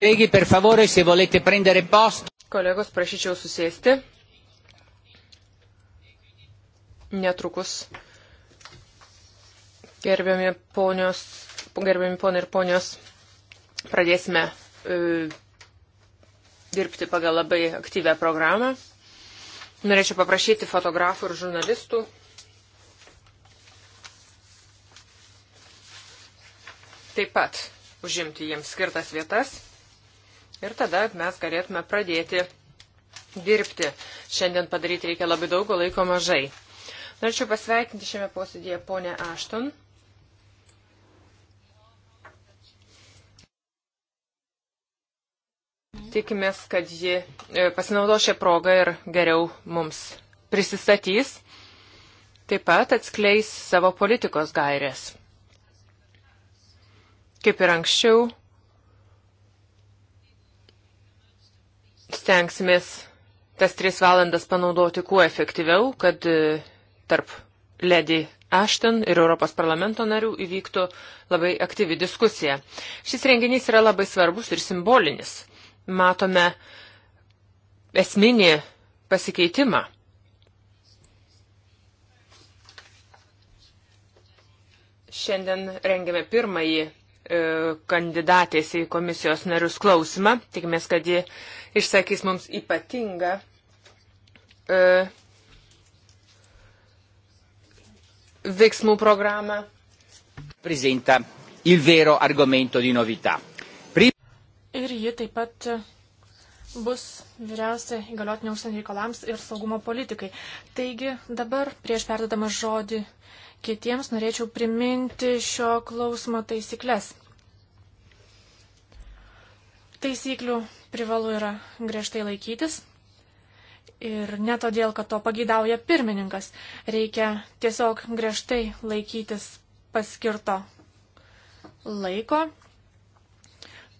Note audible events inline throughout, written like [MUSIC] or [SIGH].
Taigi, per favore, se volete prendere posto. Kolegos, prašyčiau susėsti. Netrukus. Gerbiami, ponios, gerbiami ponai ir ponios, pradėsime e, dirbti pagal labai aktyvę programą. Norėčiau paprašyti fotografų ir žurnalistų taip pat užimti jiems skirtas vietas. Ir tada mes galėtume pradėti dirbti. Šiandien padaryti reikia labai daug, laiko mažai. Norėčiau pasveikinti šiame posėdėje ponę Ašton. Tikimės, kad ji e, pasinaudo šią progą ir geriau mums prisistatys. Taip pat atskleis savo politikos gairės. Kaip ir anksčiau, stengsimės tas tris valandas panaudoti kuo efektyviau, kad e, tarp Ledi Ashton ir Europos parlamento narių įvyktų labai aktyvi diskusija. Šis renginys yra labai svarbus ir simbolinis. Matome esminį pasikeitimą. Šiandien rengiame pirmąjį e, kandidatės į komisijos narius klausimą. Tikimės, kad ji išsakys mums ypatingą e, veiksmų programą. Prezenta il vero argomento di novità. Pri... Ir ji taip pat bus vyriausia įgaliotinė užsienio reikalams ir saugumo politikai. Taigi dabar prieš perdodamą žodį kitiems norėčiau priminti šio klausimo taisyklės. Taisyklių privalu yra griežtai laikytis. Ir ne todėl, kad to pagydauja pirmininkas. Reikia tiesiog griežtai laikytis paskirto laiko.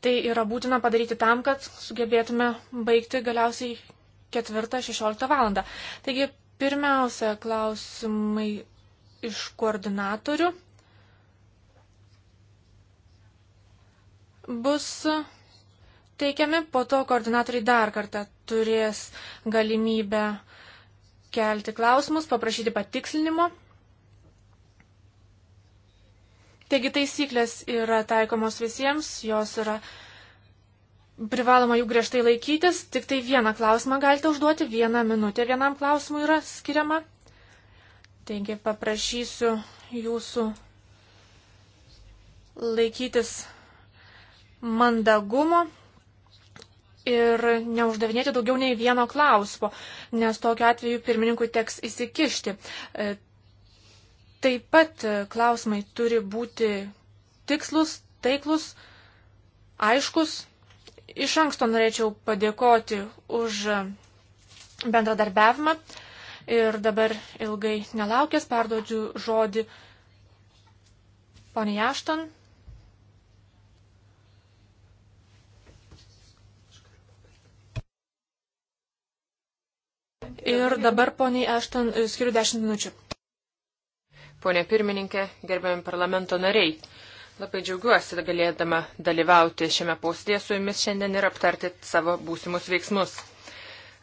Tai yra būtina padaryti tam, kad sugebėtume baigti galiausiai 4-16 valandą. Taigi, pirmiausia, klausimai iš koordinatorių bus teikiami, po to koordinatoriai dar kartą turės galimybę kelti klausimus, paprašyti patikslinimo. Taigi taisyklės yra taikomos visiems, jos yra privaloma jų griežtai laikytis, tik tai vieną klausimą galite užduoti, vieną minutę vienam klausimui yra skiriama. Taigi paprašysiu jūsų laikytis mandagumo ir neuždavinėti daugiau nei vieno klausimo, nes tokiu atveju pirmininkui teks įsikišti. E, taip pat e, klausimai turi būti tikslus, taiklus, aiškus. Iš anksto norėčiau padėkoti už e, bendradarbiavimą ir dabar ilgai nelaukęs perduodžiu žodį poniai Ašton. Ir dabar, poniai, aš ten skiriu 10 minučių. Pone pirmininkė, gerbiami parlamento nariai, labai džiaugiuosi galėdama dalyvauti šiame posėdėje su jumis šiandien ir aptarti savo būsimus veiksmus.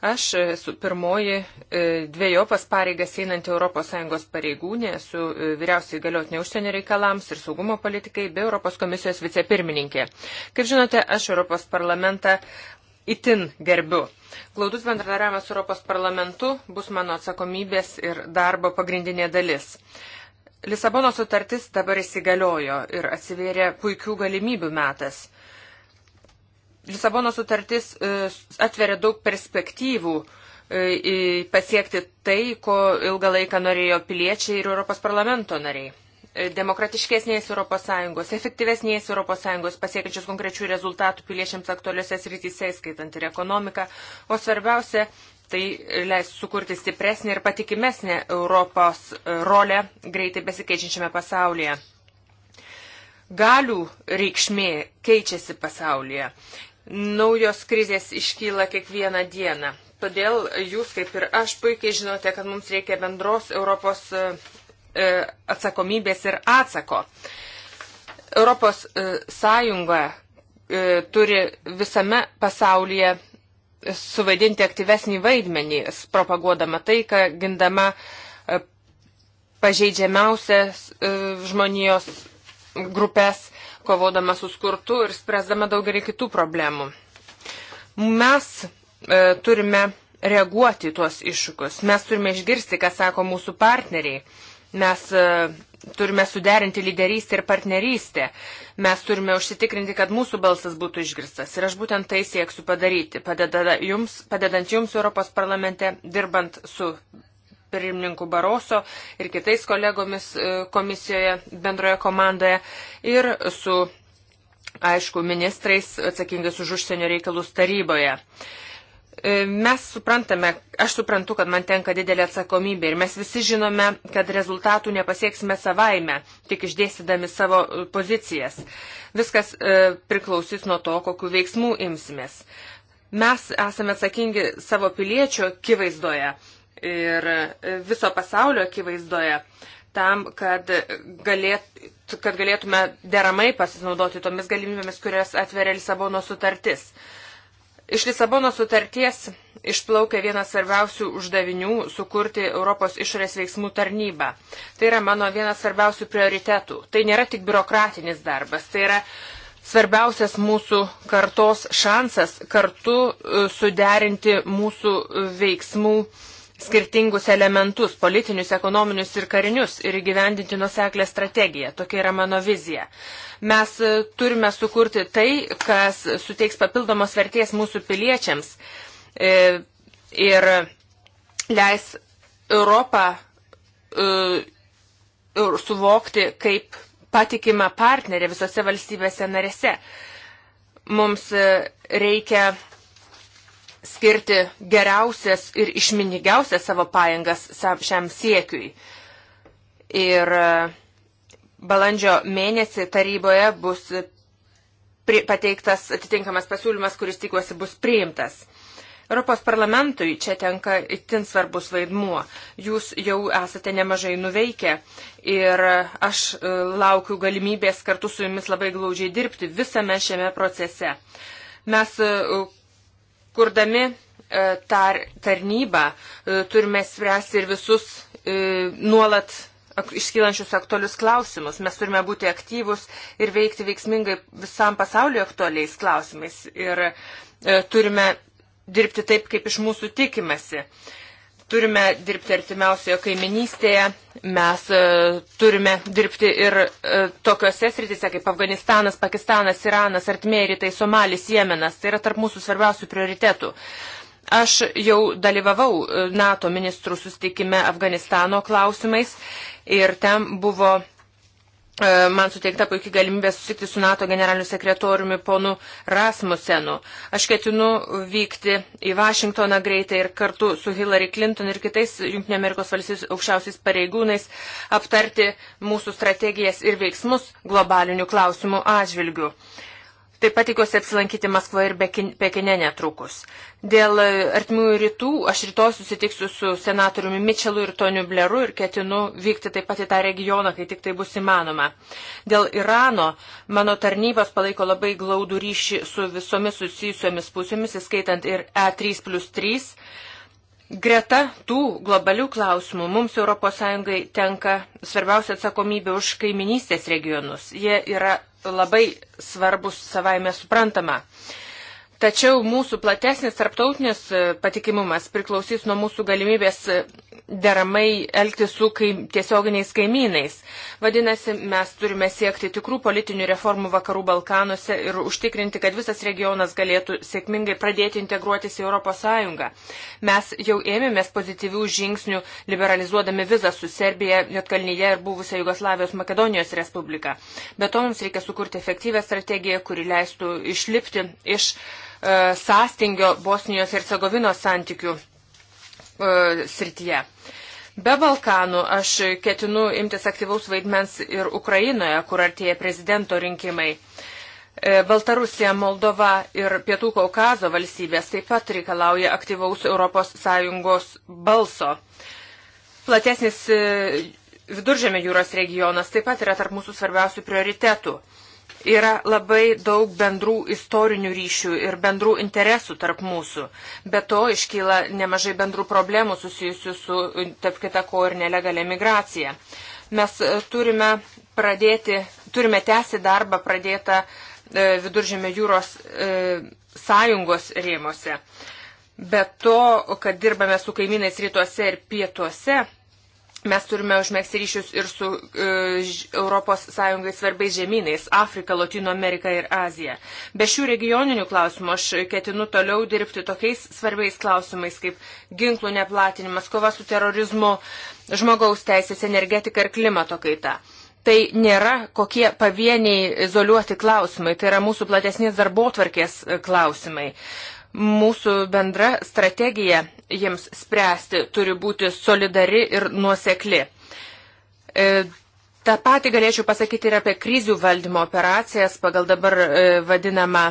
Aš esu pirmoji e, dviejopas pareigas einanti ES pareigūnė, esu e, vyriausiai galiotinė užsienio reikalams ir saugumo politikai bei ES komisijos vicepirmininkė. Kaip žinote, aš ES parlamentą itin gerbiu. Glaudus bendradarbiavimas su Europos parlamentu bus mano atsakomybės ir darbo pagrindinė dalis. Lisabono sutartis dabar įsigaliojo ir atsivėrė puikių galimybių metas. Lisabono sutartis e, atveria daug perspektyvų e, pasiekti tai, ko ilgą laiką norėjo piliečiai ir Europos parlamento nariai demokratiškesnės ES, efektyvesnės ES, pasiekiančios konkrečių rezultatų piliečiams aktualiuose srityse, skaitant ir ekonomiką, o svarbiausia, tai leis sukurti stipresnį ir patikimesnį Europos e, rolę greitai besikeičiančiame pasaulyje. Galių reikšmė keičiasi pasaulyje. Naujos krizės iškyla kiekvieną dieną. Todėl jūs, kaip ir aš, puikiai žinote, kad mums reikia bendros Europos e, E, atsakomybės ir atsako. Europos e, Sąjunga e, turi visame pasaulyje suvaidinti aktyvesnį vaidmenį, propaguodama taiką, gindama pažeidžiamiausias žmonijos grupės, kovodama su skurtu ir spręsdama daugelį kitų problemų. Mes turime reaguoti tuos iššūkius. Mes turime išgirsti, ką sako mūsų partneriai. Mes e, turime suderinti lyderystę ir partnerystę. Mes turime užsitikrinti, kad mūsų balsas būtų išgirstas. Ir aš būtent tai sieksiu padaryti, padeda jums, padedant jums Europos parlamente, dirbant su pirmininku Baroso ir kitais kolegomis e, komisijoje, bendroje komandoje ir su, aišku, ministrais atsakingais už užsienio reikalus taryboje. Uh, E, mes suprantame, aš suprantu, kad man tenka didelė atsakomybė ir mes visi žinome, kad rezultatų nepasieksime savaime, tik išdėstydami savo e, pozicijas. Viskas e, priklausys nuo to, kokiu veiksmu imsimės. Mes esame atsakingi savo piliečio akivaizdoje ir viso pasaulio akivaizdoje tam, kad, galėt, kad galėtume deramai pasinaudoti tomis galimybėmis, kurias atveria Lisabono sutartis. Uh, Iš Lisabono sutarties išplaukia vienas svarbiausių uždavinių - sukurti Europos išorės veiksmų tarnybą. Tai yra mano vienas svarbiausių prioritetų. Tai nėra tik biurokratinis darbas, tai yra svarbiausias mūsų kartos šansas kartu e, suderinti mūsų veiksmų uh, skirtingus elementus - politinius, ekonominius ir karinius - ir įgyvendinti nuseklę strategiją. Tokia yra mano vizija. Mes e, turime sukurti tai, kas suteiks papildomos vertės mūsų piliečiams e, ir leis Europą e, suvokti kaip patikimą partnerį visose valstybėse narėse. Mums reikia skirti geriausias ir išminigiausias savo pajėgas šiam siekiui. Ir e, balandžio mėnesį taryboje bus pateiktas atitinkamas pasiūlymas, kuris tikiuosi bus priimtas. Europos parlamentui čia tenka itin svarbus vaidmuo. Jūs jau esate nemažai nuveikę ir aš e, laukiu galimybės kartu su jumis labai glaudžiai dirbti visame šiame procese. Mes e, Kurdami e, tar, tarnybą e, turime spręsti ir visus e, nuolat iškylančius aktualius klausimus. Mes turime būti aktyvus ir veikti veiksmingai visam pasauliu aktualiais klausimais. Ir turime dirbti taip, kaip iš mūsų tikimasi. E, turime dirbti artimiausioje kaiminystėje, mes e, turime dirbti ir e, tokiuose sritise kaip Afganistanas, Pakistanas, Iranas, Artimieji rytai, Somalis, Jemenas. Tai yra tarp mūsų svarbiausių prioritetų. Aš jau dalyvavau e, NATO ministrų sustikime Afganistano klausimais ir ten buvo E, man suteikta puikiai galimybė susikti su NATO generaliniu sekretoriumi ponu Rasmusenu. Aš ketinu vykti į Vašingtoną greitai ir kartu su Hillary Clinton ir kitais JAV aukščiausiais pareigūnais aptarti mūsų strategijas ir veiksmus globalinių klausimų atžvilgių. Taip pat tikiuosi apsilankyti Maskvoje ir Pekine netrukus. Dėl e, artimųjų rytų aš rytoj susitiksiu su senatoriumi Mičelu ir Toniu Bleru ir ketinu vykti taip pat į tą regioną, kai tik tai bus įmanoma. Dėl Irano mano tarnybos palaiko labai glaudų ryšį su visomis susijusiomis pusėmis, įskaitant ir E3 plus 3. Greta tų globalių klausimų mums ES tenka svarbiausia atsakomybė už kaiminystės regionus. Jie yra labai svarbus savaime suprantama. Tačiau mūsų platesnis tarptautinis e, patikimumas priklausys nuo mūsų galimybės e, deramai elgtis su kaim, tiesioginiais kaimynais. Vadinasi, mes turime siekti tikrų politinių reformų vakarų Balkanuose ir užtikrinti, kad visas regionas galėtų sėkmingai pradėti integruotis į ES. Mes jau ėmėmės pozityvių žingsnių liberalizuodami vizą su Serbija, Jotkalnyje ir buvusią Jugoslavijos Makedonijos Respubliką. Be to mums reikia sukurti efektyvę strategiją, kuri leistų išlipti iš e, sąstingio Bosnijos ir Cegovinos santykių E, srityje. Be Balkanų aš ketinu imtis aktyvaus vaidmens ir Ukrainoje, kur artėja prezidento rinkimai. E, Baltarusija, Moldova ir Pietų Kaukazo valstybės taip pat reikalauja aktyvaus ES balso. Platesnis e, viduržėmė jūros regionas taip pat yra tarp mūsų svarbiausių prioritetų. Yra labai daug bendrų istorinių ryšių ir bendrų interesų tarp mūsų. Be to iškyla nemažai bendrų problemų susijusių su, tarp kita ko, ir nelegalia migracija. Mes e, turime, pradėti, turime tęsti darbą pradėtą e, viduržėmio jūros e, sąjungos rėmose. Be to, kad dirbame su kaimynais rytuose ir pietuose, Mes turime užmėgsti ryšius ir su uh, e, ES svarbiais žemynais - Afrika, Latino Amerika ir Azija. Be šių regioninių klausimų aš ketinu toliau dirbti tokiais svarbiais klausimais kaip ginklų neplatinimas, kova su terorizmu, žmogaus teisės, energetika ir klimato kaita. Tai nėra kokie pavieniai izoliuoti klausimai, tai yra mūsų platesnės darbo tvarkės e, klausimai. Mūsų bendra strategija jiems spręsti turi būti solidari ir nuosekli. E, Ta pati galėčiau pasakyti ir apie krizių valdymo operacijas pagal dabar e, vadinamą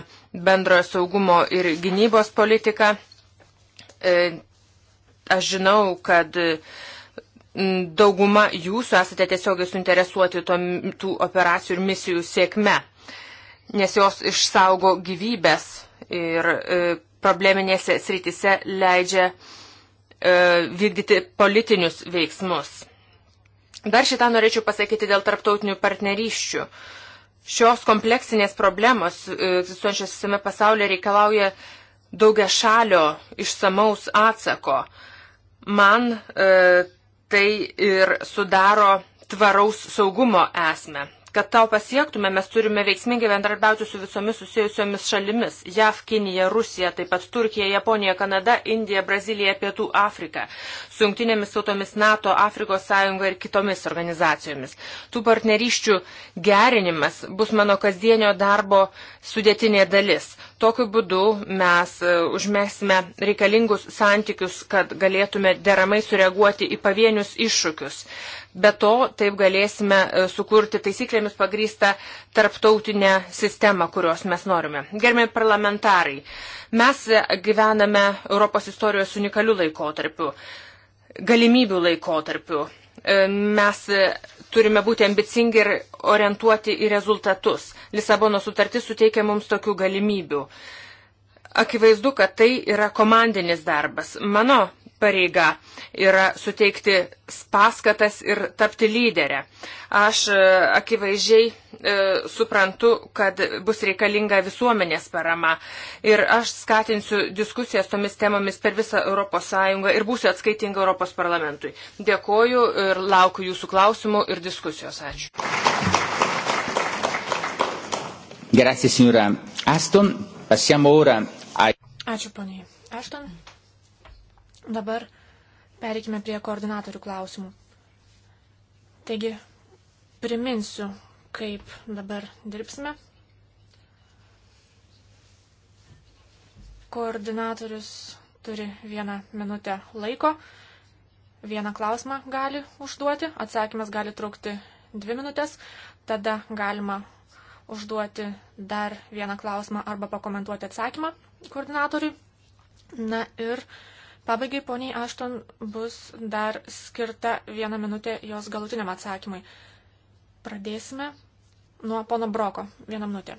bendrojo saugumo ir gynybos politiką. E, aš žinau, kad dauguma jūsų esate tiesiogiai suinteresuoti tų operacijų ir misijų sėkme, nes jos išsaugo gyvybės ir probleminėse srityse leidžia e, vykdyti politinius veiksmus. Dar šitą norėčiau pasakyti dėl tarptautinių partnerysčių. Šios kompleksinės problemos e, egzistuojančios visame pasaulyje reikalauja daugia šalio išsamaus atsako. Man e, tai ir sudaro tvaraus saugumo esmę. Kad tau pasiektume, mes turime veiksmingai bendradarbiauti su visomis susijusiomis šalimis - JAV, Kinija, Rusija, taip pat Turkija, Japonija, Kanada, Indija, Brazilija, Pietų Afrika, su jungtinėmis tautomis NATO, Afrikos sąjunga ir kitomis organizacijomis. Tų partnerysčių gerinimas bus mano kasdienio darbo sudėtinė dalis. Tokiu būdu mes e, užmėsime reikalingus santykius, kad galėtume deramai sureaguoti į pavienius iššūkius. Be to, taip galėsime e, sukurti taisyklėmis pagrįstą tarptautinę sistemą, kurios mes norime. Gerbiami parlamentarai, mes e, gyvename Europos istorijos unikalių laikotarpių, galimybių laikotarpių. E, mes turime būti ambicingi ir orientuoti į rezultatus. Lisabono sutartis suteikia mums tokių galimybių. Akivaizdu, kad tai yra komandinis darbas. Mano pareiga yra suteikti paskatas ir tapti lyderę. Aš e, akivaizdžiai e, suprantu, kad bus reikalinga visuomenės parama ir aš skatinsiu diskusijas tomis temomis per visą ES ir būsiu atskaitinga Europos parlamentui. Dėkoju ir laukiu jūsų klausimų ir diskusijos. Ačiū. Grazie, signora Aston. Passiamo ora a... Ačiū, poniai. Aston. Dabar pereikime prie koordinatorių klausimų. Taigi, priminsiu, kaip dabar dirbsime. Koordinatorius turi vieną minutę laiko, vieną klausimą gali užduoti, atsakymas gali trukti dvi minutės, tada galima užduoti dar vieną klausimą arba pakomentuoti atsakymą koordinatoriui. Na ir uh, Pabaigai poniai Ašton bus dar skirta viena minutė jos galutiniam atsakymui. Pradėsime nuo pono Broko. Vieną minutę.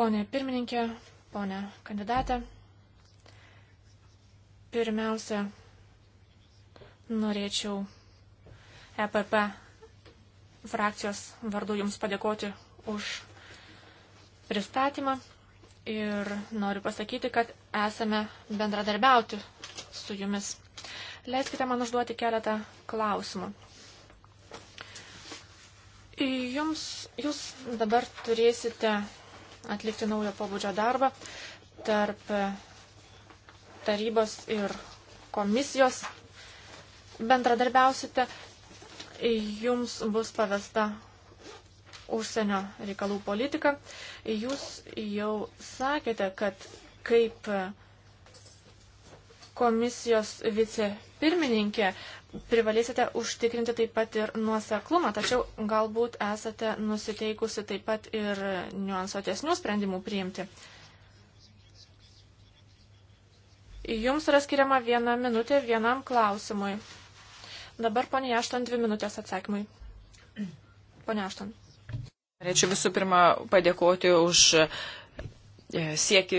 Pone pirmininkė, pone kandidatė, pirmiausia, norėčiau EPP frakcijos vardu Jums padėkoti už pristatymą ir noriu pasakyti, kad esame bendradarbiauti su jumis. Leiskite man užduoti keletą klausimų. Jums, jūs dabar turėsite atlikti naujo pobūdžio darbą tarp tarybos ir komisijos bendradarbiausite, jums bus pavesta užsienio reikalų politiką. Jūs jau sakėte, kad kaip komisijos vicepirmininkė privalėsite užtikrinti taip pat ir nuoseklumą, tačiau galbūt esate nusiteikusi taip pat ir niuansuotesnių sprendimų priimti. Jums yra skiriama viena minutė vienam klausimui. Dabar, ponė Ašton, dvi minutės atsakymui. Ponė Ašton. Norėčiau visų pirma padėkoti už e, sieki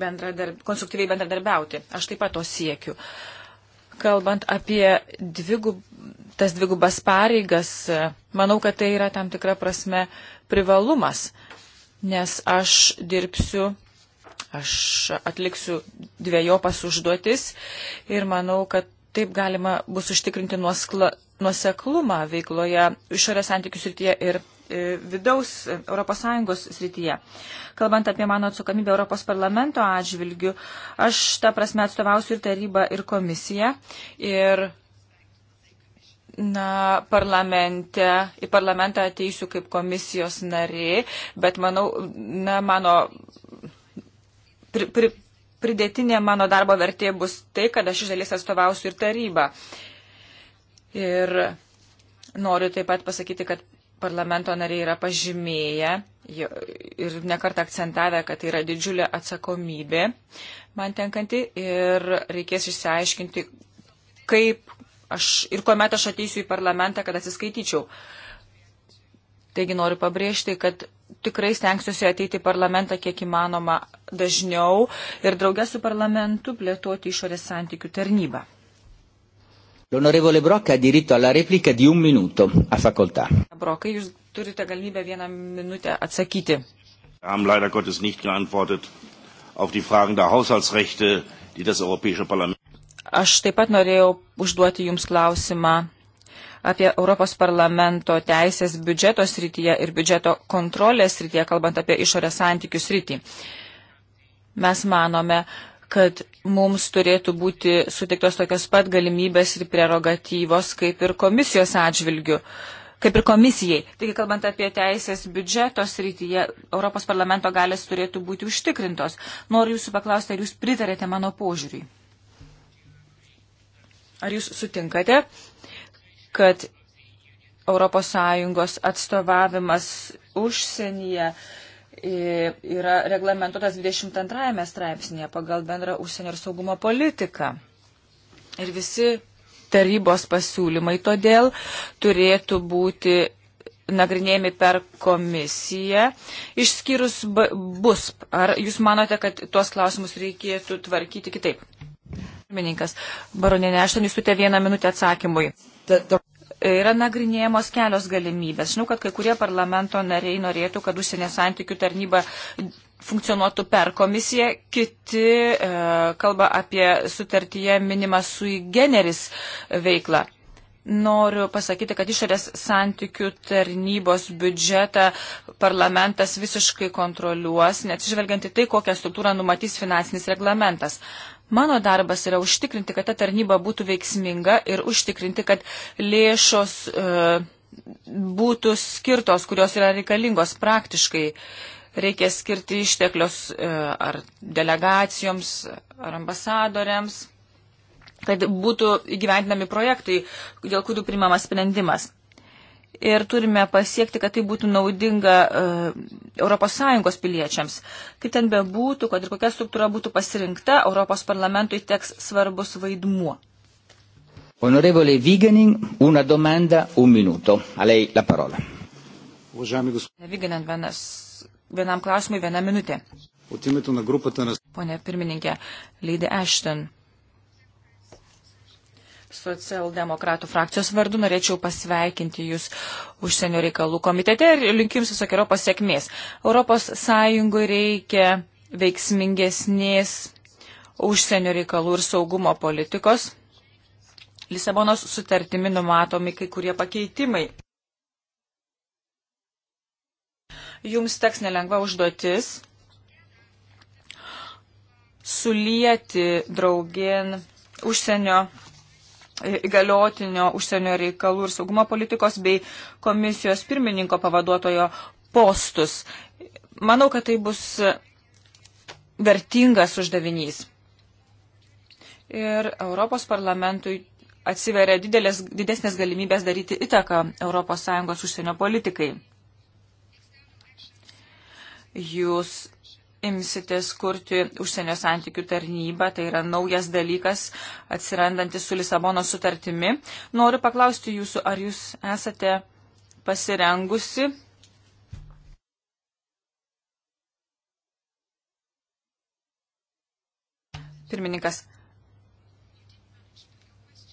bendradarb... konstruktyviai bendradarbiauti. Aš taip pat to siekiu. Kalbant apie dvigub... tas dvigubas pareigas, e, manau, kad tai yra tam tikra prasme privalumas, nes aš dirbsiu, aš atliksiu dviejopas užduotis ir manau, kad taip galima bus užtikrinti nuoskla... nuoseklumą veikloje išorės santykių srityje ir E, vidaus ES srityje. Kalbant apie mano atsakomybę Europos parlamento atžvilgių, aš tą prasme atstovausiu ir tarybą, ir komisiją. Ir Na, parlamente, į parlamentą ateisiu kaip komisijos narė, bet manau, na, mano pri, pri, pridėtinė mano darbo vertė bus tai, kad aš iš dalies atstovausiu ir tarybą. Ir noriu taip pat pasakyti, kad parlamento nariai yra pažymėję ir nekart akcentavę, kad tai yra didžiulė atsakomybė man tenkanti ir reikės išsiaiškinti, kaip aš ir kuomet aš ateisiu į parlamentą, kad atsiskaityčiau. Taigi noriu pabrėžti, kad tikrai stengsiuosi ateiti į parlamentą kiek įmanoma dažniau ir draugę su parlamentu plėtoti išorės santykių tarnybą. L'onorevole Brock ha diritto alla replica di un minuto. Ha facoltà. Brokai, jūs turite galimybę vieną minutę atsakyti. Haben leider Gottes nicht geantwortet auf die Fragen der Haushaltsrechte, die das Europäische Parlament. Aš taip pat norėjau užduoti Jums klausimą apie Europos parlamento teisės biudžeto srityje ir biudžeto kontrolės srityje, kalbant apie išorės santykių srity. Mes manome, kad mums turėtų būti suteiktos tokios pat galimybės ir prerogatyvos kaip ir komisijos atžvilgių. Kaip ir komisijai. Taigi, kalbant apie teisės biudžeto srityje, Europos parlamento galės turėtų būti užtikrintos. Noriu jūsų paklausti, ar jūs pritarėte mano požiūriui? Ar jūs sutinkate, kad ES atstovavimas užsienyje uh, yra reglamentuotas 22 straipsnėje pagal bendrą užsienio ir saugumo politiką. Ir visi tarybos pasiūlymai todėl turėtų būti nagrinėjami per komisiją, išskyrus bus. Ar jūs manote, kad tuos klausimus reikėtų tvarkyti kitaip? Pirmininkas, baronė Nešton, jūs turite vieną minutę atsakymui yra nagrinėjamos kelios galimybės. Žinau, kad kai kurie parlamento nariai norėtų, kad užsienio santykių tarnyba funkcionuotų per komisiją, kiti e, kalba apie sutartyje minimą sui generis veiklą. Noriu pasakyti, kad išorės santykių tarnybos biudžetą parlamentas visiškai kontroliuos, neatsižvelgiant į tai, kokią struktūrą numatys finansinis reglamentas. Mano darbas yra užtikrinti, kad ta tarnyba būtų veiksminga ir užtikrinti, kad lėšos e, būtų skirtos, kurios yra reikalingos praktiškai. Reikia skirti išteklius e, ar delegacijoms, ar ambasadoriams, kad būtų įgyventinami projektai, dėl kurių primamas sprendimas ir turime pasiekti, kad tai būtų naudinga uh, e, ES piliečiams. Kaip ten bebūtų, kad ir kokia struktūra būtų pasirinkta, Europos parlamentui teks svarbus vaidmuo. Onorevole Vigening, una domanda, un minuto. A lei la parola. Vigening, vienas, vienam klausimui, viena minutė. Pone pirmininkė, Leidė Ashton. Socialdemokratų frakcijos vardu norėčiau pasveikinti Jūs užsienio reikalų komitete ir linkiu Jums visokio pasiekmės. Europos Sąjungui reikia veiksmingesnės užsienio reikalų ir saugumo politikos. Lisabonos sutartimi numatomi kai kurie pakeitimai. Jums teks nelengva užduotis sulieti draugin užsienio įgaliotinio užsienio reikalų ir saugumo politikos bei komisijos pirmininko pavaduotojo postus. Manau, kad tai bus vertingas uždavinys. Ir Europos parlamentui atsiveria didelės, didesnės galimybės daryti įtaką ES užsienio politikai. Jūs imsitės kurti užsienio santykių tarnybą, tai yra naujas dalykas atsirandantis su Lisabono sutartimi. Noriu paklausti jūsų, ar jūs esate pasirengusi. Pirmininkas,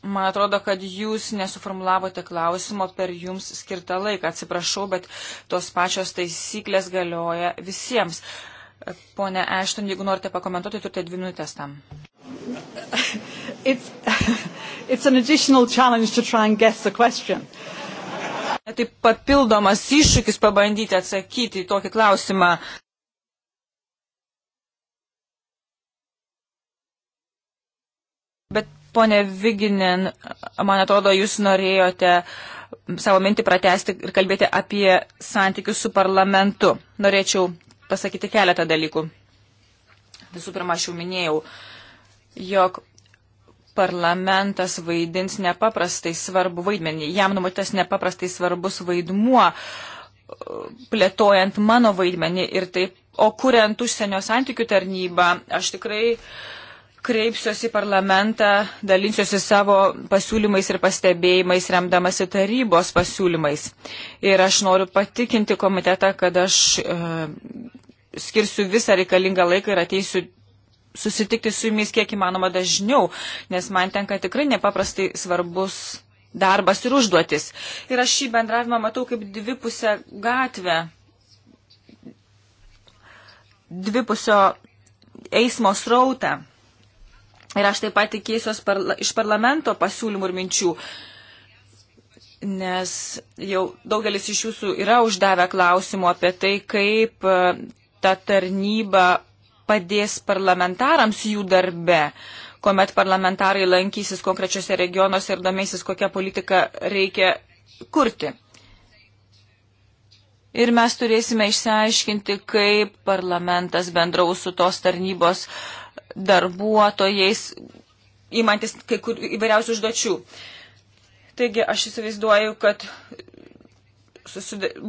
man atrodo, kad jūs nesuformulavote klausimo per jums skirtą laiką. Atsiprašau, bet tos pačios taisyklės galioja visiems. Uh, Pone Ešton, jeigu norite pakomentuoti, turite dvi minutės tam. It's, it's an additional challenge to try and guess the question. Tai papildomas iššūkis pabandyti atsakyti į tokį klausimą. Bet, ponė Viginin, man atrodo, jūs norėjote savo mintį pratesti ir kalbėti apie santykius su parlamentu. Norėčiau pasakyti keletą dalykų. Visų pirma, aš jau minėjau, jog parlamentas vaidins nepaprastai svarbu vaidmenį. Jam numatytas nepaprastai svarbus vaidmuo, uh, plėtojant mano vaidmenį ir taip, o kuriant užsienio santykių tarnybą, aš tikrai uh, kreipsiuosi į parlamentą, dalinsiuosi savo pasiūlymais ir pastebėjimais, remdamasi tarybos pasiūlymais. Ir aš noriu patikinti komitetą, kad aš e, skirsiu visą reikalingą laiką ir ateisiu susitikti su jumis kiek įmanoma dažniau, nes man tenka tikrai nepaprastai svarbus darbas ir užduotis. Ir aš šį bendravimą matau kaip dvipusę gatvę, dvipusio eismo srautą. Ir aš taip pat tikėsiuos parla iš parlamento pasiūlymų ir minčių, nes jau daugelis iš jūsų yra uždavę klausimų apie tai, kaip e, ta tarnyba padės parlamentarams jų darbe, kuomet parlamentarai lankysis konkrečiose regionuose ir domėsis, kokią politiką reikia kurti. Ir mes turėsime išsiaiškinti, kaip parlamentas bendraus su tos tarnybos uh, darbuotojais, įmantis kai kur įvairiausių užduočių. Taigi aš įsivaizduoju, kad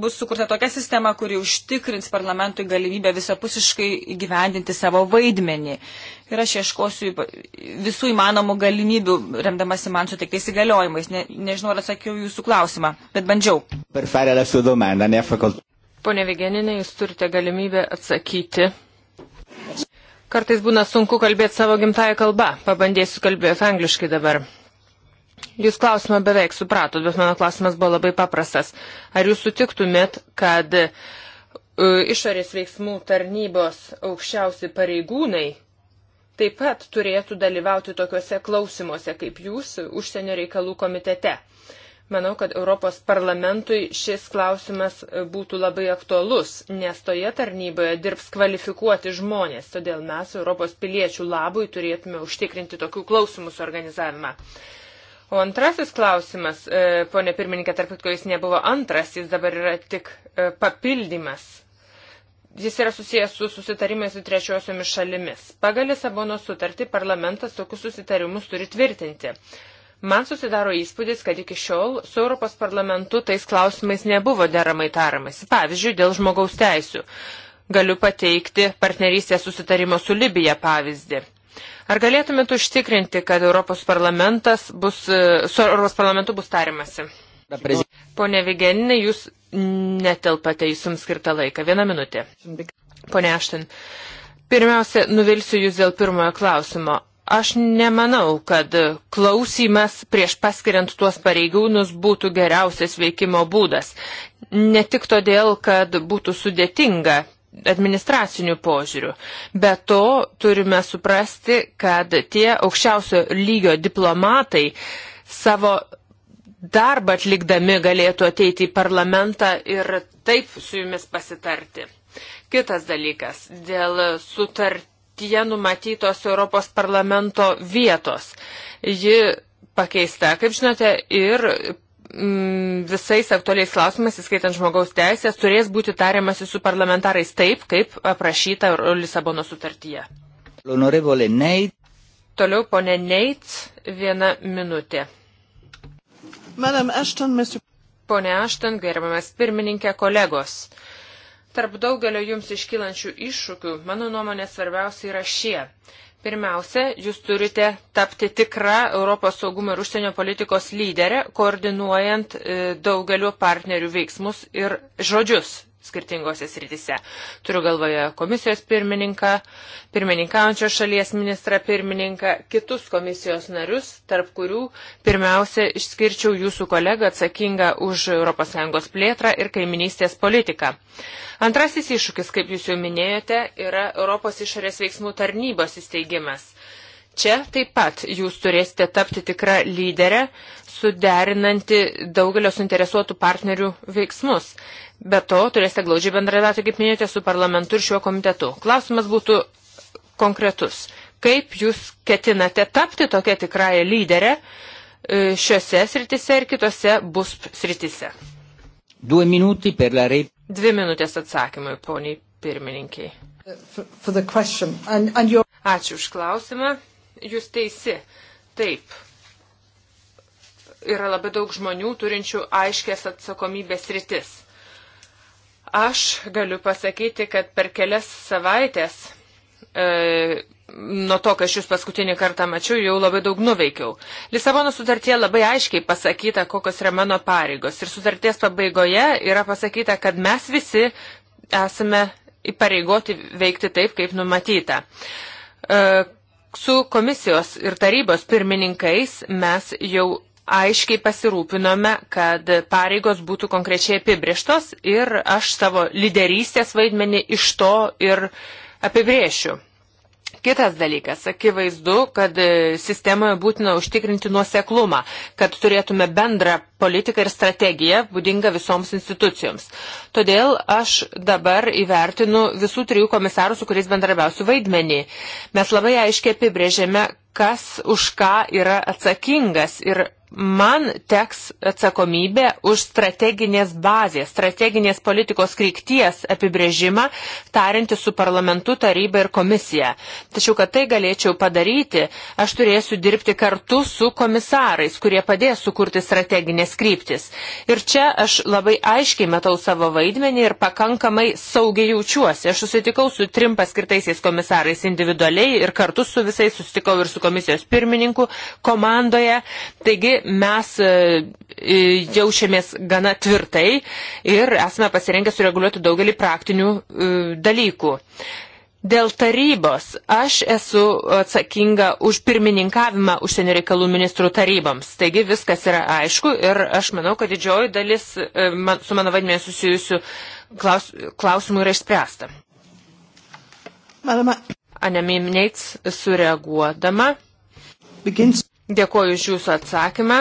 bus sukurta tokia sistema, kuri užtikrins parlamentui galimybę visapusiškai įgyvendinti savo vaidmenį. Ir aš ieškosiu visų įmanomų galimybių, remdamasi man suteiktais įgaliojimais. Ne, nežinau, ar atsakiau jūsų klausimą, bet bandžiau. Pone Vigeninė, jūs turite galimybę atsakyti Kartais būna sunku kalbėti savo gimtają kalbą. Pabandėsiu kalbėti angliškai dabar. Jūs klausimą beveik supratot, bet mano klausimas buvo labai paprastas. Ar jūs sutiktumėt, kad uh, išorės veiksmų tarnybos aukščiausi pareigūnai taip pat turėtų dalyvauti tokiuose klausimuose kaip jūs užsienio reikalų komitete? Uh, Manau, kad Europos parlamentui šis klausimas būtų labai aktualus, nes toje tarnyboje dirbs kvalifikuoti žmonės, todėl mes Europos piliečių labui turėtume užtikrinti tokių klausimų organizavimą. O antrasis klausimas, e, ponė pirmininkė, tarp kitko jis nebuvo antras, jis dabar yra tik e, papildymas. Jis yra susijęs su susitarimais su trečiosiomis šalimis. Pagal Lisabono sutartį parlamentas tokius susitarimus turi tvirtinti. Man susidaro įspūdis, kad iki šiol su Europos parlamentu tais klausimais nebuvo deramai taramasi. Pavyzdžiui, dėl žmogaus teisų. Galiu pateikti partnerystės susitarimo su Libija pavyzdį. Ar galėtumėt užtikrinti, kad Europos parlamentas bus, e, su Europos parlamentu bus tarimasi? Pone Vigeninė, jūs netelpate į jums skirtą laiką. Vieną minutę. Pone Ašten. Pirmiausia, nuvilsiu Jūs dėl pirmojo klausimo. Aš nemanau, kad klausimas prieš paskiriant tuos pareigūnus būtų geriausias veikimo būdas. Ne tik todėl, kad būtų sudėtinga administracinių požiūrių. Be to turime suprasti, kad tie aukščiausio lygio diplomatai savo darbą atlikdami galėtų ateiti į parlamentą ir taip su jumis pasitarti. Kitas dalykas - dėl sutartį sutartyje numatytos Europos parlamento vietos. Ji pakeista, kaip žinote, ir mm, visais aktualiais klausimais, įskaitant žmogaus teisės, turės būti tariamasi su parlamentarais taip, kaip aprašyta Lisabono sutartyje. Toliau ponė Neit, viena minutė. Madam Ashton, Mr. Pone Ashton, gerbiamas pirmininkė, kolegos. Uh, Tarp daugelio jums iškylančių iššūkių, mano nuomonė, svarbiausia yra šie. Pirmiausia, jūs turite tapti tikrą Europos saugumo ir užsienio politikos lyderę, koordinuojant e, daugeliu partnerių veiksmus ir žodžius skirtingose sritise. Turiu galvoje komisijos pirmininką, pirmininkaujančios šalies ministrą pirmininką, kitus komisijos narius, tarp kurių pirmiausia išskirčiau jūsų kolegą atsakingą už ES plėtrą ir kaiminystės politiką. Antrasis iššūkis, kaip jūs jau minėjote, yra Europos išorės veiksmų tarnybos įsteigimas. Čia taip pat jūs turėsite tapti tikrą lyderę, suderinanti daugelio suinteresuotų partnerių veiksmus. Be to, turėsite glaudžiai bendradauti, kaip minėjote, su parlamentu ir šiuo komitetu. Klausimas būtų konkretus. Kaip jūs ketinate tapti tokia tikrąją lyderę e, šiuose sritise ir kitose bus sritise? Dvi minutės atsakymui, poniai pirmininkiai. Uh, and, and your... Ačiū už klausimą. Jūs teisi. Taip. Yra labai daug žmonių turinčių aiškės atsakomybės rytis. Aš galiu pasakyti, kad per kelias savaitės e, nuo to, kai aš jūs paskutinį kartą mačiau, jau labai daug nuveikiau. Lisabono sutartie labai aiškiai pasakyta, kokios yra mano pareigos. Ir sutarties pabaigoje yra pasakyta, kad mes visi esame įpareigoti veikti taip, kaip numatyta. E, su komisijos ir tarybos pirmininkais mes jau aiškiai pasirūpinome, kad pareigos būtų konkrečiai apibrieštos ir aš savo lyderystės vaidmenį iš to ir apibriešiu. Kitas dalykas, akivaizdu, kad sistemoje būtina užtikrinti nuoseklumą, kad turėtume bendrą politiką ir strategiją būdingą visoms institucijoms. Todėl aš dabar įvertinu visų trijų komisarų, su kuriais bendrabiausių vaidmenį. Mes labai aiškiai apibrėžėme, kas už ką yra atsakingas ir man teks atsakomybė už strateginės bazės, strateginės politikos krypties apibrėžimą, tarinti su parlamentu, taryba ir komisija. Tačiau, kad tai galėčiau padaryti, aš turėsiu dirbti kartu su komisarais, kurie padės sukurti strateginės kryptis. Ir čia aš labai aiškiai matau savo vaidmenį ir pakankamai saugiai jaučiuosi. Aš susitikau su trim paskirtaisiais komisarais individualiai ir kartu su visais susitikau ir su komisijos pirmininku komandoje. Taigi, mes e, e, jaučiamės gana tvirtai ir esame pasirengę sureguliuoti daugelį praktinių e, dalykų. Dėl tarybos aš esu atsakinga už pirmininkavimą užsienio reikalų ministrų taryboms. Taigi viskas yra aišku ir aš manau, kad didžioji dalis man, su mano vadmenė susijusių klaus, klausimų yra išspręsta. Madama. Anemi Mneits sureaguodama. Begins. Dėkuoju už jūsų atsakymą.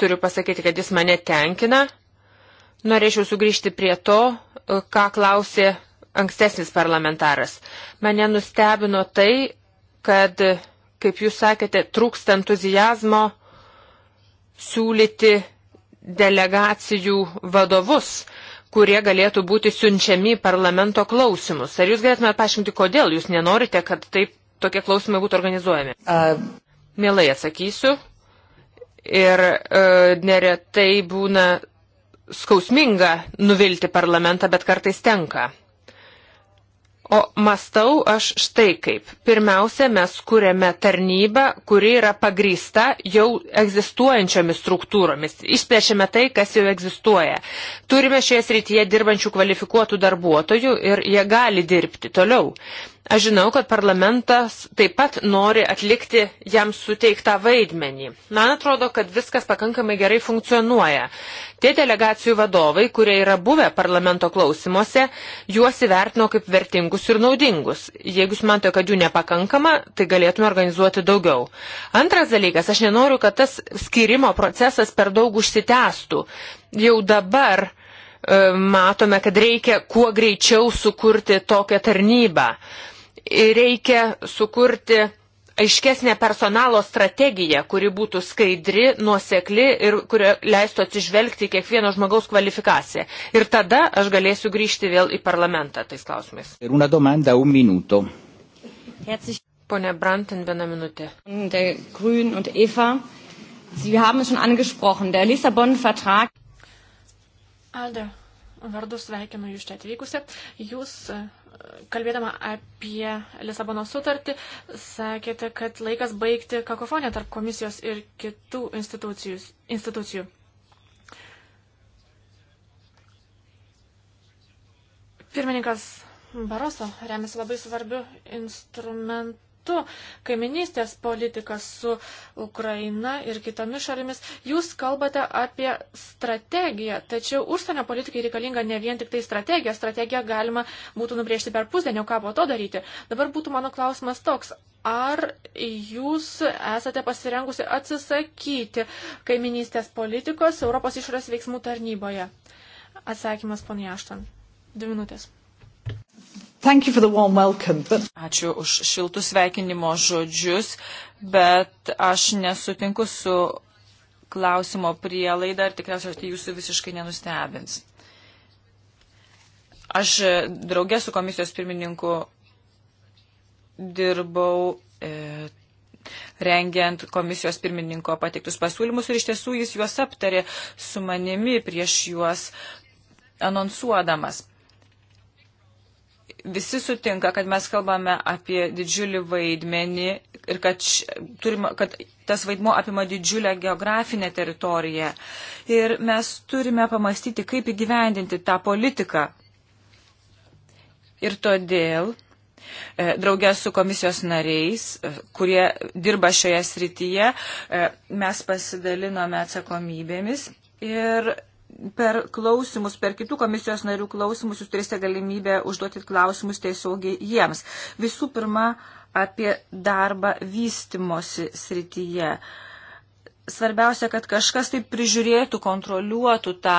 Turiu pasakyti, kad jis mane tenkina. Norėčiau sugrįžti prie to, ką klausė ankstesnis parlamentaras. Mane nustebino tai, kad, kaip jūs sakėte, trūksta entuzijazmo siūlyti delegacijų vadovus, kurie galėtų būti siunčiami į parlamento klausimus. Ar jūs galėtumėte paaiškinti, kodėl jūs nenorite, kad taip tokie klausimai būtų organizuojami? Uh mielai atsakysiu. Ir e, neretai būna skausminga nuvilti parlamentą, bet kartais tenka. O mastau aš štai kaip. Pirmiausia, mes kūrėme tarnybą, kuri yra pagrįsta jau egzistuojančiomis struktūromis. Išplėšėme tai, kas jau egzistuoja. Turime šioje srityje dirbančių kvalifikuotų darbuotojų ir jie gali dirbti toliau. Aš žinau, kad parlamentas taip pat nori atlikti jam suteiktą vaidmenį. Man atrodo, kad viskas pakankamai gerai funkcionuoja. Tie delegacijų vadovai, kurie yra buvę parlamento klausimuose, juos įvertino kaip vertingus ir naudingus. Jeigu jūs matote, kad jų nepakankama, tai galėtume organizuoti daugiau. Antras dalykas, aš nenoriu, kad tas skirimo procesas per daug užsitęstų. Jau dabar e, matome, kad reikia kuo greičiau sukurti tokią tarnybą reikia sukurti aiškesnė personalo strategija, kuri būtų skaidri, nuosekli ir kuri leistų atsižvelgti kiekvieno žmogaus kvalifikaciją. Ir tada aš galėsiu grįžti vėl į parlamentą tais klausimais. Ir una domanda, un minuto. Pone Brantin, vieną minutę. Der Grün und Eva, Sie haben es schon angesprochen, der Lissabon-Vertrag. Alde, vardu sveikinu jūs čia atvykusią. Jūs kalbėdama apie Lisabono sutartį, sakėte, kad laikas baigti kakofoniją tarp komisijos ir kitų institucijų. Pirmininkas Baroso remiasi labai svarbiu instrumentu metu kaiminystės politiką su Ukraina ir kitomis šalimis. Jūs kalbate apie strategiją, tačiau užsienio politikai reikalinga ne vien tik tai strategija. Strategiją galima būtų nubriežti per pusdienį, o ką po to daryti. Dabar būtų mano klausimas toks. Ar jūs esate pasirengusi atsisakyti kaiminystės politikos Europos išorės veiksmų tarnyboje? Atsakymas, ponia Aštan. Dvi minutės. Welcome, but... Ačiū už šiltus sveikinimo žodžius, bet aš nesutinku su klausimo prielaida ir tikriausiai tai jūsų visiškai nenustebins. Aš draugė su komisijos pirmininku dirbau e, rengiant komisijos pirmininko pateiktus pasiūlymus ir iš tiesų jis juos aptarė su manimi prieš juos anonsuodamas visi sutinka, kad mes kalbame apie didžiulį vaidmenį ir kad, š, turime, kad tas vaidmo apima didžiulę geografinę teritoriją. Ir mes turime pamastyti, kaip įgyvendinti tą politiką. Ir todėl, e, draugė su komisijos nariais, e, kurie dirba šioje srityje, e, mes pasidalinome atsakomybėmis ir per klausimus, per kitų komisijos narių klausimus jūs turėsite galimybę užduoti klausimus tiesiogiai jiems. Visų pirma, apie darbą vystimosi srityje. Svarbiausia, kad kažkas tai prižiūrėtų, kontroliuotų tą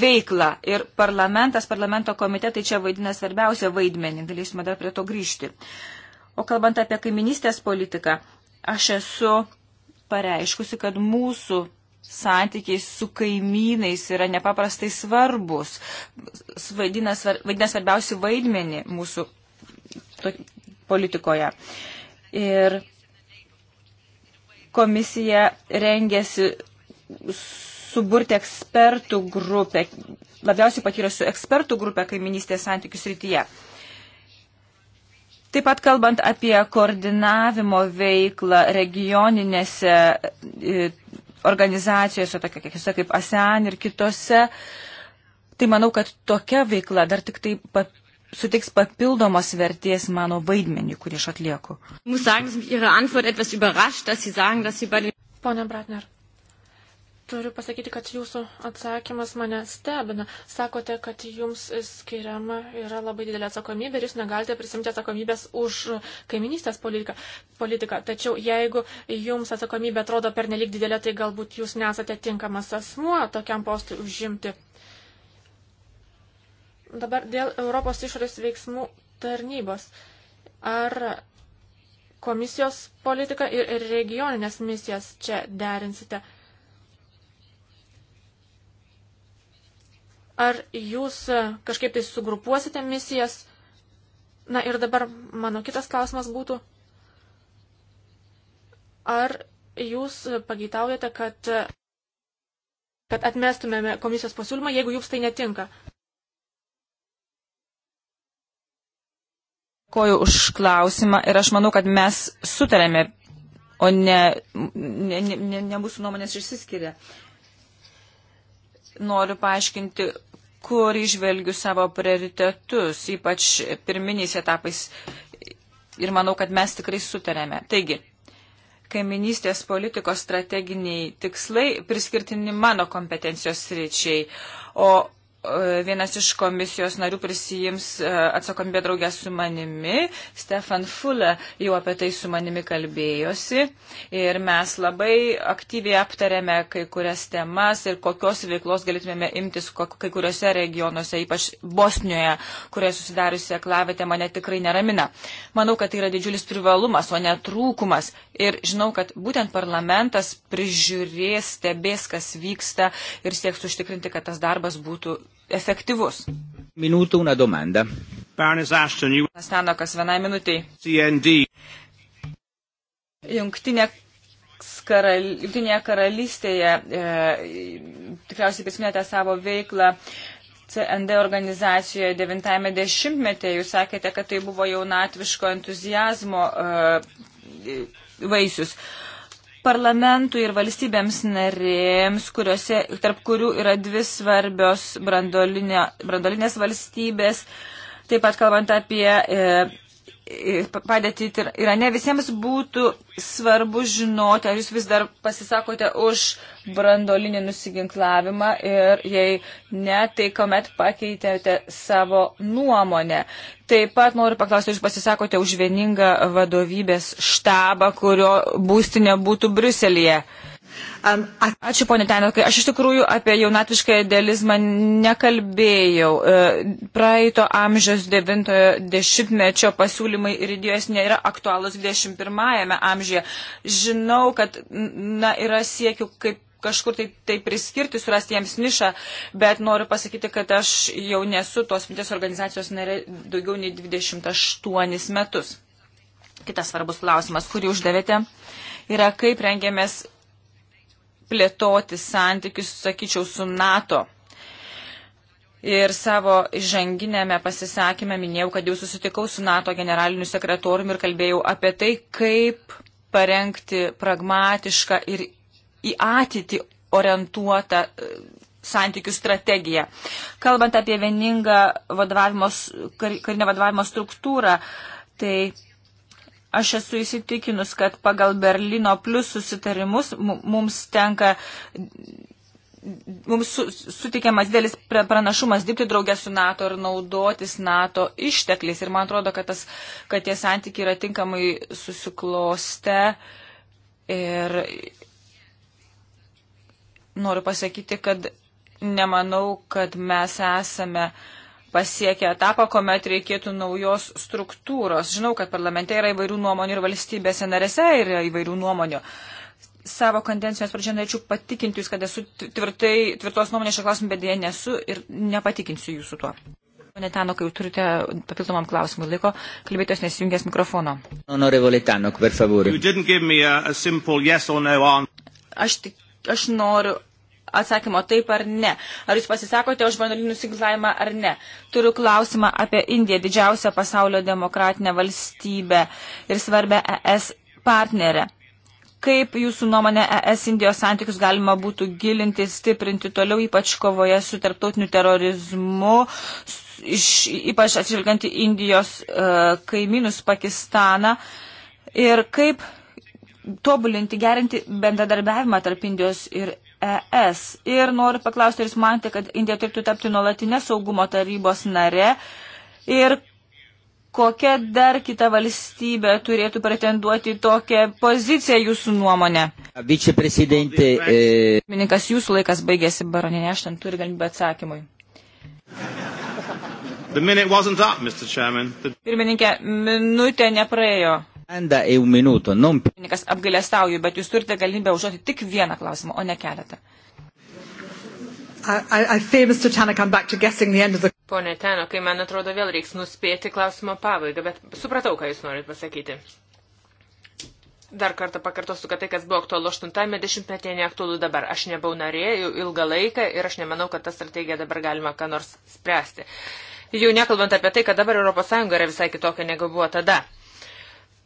veiklą ir parlamentas, parlamento komitetai čia vaidina svarbiausią vaidmenį. Galėsime dar prie to grįžti. O kalbant apie kaiminystės politiką, aš esu pareiškusi, kad mūsų santykiai su kaimynais yra nepaprastai svarbus, vaidina, svar, vaidina svarbiausi vaidmenį mūsų to, politikoje. Ir komisija rengėsi suburti ekspertų grupę, labiausiai patyrusių ekspertų grupę kaiminystės santykių srityje. Taip pat kalbant apie koordinavimo veiklą regioninėse organizacijose, tokiuose kaip ASEAN ir kitose. Tai manau, kad tokia veikla dar tik tai pap, suteiks papildomos vertės mano vaidmenį, kurį aš atlieku. Pone Bratner, Turiu pasakyti, kad jūsų atsakymas mane stebina. Sakote, kad jums skiriama yra labai didelė atsakomybė ir jūs negalite prisimti atsakomybės už kaiminystės politiką. politiką. Tačiau jeigu jums atsakomybė atrodo pernelik didelė, tai galbūt jūs nesate tinkamas asmuo tokiam postui užimti. Dabar dėl Europos išorės veiksmų tarnybos. Ar komisijos politiką ir regioninės misijas čia derinsite? Ar jūs e, kažkaip tai sugrupuosite misijas? Na ir dabar mano kitas klausimas būtų, ar jūs pageitaujate, kad, e, kad atmestumėme komisijos pasiūlymą, jeigu jums tai netinka? Dėkoju už klausimą ir aš manau, kad mes sutarėme, o ne, ne, ne, ne mūsų nuomonės išsiskiria. Noriu paaiškinti, kur išvelgiu savo prioritetus, ypač pirminiais etapais. Ir manau, kad mes tikrai sutarėme. Taigi, kaiminystės politikos strateginiai tikslai priskirtini mano kompetencijos ryčiai, o E, vienas iš komisijos narių prisijims e, atsakomybę draugę su manimi. Stefan Fule jau apie tai su manimi kalbėjosi ir mes labai aktyviai aptarėme kai kurias temas ir kokios veiklos galėtumėme imtis kai kuriuose regionuose, ypač Bosnijoje, kurioje susidariusi aklavėte mane tikrai neramina. Manau, kad tai yra didžiulis privalumas, o ne trūkumas. Ir žinau, kad būtent parlamentas prižiūrės, stebės, kas vyksta ir sieks užtikrinti, kad tas darbas būtų efektyvus. Minūtų una domanda. Baronis Ashton, you... Stanokas vienai minutiai. CND. Jungtinė karal, Jungtinėje karalystėje e, tikriausiai prisiminėte savo veiklą CND organizacijoje 90-metėje. Jūs sakėte, kad tai buvo jaunatviško entuzijazmo e, vaisius. E, parlamentui ir valstybėms narėms, kuriuose, tarp kurių yra dvi svarbios brandolinės valstybės, taip pat kalbant apie e, padėtį Irane, visiems būtų svarbu žinoti, ar jūs vis dar pasisakote už brandolinį nusiginklavimą ir jei ne, tai kuomet pakeitėte savo nuomonę. Taip pat noriu paklausti, jūs pasisakote už vieningą vadovybės štabą, kurio būstinė būtų Bruselėje. Um, I... Ačiū, ponė Tenokai. Aš iš tikrųjų apie jaunatvišką idealizmą nekalbėjau. E, praeito amžiaus 90-mečio pasiūlymai ir idėjos nėra aktualūs 21-ame amžiuje. Žinau, kad na, yra siekių kaip kažkur tai, tai priskirti, surasti jiems nišą, bet noriu pasakyti, kad aš jau nesu tos minties organizacijos narė daugiau nei 28 metus. Kitas svarbus klausimas, kurį uždavėte, yra kaip rengėmės plėtoti santykius, sakyčiau, su NATO. Ir savo žanginėme pasisakymę minėjau, kad jau susitikau su NATO generaliniu sekretoriumi ir kalbėjau apie tai, kaip parengti pragmatišką ir į ateitį orientuotą e, santykių strategiją. Kalbant apie vieningą vadovavimo, karinę vadovavimo struktūrą, tai Aš esu įsitikinus, kad pagal Berlyno plus susitarimus mums tenka, mums su, sutikiamas dėlis pranašumas dirbti draugę su NATO ir naudotis NATO ištekliais. Ir man atrodo, kad, tas, kad tie santykiai yra tinkamai susikloste. Ir noriu pasakyti, kad nemanau, kad mes esame uh, pasiekia etapą, kuomet reikėtų naujos struktūros. Žinau, kad parlamente yra įvairių nuomonių ir valstybėse narėse yra įvairių nuomonių. Savo kandencijos pradžioje norėčiau patikinti Jūs, kad esu tvirtai, tvirtos nuomonės šią klausimą, bet dėje nesu ir nepatikinsiu Jūsų tuo. Pane Tano, kai turite papildomam klausimui laiko, kalbėtės nesijungęs mikrofono. Honorevole Tano, per favore. Yes no Aš, tik, aš noriu atsakymo taip ar ne. Ar jūs pasisakote už branduolinį nusiginklavimą ar ne? Turiu klausimą apie Indiją, didžiausią pasaulio demokratinę valstybę ir svarbę ES partnerę. Kaip jūsų nuomonė ES Indijos santykius galima būtų gilinti, stiprinti toliau, ypač kovoje su tarptautiniu terorizmu, iš, ypač atsižvelgiant į Indijos uh, kaimynus Pakistaną ir kaip tobulinti, gerinti bendradarbiavimą tarp Indijos ir ES. Ir noriu paklausti, ar jūs manate, kad Indija turėtų tapti nuolatinę saugumo tarybos nare? Ir kokia dar kita valstybė turėtų pretenduoti tokią poziciją jūsų nuomonę? Viceprezidentė. E... Eh, Mininkas, jūsų laikas baigėsi, baroninė, aš ten turiu galimybę atsakymui. Up, The... Pirmininkė, minutė nepraėjo. E Pinikas apgailestauju, bet jūs turite galimybę užduoti tik vieną klausimą, o ne keletą. I, I fear, Mr. Tanak, I'm back to guessing the end of the... Pone Tenokai, man atrodo, vėl reiks nuspėti klausimo pabaigą, bet supratau, ką jūs norit pasakyti. Dar kartą pakartosiu, kad tai, kas buvo aktualu 80-ame dešimtmetyje, neaktualu dabar. Aš nebuvau narė ilgą laiką ir aš nemanau, kad tą strategiją dabar galima ką nors spręsti. Jau nekalbant apie tai, kad dabar ES yra visai kitokia negu buvo tada.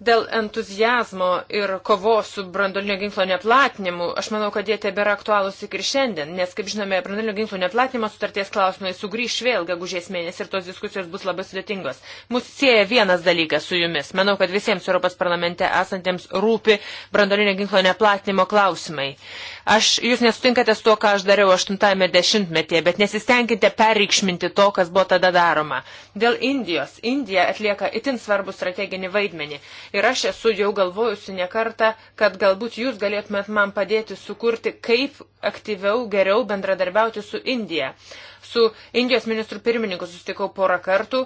Dėl entuzijazmo ir kovos su brandolinio ginklo neplatinimu, aš manau, kad jie tebėra aktualūs iki ir šiandien, nes, kaip žinome, brandolinio ginklo neplatinimo sutarties klausimai sugrįš vėl gegužės mėnesį ir tos diskusijos bus labai sudėtingos. Mūsų sieja vienas dalykas su jumis. Manau, kad visiems Europos parlamente esantiems rūpi brandolinio ginklo neplatinimo klausimai. Aš, jūs nesutinkate su to, ką aš dariau 80-ame dešimtmetyje, bet nesistengkite perreikšminti to, kas buvo tada daroma. Dėl Indijos. Indija atlieka itin svarbų strateginį vaidmenį. Ir aš esu jau galvojusi nekartą, kad galbūt jūs galėtumėt man padėti sukurti, kaip aktyviau, geriau bendradarbiauti su Indija. Su Indijos ministru pirmininku sustikau porą kartų,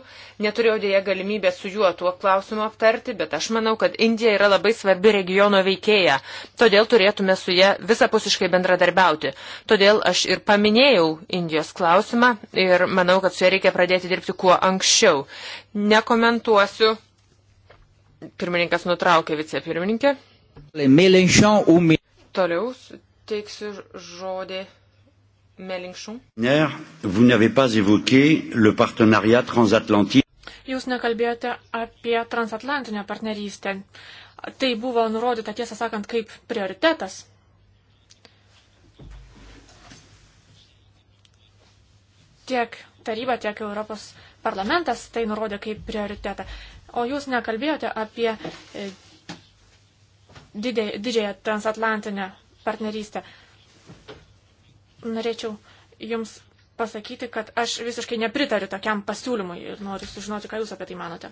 neturėjau dėja galimybę su juo tuo klausimu aptarti, bet aš manau, kad Indija yra labai svarbi regiono veikėja, todėl turėtume su ją visapusiškai bendradarbiauti. Todėl aš ir paminėjau Indijos klausimą ir manau, kad su ją reikia pradėti dirbti kuo anksčiau. Nekomentuosiu Pirmininkas nutraukė vicepirmininkę. Toliau teiksiu žodį Melinchon. Jūs nekalbėjote apie transatlantinę partnerystę. Tai buvo nurodyta, tiesą sakant, kaip prioritetas. Tiek taryba, tiek Europos parlamentas tai nurodė kaip prioritetą. O jūs nekalbėjote apie e, didžiąją transatlantinę partnerystę. Norėčiau Jums pasakyti, kad aš visiškai nepritariu tokiam pasiūlymui ir noriu sužinoti, ką Jūs apie tai manote.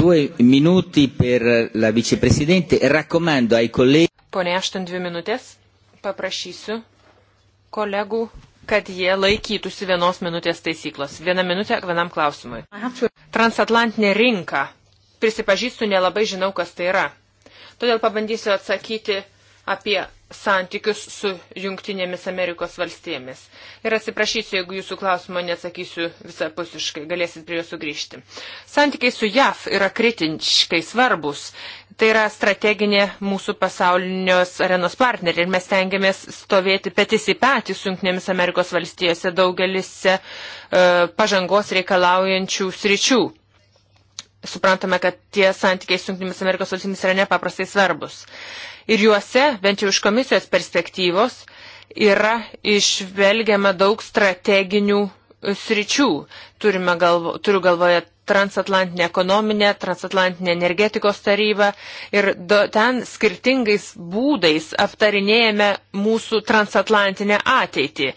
Due minuti per la viceprezidente. E Rakomando ai kolegi. Pone Aštan, dvi minutės. Paprašysiu kolegų kad jie laikytųsi vienos minutės taisyklos. Vieną minutę vienam klausimui. Transatlantinė rinka. Prisipažįstu, nelabai žinau, kas tai yra. Todėl pabandysiu atsakyti apie santykius su Junktinėmis Amerikos valstybėmis. Ir atsiprašysiu, jeigu jūsų klausimo neatsakysiu visapusiškai, galėsit prie jo sugrįžti. Santykiai su JAV yra kritiškai svarbus tai yra strateginė mūsų pasaulinios arenos partnerė ir mes tengiamės stovėti petis į petį su Junktinėmis Amerikos valstijose daugelis e, pažangos reikalaujančių sričių. Suprantame, kad tie santykiai su Junktinėmis Amerikos valstybėmis yra nepaprastai svarbus. Ir juose, bent jau iš komisijos perspektyvos, yra išvelgiama daug strateginių sričių. Turime galvo, turiu galvoje transatlantinę ekonominę, transatlantinę energetikos tarybą ir do, ten skirtingais būdais aptarinėjame mūsų transatlantinę ateitį.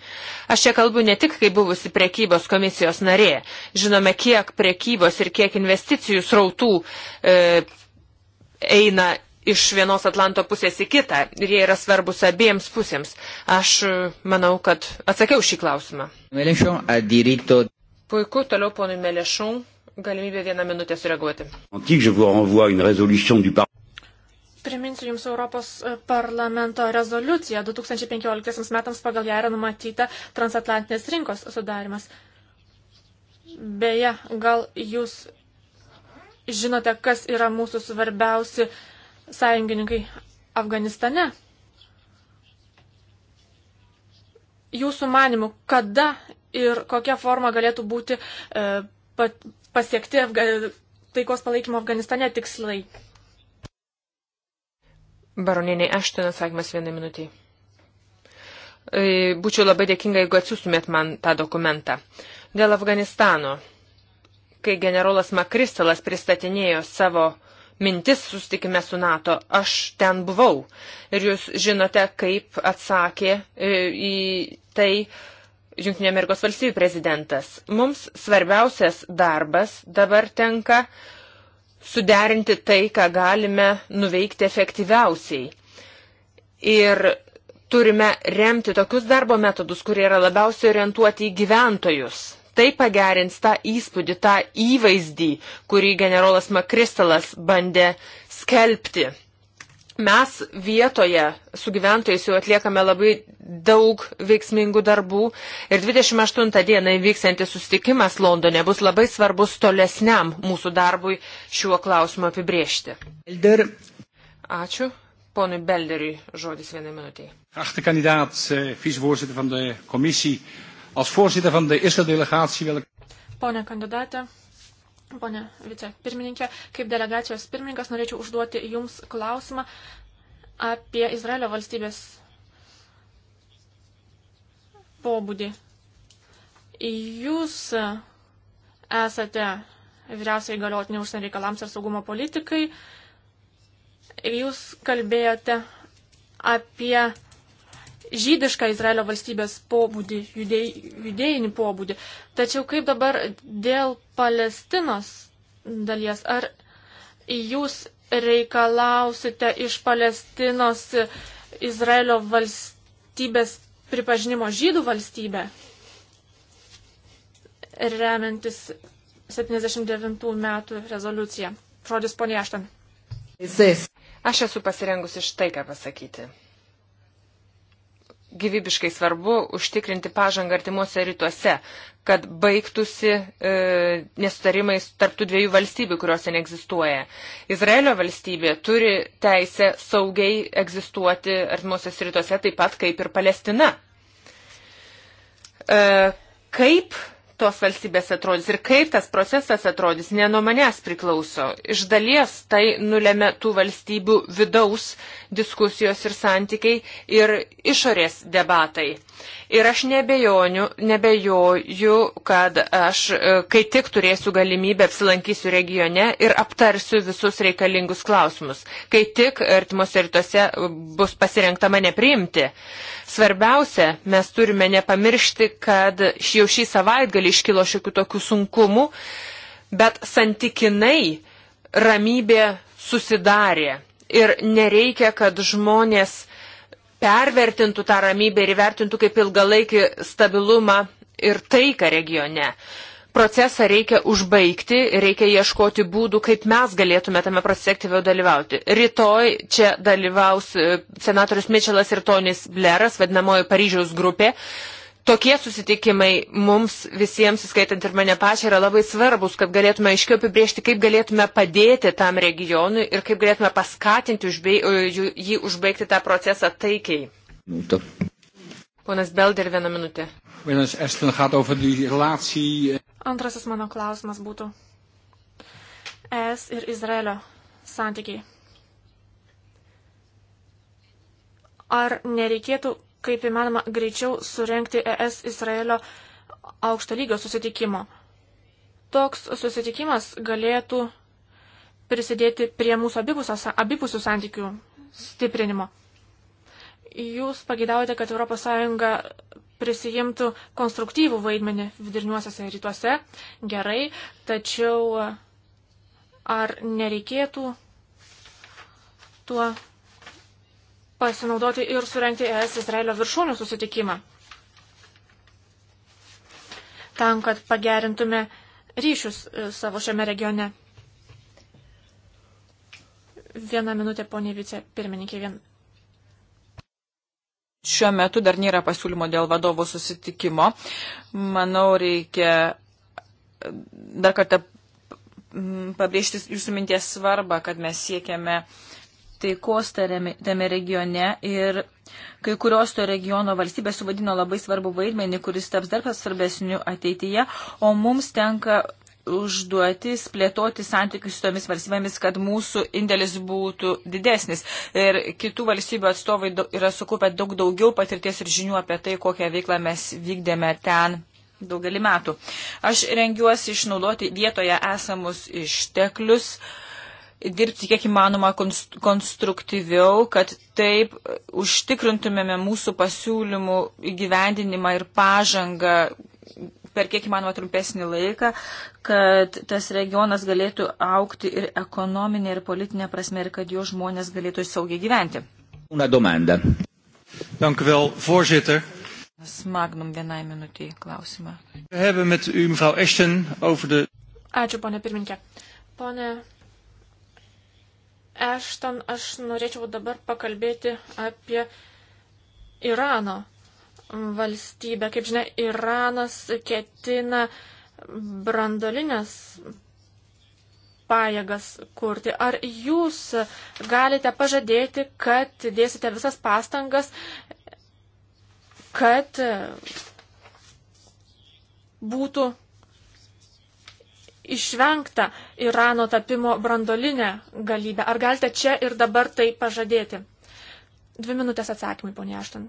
Aš čia kalbu ne tik kaip buvusi prekybos komisijos narė. Žinome, kiek prekybos ir kiek investicijų srautų e, eina iš vienos Atlanto pusės į kitą ir jie yra svarbus abiems pusėms. Aš e, manau, kad atsakiau šį klausimą. Puiku, toliau ponui Melešum galimybė vieną minutę sureaguoti. Priminsiu Jums Europos e, parlamento rezoliuciją 2015 metams pagal ją yra numatyta transatlantinės rinkos sudarimas. Beje, gal Jūs žinote, kas yra mūsų svarbiausi sąjungininkai Afganistane? Jūsų manimu, kada ir kokia forma galėtų būti e, pat, pasiekti Afga taikos palaikymo Afganistane tikslai? Baroniniai, aš ten atsakymas vieną minutį. E, būčiau labai dėkinga, jeigu atsiųstumėt man tą dokumentą. Dėl Afganistano, kai generolas Makristalas pristatinėjo savo mintis sustikime su NATO, aš ten buvau. Ir jūs žinote, kaip atsakė e, į tai Junktinė Amerikos valstybių prezidentas. Mums svarbiausias darbas dabar tenka suderinti tai, ką galime nuveikti efektyviausiai. Ir turime remti tokius darbo metodus, kurie yra labiausiai orientuoti į gyventojus. Tai pagerins tą įspūdį, tą įvaizdį, kurį generolas Makristalas bandė skelbti Mes vietoje su gyventojais jau atliekame labai daug veiksmingų darbų ir 28 dieną įvyksiantis susitikimas Londone bus labai svarbus tolesniam mūsų darbui šiuo klausimu apibriežti. Belder. Ačiū. Ponui Belderiui žodis vienai minutiai. Achte kandidaat, eh, vicevoorzitter van de commissie. Als voorzitter van de Israël delegatie wil ik. Pone kandidatė, Pone vicepirmininkė, kaip delegacijos pirmininkas norėčiau užduoti Jums klausimą apie Izraelio valstybės pobūdį. Jūs esate vyriausiai galiotinė užsienio reikalams ir saugumo politikai ir jūs kalbėjote apie žydišką Izraelio valstybės pobūdį, judėj, judėjinį pobūdį. Tačiau kaip dabar dėl Palestinos dalies? Ar jūs reikalausite iš Palestinos Izraelio valstybės pripažinimo žydų valstybę? remiantis 79 metų rezoliuciją. Žodis ponė Aštan. Aš esu pasirengusi štai ką pasakyti gyvybiškai svarbu užtikrinti pažangą artimuose rytuose, kad baigtųsi e, nesutarimai tarptų dviejų valstybių, kurios ten egzistuoja. Izraelio valstybė turi teisę saugiai egzistuoti artimuose rytuose taip pat kaip ir Palestina. E, kaip tos valstybės atrodys ir kaip tas procesas atrodys, ne nuo manęs priklauso. Iš dalies tai nulėmė tų valstybių vidaus diskusijos ir santykiai ir išorės debatai. Ir aš nebejoniu, nebejoju, kad aš, e, kai tik turėsiu galimybę, apsilankysiu regione ir aptarsiu visus reikalingus klausimus, kai tik artimuose rytuose bus pasirengta mane priimti. Svarbiausia, mes turime nepamiršti, kad jau šį savaitgalį šalį iškilo šiokių tokių sunkumų, bet santykinai ramybė susidarė ir nereikia, kad žmonės pervertintų tą ramybę ir įvertintų kaip ilgalaikį stabilumą ir taiką regione. Procesą reikia užbaigti, reikia ieškoti būdų, kaip mes galėtume tame procese aktyviau dalyvauti. Rytoj čia dalyvaus e, senatorius Mičelas ir Tonis Bleras, vadinamoji Paryžiaus grupė. Uh, tokie susitikimai mums visiems, skaitant ir mane pačią, yra labai svarbus, kad galėtume aiškiau apibriežti, kaip galėtume padėti tam regionui ir kaip galėtume paskatinti užbei, jį užbaigti tą procesą taikiai. Ta. Ponas Belder, vieną minutę. Eh. Antrasis mano klausimas būtų. Es ir Izraelio santykiai. Ar nereikėtų kaip įmanoma greičiau surenkti ES Izraelio aukšto lygio susitikimo. Toks susitikimas galėtų prisidėti prie mūsų abipusių santykių stiprinimo. Jūs pageidaujate, kad ES prisijimtų konstruktyvų vaidmenį viduriniuosiuose rytuose. Gerai, tačiau ar nereikėtų tuo pasinaudoti ir surenkti ES Izraelio viršūnių susitikimą. Tam, kad pagerintume ryšius e, savo šiame regione. Vieną minutę, ponė vice pirmininkė, vien. Šiuo metu dar nėra pasiūlymo dėl vadovo susitikimo. Manau, reikia e, dar kartą pabrėžti jūsų minties svarbą, kad mes siekiame uh, taikos tame regione ir kai kurios to regiono valstybės suvadino labai svarbu vaidmenį, kuris taps dar svarbesniu ateityje, o mums tenka užduotis plėtoti santykius su tomis valstybėmis, kad mūsų indėlis būtų didesnis. Ir kitų valstybių atstovai yra sukupę daug daugiau patirties ir žinių apie tai, kokią veiklą mes vykdėme ten daugelį metų. Aš rengiuosi išnaudoti vietoje esamus išteklius. Uh, dirbti kiek įmanoma konstruktyviau, kad taip užtikrintumėme mūsų pasiūlymų įgyvendinimą ir pažangą per kiek įmanoma trumpesnį laiką, kad tas regionas galėtų aukti ir ekonominė, ir politinė prasme, ir kad jo žmonės galėtų saugiai gyventi. Una domanda. Dank u wel, voorzitter. Magnum vienai minutį klausimą. Ačiū, ponė pirminkė. Pone Ešton, aš norėčiau dabar pakalbėti apie Irano valstybę. Kaip žinia, Iranas ketina brandolinės pajėgas kurti. Ar jūs galite pažadėti, kad dėsite visas pastangas, kad būtų išvengta Irano tapimo brandolinę galybę. Ar galite čia ir dabar tai pažadėti? Dvi minutės atsakymai, ponė Aštan.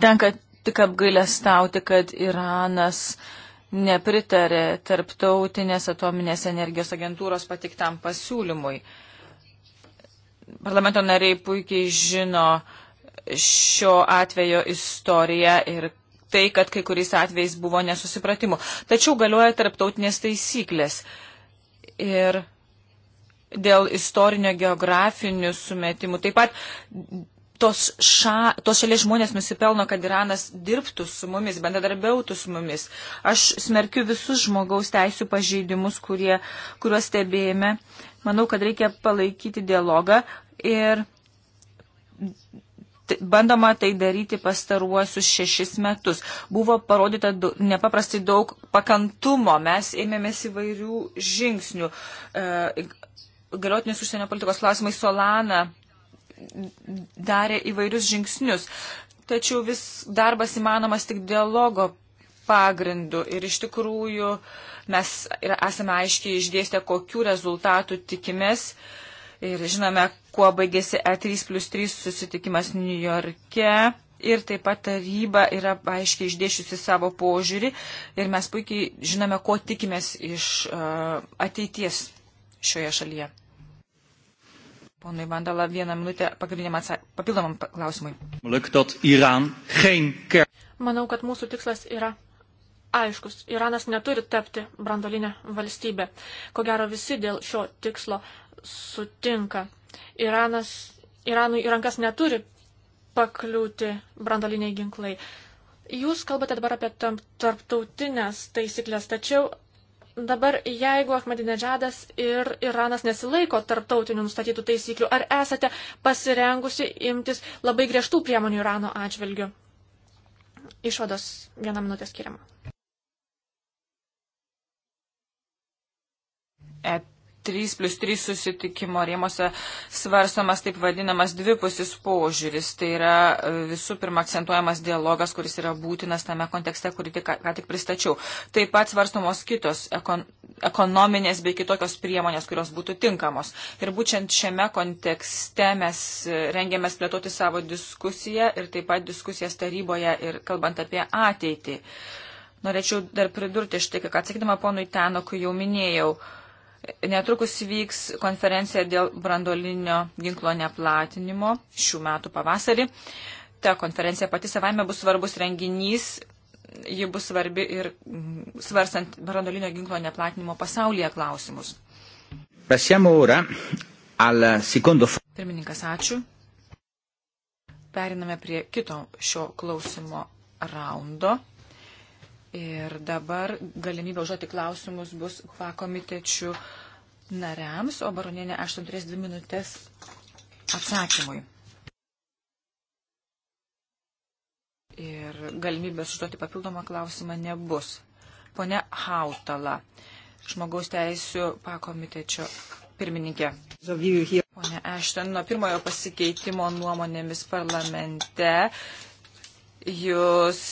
Tenka tik apgailestauti, kad Iranas nepritarė tarptautinės atominės energijos agentūros patiktam pasiūlymui. Parlamento nariai puikiai žino šio atvejo istoriją ir tai, kad kai kuriais atvejais buvo nesusipratimų. Tačiau galioja tarptautinės taisyklės. Ir dėl istorinio geografinių sumetimų. Taip pat tos, ša, tos šalies žmonės nusipelno, kad Iranas dirbtų su mumis, bendradarbiautų su mumis. Aš smerkiu visus žmogaus teisų pažeidimus, kurie, kuriuos stebėjome. Manau, kad reikia palaikyti dialogą ir Tai bandoma tai daryti pastaruosius šešis metus. Buvo parodyta nepaprastai daug pakantumo, mes ėmėmės įvairių žingsnių. E, Galiotinis užsienio politikos klausimai Solana darė įvairius žingsnius, tačiau vis darbas įmanomas tik dialogo pagrindu ir iš tikrųjų mes esame aiškiai išdėstę, kokiu rezultatu tikimės. Uh, Ir žinome, kuo baigėsi E3 plus 3 susitikimas New York'e. Ir taip pat taryba yra aiškiai išdėšiusi savo požiūrį ir mes puikiai žinome, ko tikimės iš uh, ateities šioje šalyje. Ponui Vandala, vieną minutę pagrindiniam papildomam klausimui. Manau, kad mūsų tikslas yra aiškus. Iranas neturi tapti brandolinę valstybę. Ko gero visi dėl šio tikslo sutinka. Iranas, Iranui į rankas neturi pakliūti brandoliniai ginklai. Jūs kalbate dabar apie tam tarptautinės taisyklės, tačiau dabar jeigu Ahmadinežadas ir Iranas nesilaiko tarptautinių nustatytų taisyklių, ar esate pasirengusi imtis labai griežtų priemonių Irano atžvilgių? Išvados vieną minutę skiriama. Et 3 plus 3 susitikimo rėmose svarstomas taip vadinamas dvipusis požiūris. Tai yra e, visų pirma akcentuojamas dialogas, kuris yra būtinas tame kontekste, kurį tik, ką tik pristačiau. Taip pat svarstomos kitos ekon, ekonominės bei kitokios priemonės, kurios būtų tinkamos. Ir būtent šiame kontekste mes e, rengiamės plėtoti savo diskusiją ir taip pat diskusijas taryboje ir kalbant apie ateitį. Norėčiau dar pridurti štai, kad atsakydama ponui Tenokui jau minėjau, uh, Netrukus vyks konferencija dėl brandolinio ginklo neplatinimo šių metų pavasarį. Ta konferencija pati savaime bus svarbus renginys, ji bus svarbi ir mm, svarstant brandolinio ginklo neplatinimo pasaulyje klausimus. Pirmininkas, ačiū. Periname prie kito šio klausimo raundo. Ir dabar galimybė užduoti klausimus bus kva komitečių nariams, o baronienė 8 turės 2 minutės atsakymui. Ir galimybės užduoti papildomą klausimą nebus. Pone Hautala, žmogaus teisų pakomitečio pirmininkė. Pone Ešten, nuo pirmojo pasikeitimo nuomonėmis parlamente jūs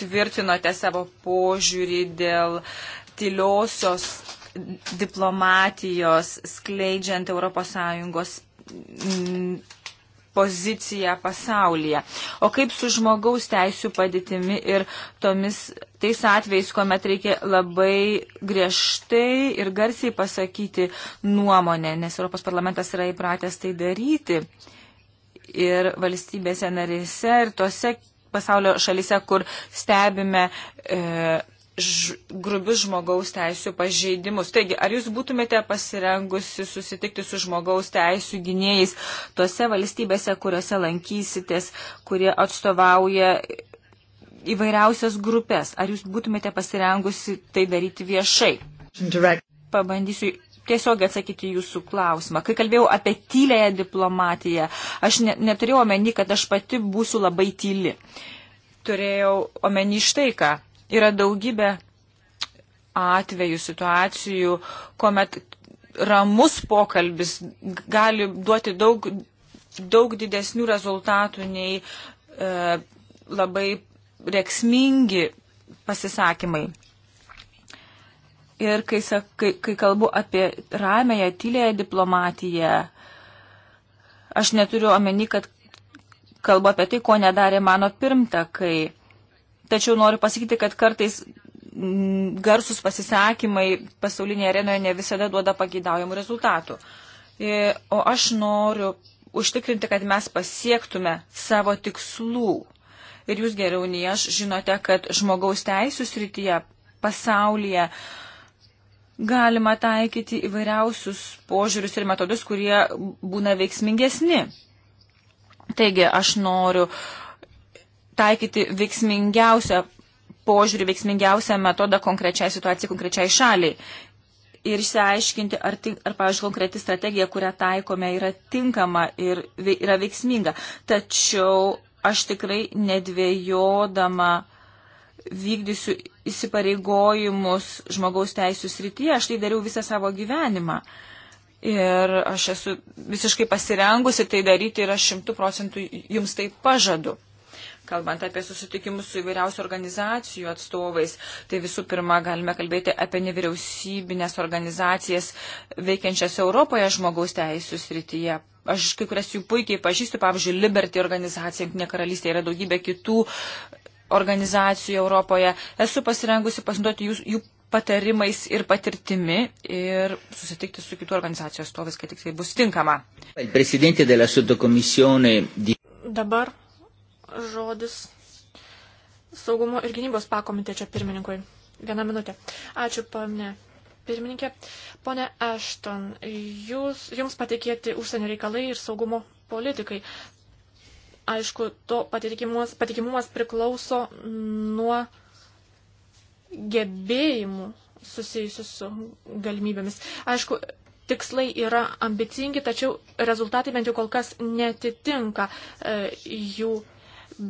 tvirtinote savo požiūrį dėl tyliosios diplomatijos, skleidžiant ES mm, poziciją pasaulyje. O kaip su žmogaus teisų padėtimi ir tomis tais atvejais, kuomet reikia labai griežtai ir garsiai pasakyti nuomonę, nes Europos parlamentas yra įpratęs tai daryti. Ir valstybėse narėse, ir tose pasaulio šalise, kur stebime e, ž, grubius žmogaus teisų pažeidimus. Taigi, ar jūs būtumėte pasirengusi susitikti su žmogaus teisų gynėjais tose valstybėse, kuriuose lankysitės, kurie atstovauja įvairiausias grupės? Ar jūs būtumėte pasirengusi tai daryti viešai? Pabandysiu tiesiog atsakyti jūsų klausimą. Kai kalbėjau apie tylėją diplomatiją, aš ne, neturėjau omeny, kad aš pati būsiu labai tyli. Turėjau omeny štai ką. Yra daugybė atvejų, situacijų, kuomet ramus pokalbis gali duoti daug, daug didesnių rezultatų nei e, labai reksmingi pasisakymai. Ir kai, kai, kai kalbu apie ramėją, tylėją diplomatiją, aš neturiu omeny, kad kalbu apie tai, ko nedarė mano pirmtakai. Tačiau noriu pasakyti, kad kartais mm, garsus pasisakymai pasaulinėje arenoje ne visada duoda pagydaujamų rezultatų. E, o aš noriu užtikrinti, kad mes pasiektume savo tikslų. Ir jūs geriau nei aš žinote, kad žmogaus teisų srityje pasaulyje uh, galima taikyti įvairiausius požiūrius ir metodus, kurie būna veiksmingesni. Taigi aš noriu taikyti veiksmingiausią požiūrį, veiksmingiausią metodą konkrečiai situacijai, konkrečiai šaliai. Ir išsiaiškinti, ar, tik, ar pavyzdžiui, konkreti strategija, kurią taikome, yra tinkama ir yra veiksminga. Tačiau aš tikrai nedvėjodama uh, vykdysiu įsipareigojimus žmogaus teisų srityje. Aš tai dariau visą savo gyvenimą. Ir aš esu visiškai pasirengusi tai daryti ir aš šimtų procentų jums tai pažadu. Kalbant apie susitikimus su įvairiausių organizacijų atstovais, tai visų pirma galime kalbėti apie nevyriausybinės organizacijas veikiančias Europoje žmogaus teisų srityje. Aš kai kurias jų puikiai pažįstu, pavyzdžiui, Liberty organizacija, Junktinė karalystė, yra daugybė kitų organizacijų Europoje. Esu pasirengusi pasinduoti jų, jų patarimais ir patirtimi ir susitikti su kitų organizacijų atstovais, kai tik tai bus tinkama. Dabar žodis saugumo ir gynybos pakomitečio pirmininkui. Vieną minutę. Ačiū, pane pirmininkė. Pone Ashton, jūs, jums patikėti užsienio reikalai ir saugumo politikai. Aišku, to patikimumas, patikimumas priklauso nuo gebėjimų susijusių su galimybėmis. Aišku, tikslai yra ambicingi, tačiau rezultatai bent jau kol kas netitinka e, jų.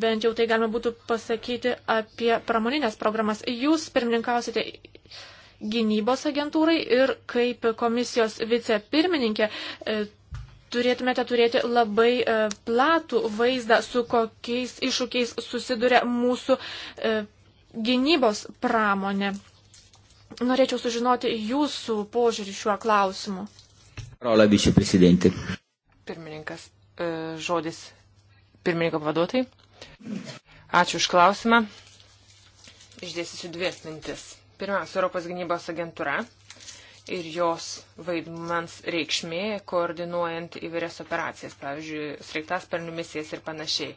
Bent jau tai galima būtų pasakyti apie pramoninės programas. Jūs pirmininkausite gynybos agentūrai ir kaip komisijos vicepirmininkė e, turėtumėte turėti labai e, platų vaizdą, su kokiais iššūkiais susiduria mūsų e, gynybos pramonė. Norėčiau sužinoti jūsų požiūrį šiuo klausimu. Rola viceprezidentė. Pirmininkas, e, žodis pirmininko pavaduotojai. Ačiū už klausimą. Išdėsiu dvi mintis. Pirmiausia, Europos gynybos agentūra ir jos vaidmens reikšmė, koordinuojant įvairias operacijas, pavyzdžiui, sreiktasparnių misijas ir panašiai.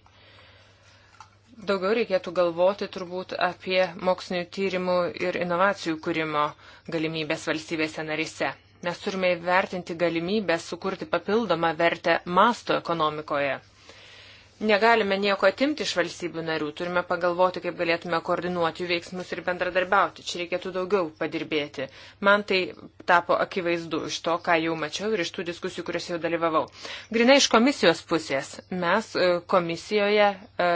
Daugiau reikėtų galvoti turbūt apie mokslinių tyrimų ir inovacijų kūrimo galimybės valstybėse narise. Mes turime įvertinti galimybę sukurti papildomą vertę masto ekonomikoje. Negalime nieko atimti iš valstybių narių, turime pagalvoti, kaip galėtume koordinuoti jų veiksmus ir bendradarbiauti. Čia reikėtų daugiau padirbėti. Man tai tapo akivaizdu iš to, ką jau mačiau ir iš tų diskusijų, kuriuose jau dalyvavau. Grinai iš komisijos pusės mes e, komisijoje e,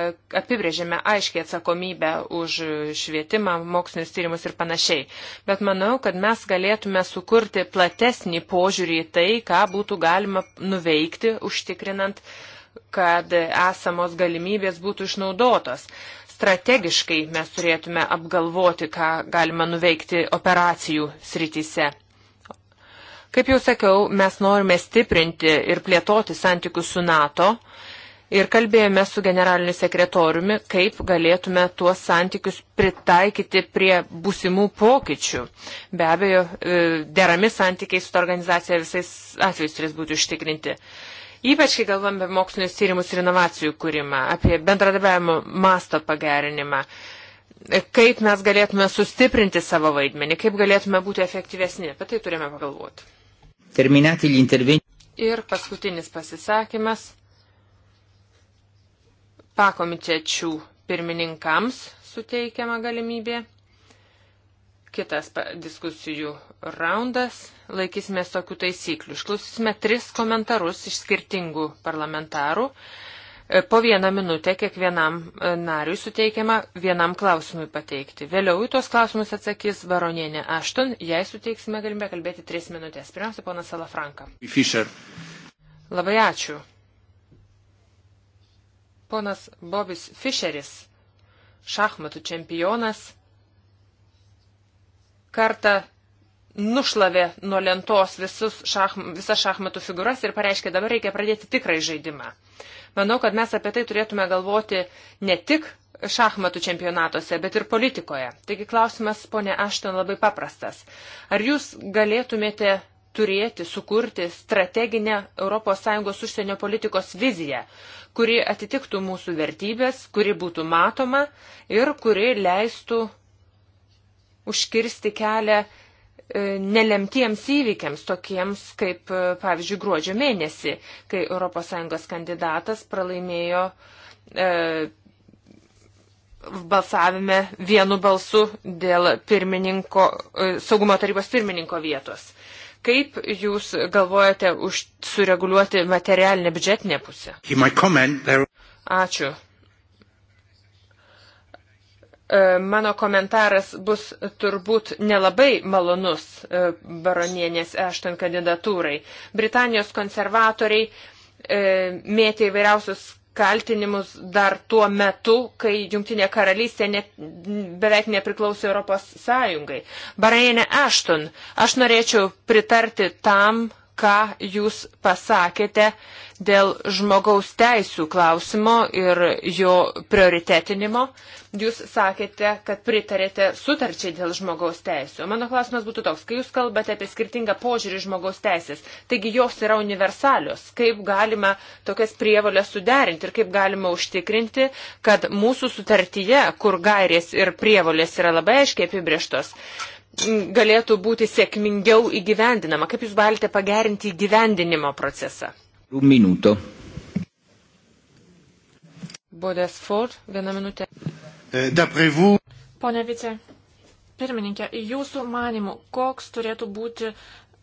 apibrėžėme aiškiai atsakomybę už švietimą, mokslinius tyrimus ir panašiai. Bet manau, kad mes galėtume sukurti platesnį požiūrį į tai, ką būtų galima nuveikti, užtikrinant uh, kad esamos galimybės būtų išnaudotos. Strategiškai mes turėtume apgalvoti, ką galima nuveikti operacijų srityse. Kaip jau sakiau, mes norime stiprinti ir plėtoti santykius su NATO ir kalbėjome su generaliniu sekretoriumi, kaip galėtume tuos santykius pritaikyti prie būsimų pokyčių. Be abejo, e, derami santykiai su ta organizacija visais atvejais turės būti užtikrinti. Ypač, kai galvam apie mokslinius tyrimus ir inovacijų kūrimą, apie bendradarbiavimo masto pagerinimą, kaip mes galėtume sustiprinti savo vaidmenį, kaip galėtume būti efektyvesni. Apie tai turime pagalvoti. Terminatį intervenį. Ir paskutinis pasisakymas pakomitečių pirmininkams suteikiama galimybė kitas diskusijų raundas. Laikysime tokių taisyklių. Išklausysime tris komentarus iš skirtingų parlamentarų. E, po vieną minutę kiekvienam e, nariui suteikiama vienam klausimui pateikti. Vėliau į tuos klausimus atsakys baronienė Aštun. Jei suteiksime, galime kalbėti tris minutės. Pirmiausia, ponas Salafranka. Fischer. Labai ačiū. Ponas Bobis Fischeris, šachmatų čempionas kartą nušlavė nuo lentos visus šach, visas šachmatų figūras ir pareiškė, dabar reikia pradėti tikrai žaidimą. Manau, kad mes apie tai turėtume galvoti ne tik šachmatų čempionatuose, bet ir politikoje. Taigi klausimas, ponė Ašton, labai paprastas. Ar jūs galėtumėte turėti, sukurti strateginę ES užsienio politikos viziją, kuri atitiktų mūsų vertybės, kuri būtų matoma ir kuri leistų užkirsti kelią e, nelemtiems įvykiams, tokiems kaip, e, pavyzdžiui, gruodžio mėnesį, kai ES kandidatas pralaimėjo e, balsavime vienu balsu dėl pirmininko, e, saugumo tarybos pirmininko vietos. Kaip jūs galvojate už sureguliuoti materialinę biudžetinę pusę? Comment, there... Ačiū. E, mano komentaras bus turbūt nelabai malonus e, baronienės Ešton kandidatūrai. Britanijos konservatoriai e, mėtė įvairiausius kaltinimus dar tuo metu, kai Junktinė karalystė ne, beveik nepriklausė Europos Sąjungai. Baronienė Ešton, aš norėčiau pritarti tam, ką jūs pasakėte dėl žmogaus teisų klausimo ir jo prioritetinimo. Jūs sakėte, kad pritarėte sutarčiai dėl žmogaus teisų. Mano klausimas būtų toks, kai jūs kalbate apie skirtingą požiūrį žmogaus teisės, taigi jos yra universalios, kaip galima tokias prievalės suderinti ir kaip galima užtikrinti, kad mūsų sutartyje, kur gairės ir prievalės yra labai aiškiai apibrieštos, galėtų būti sėkmingiau įgyvendinama? Kaip Jūs galite pagerinti įgyvendinimo procesą? Un minuto. Bodės Ford, vieną minutę. E, Pone Vice, pirmininkė, jūsų manimų, koks turėtų būti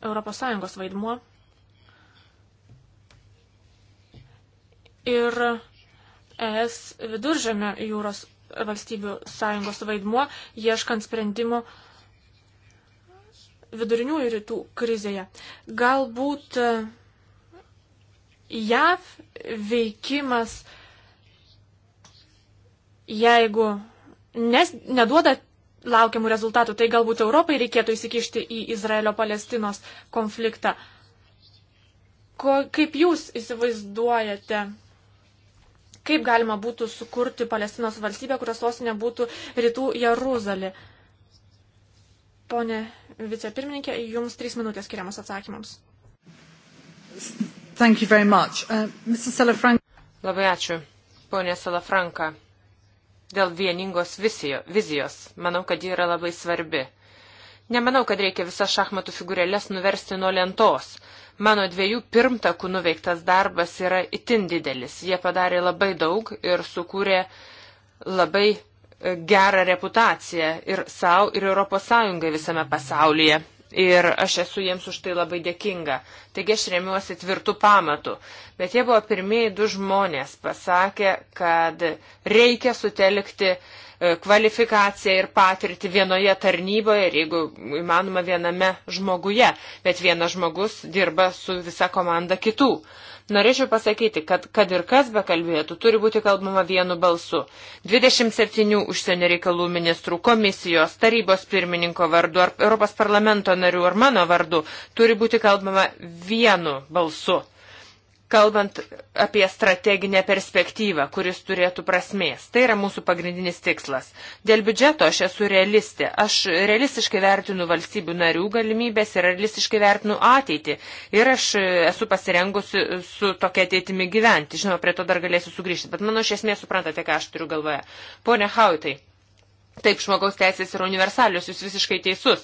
ES vaidmuo? Ir ES viduržėmio jūros valstybių sąjungos vaidmuo, ieškant sprendimų uh, viduriniųjų rytų krizėje. Galbūt e, JAV veikimas, jeigu nes, neduoda laukiamų rezultatų, tai galbūt Europai reikėtų įsikišti į Izraelio-Palestinos konfliktą. Ko, kaip jūs įsivaizduojate, kaip galima būtų sukurti Palestinos valstybę, kurios sostinė būtų rytų Jeruzalė? Uh, Pone vicepirmininkė, jums trys minutės skiriamos atsakymams. Uh, Labai ačiū, ponė Salafranka, dėl vieningos visijo, vizijos. Manau, kad ji yra labai svarbi. Nemanau, kad reikia visas šachmatų figūrėlės nuversti nuo lentos. Mano dviejų pirmtakų nuveiktas darbas yra itin didelis. Jie padarė labai daug ir sukūrė labai gerą reputaciją ir savo, ir ES visame pasaulyje. Ir aš esu jiems už tai labai dėkinga. Taigi aš remiuosi tvirtų pamatų. Bet jie buvo pirmieji du žmonės pasakę, kad reikia sutelkti e, kvalifikaciją ir patirtį vienoje tarnyboje ir jeigu įmanoma viename žmoguje. Bet vienas žmogus dirba su visa komanda kitų. Norėčiau pasakyti, kad kad ir kas be kalbėtų, turi būti kalbama vienu balsu. 27 užsienio reikalų ministrų, komisijos, tarybos pirmininko vardu, ar Europos parlamento narių, ar mano vardu, turi būti kalbama vienu balsu kalbant apie strateginę perspektyvą, kuris turėtų prasmės. Tai yra mūsų pagrindinis tikslas. Dėl biudžeto aš esu realistė. Aš realistiškai vertinu valstybių narių galimybės ir realistiškai vertinu ateitį. Ir aš esu pasirengusi su tokia ateitimi gyventi. Žinoma, prie to dar galėsiu sugrįžti. Bet manau, iš esmės suprantate, ką aš turiu galvoje. Pone Hautai. Taip, žmogaus teisės yra universalios, jūs visiškai teisus.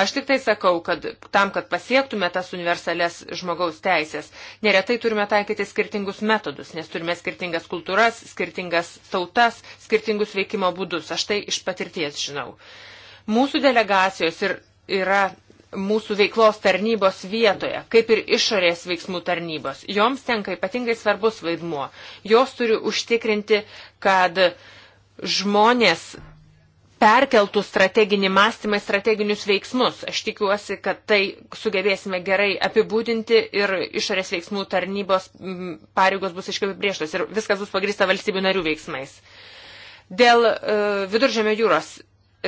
Aš tik tai sakau, kad tam, kad pasiektume tas universales žmogaus teisės, neretai turime taikyti skirtingus metodus, nes turime skirtingas kultūras, skirtingas tautas, skirtingus veikimo būdus. Aš tai iš patirties žinau. Mūsų delegacijos ir, yra mūsų veiklos tarnybos vietoje, kaip ir išorės veiksmų tarnybos. Joms tenka ypatingai svarbus vaidmuo. Jos turi užtikrinti, kad žmonės perkeltų strateginį mąstymą į strateginius veiksmus. Aš tikiuosi, kad tai sugebėsime gerai apibūdinti ir išorės veiksmų tarnybos pareigos bus aiškiai apibrieštos ir viskas bus pagrįsta valstybių narių veiksmais. Dėl uh, viduržėmio jūros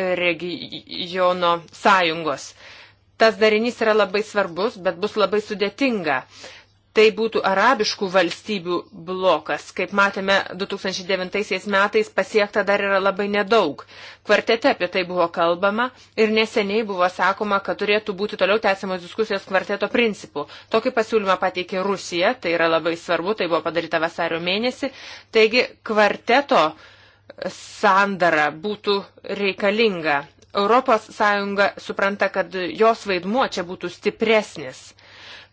regiono sąjungos. Tas darinys yra labai svarbus, bet bus labai sudėtinga. Uh, tai būtų arabiškų valstybių blokas. Kaip matėme, 2009 metais pasiekta dar yra labai nedaug. Kvartete apie tai buvo kalbama ir neseniai buvo sakoma, kad turėtų būti toliau tęsiamos diskusijos kvarteto principų. Tokį pasiūlymą pateikė Rusija, tai yra labai svarbu, tai buvo padaryta vasario mėnesį. Taigi kvarteto sandara būtų reikalinga. ES supranta, kad jos vaidmuo čia būtų stipresnis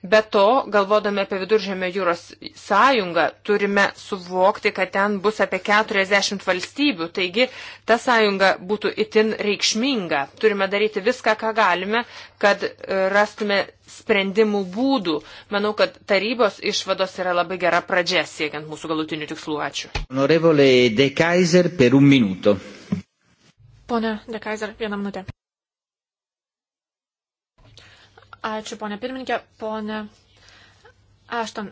Be to, galvodami apie viduržėmio jūros sąjungą, turime suvokti, kad ten bus apie 40 valstybių, taigi ta sąjunga būtų itin reikšminga. Turime daryti viską, ką galime, kad e, rastume sprendimų būdų. Manau, kad tarybos išvados yra labai gera pradžia siekiant mūsų galutinių tikslų. Ačiū. Honorevole De Kaiser per un minuto. Pone De Kaiser, vieną minutę. Ačiū, ponė pirmininkė. Pone Ašton,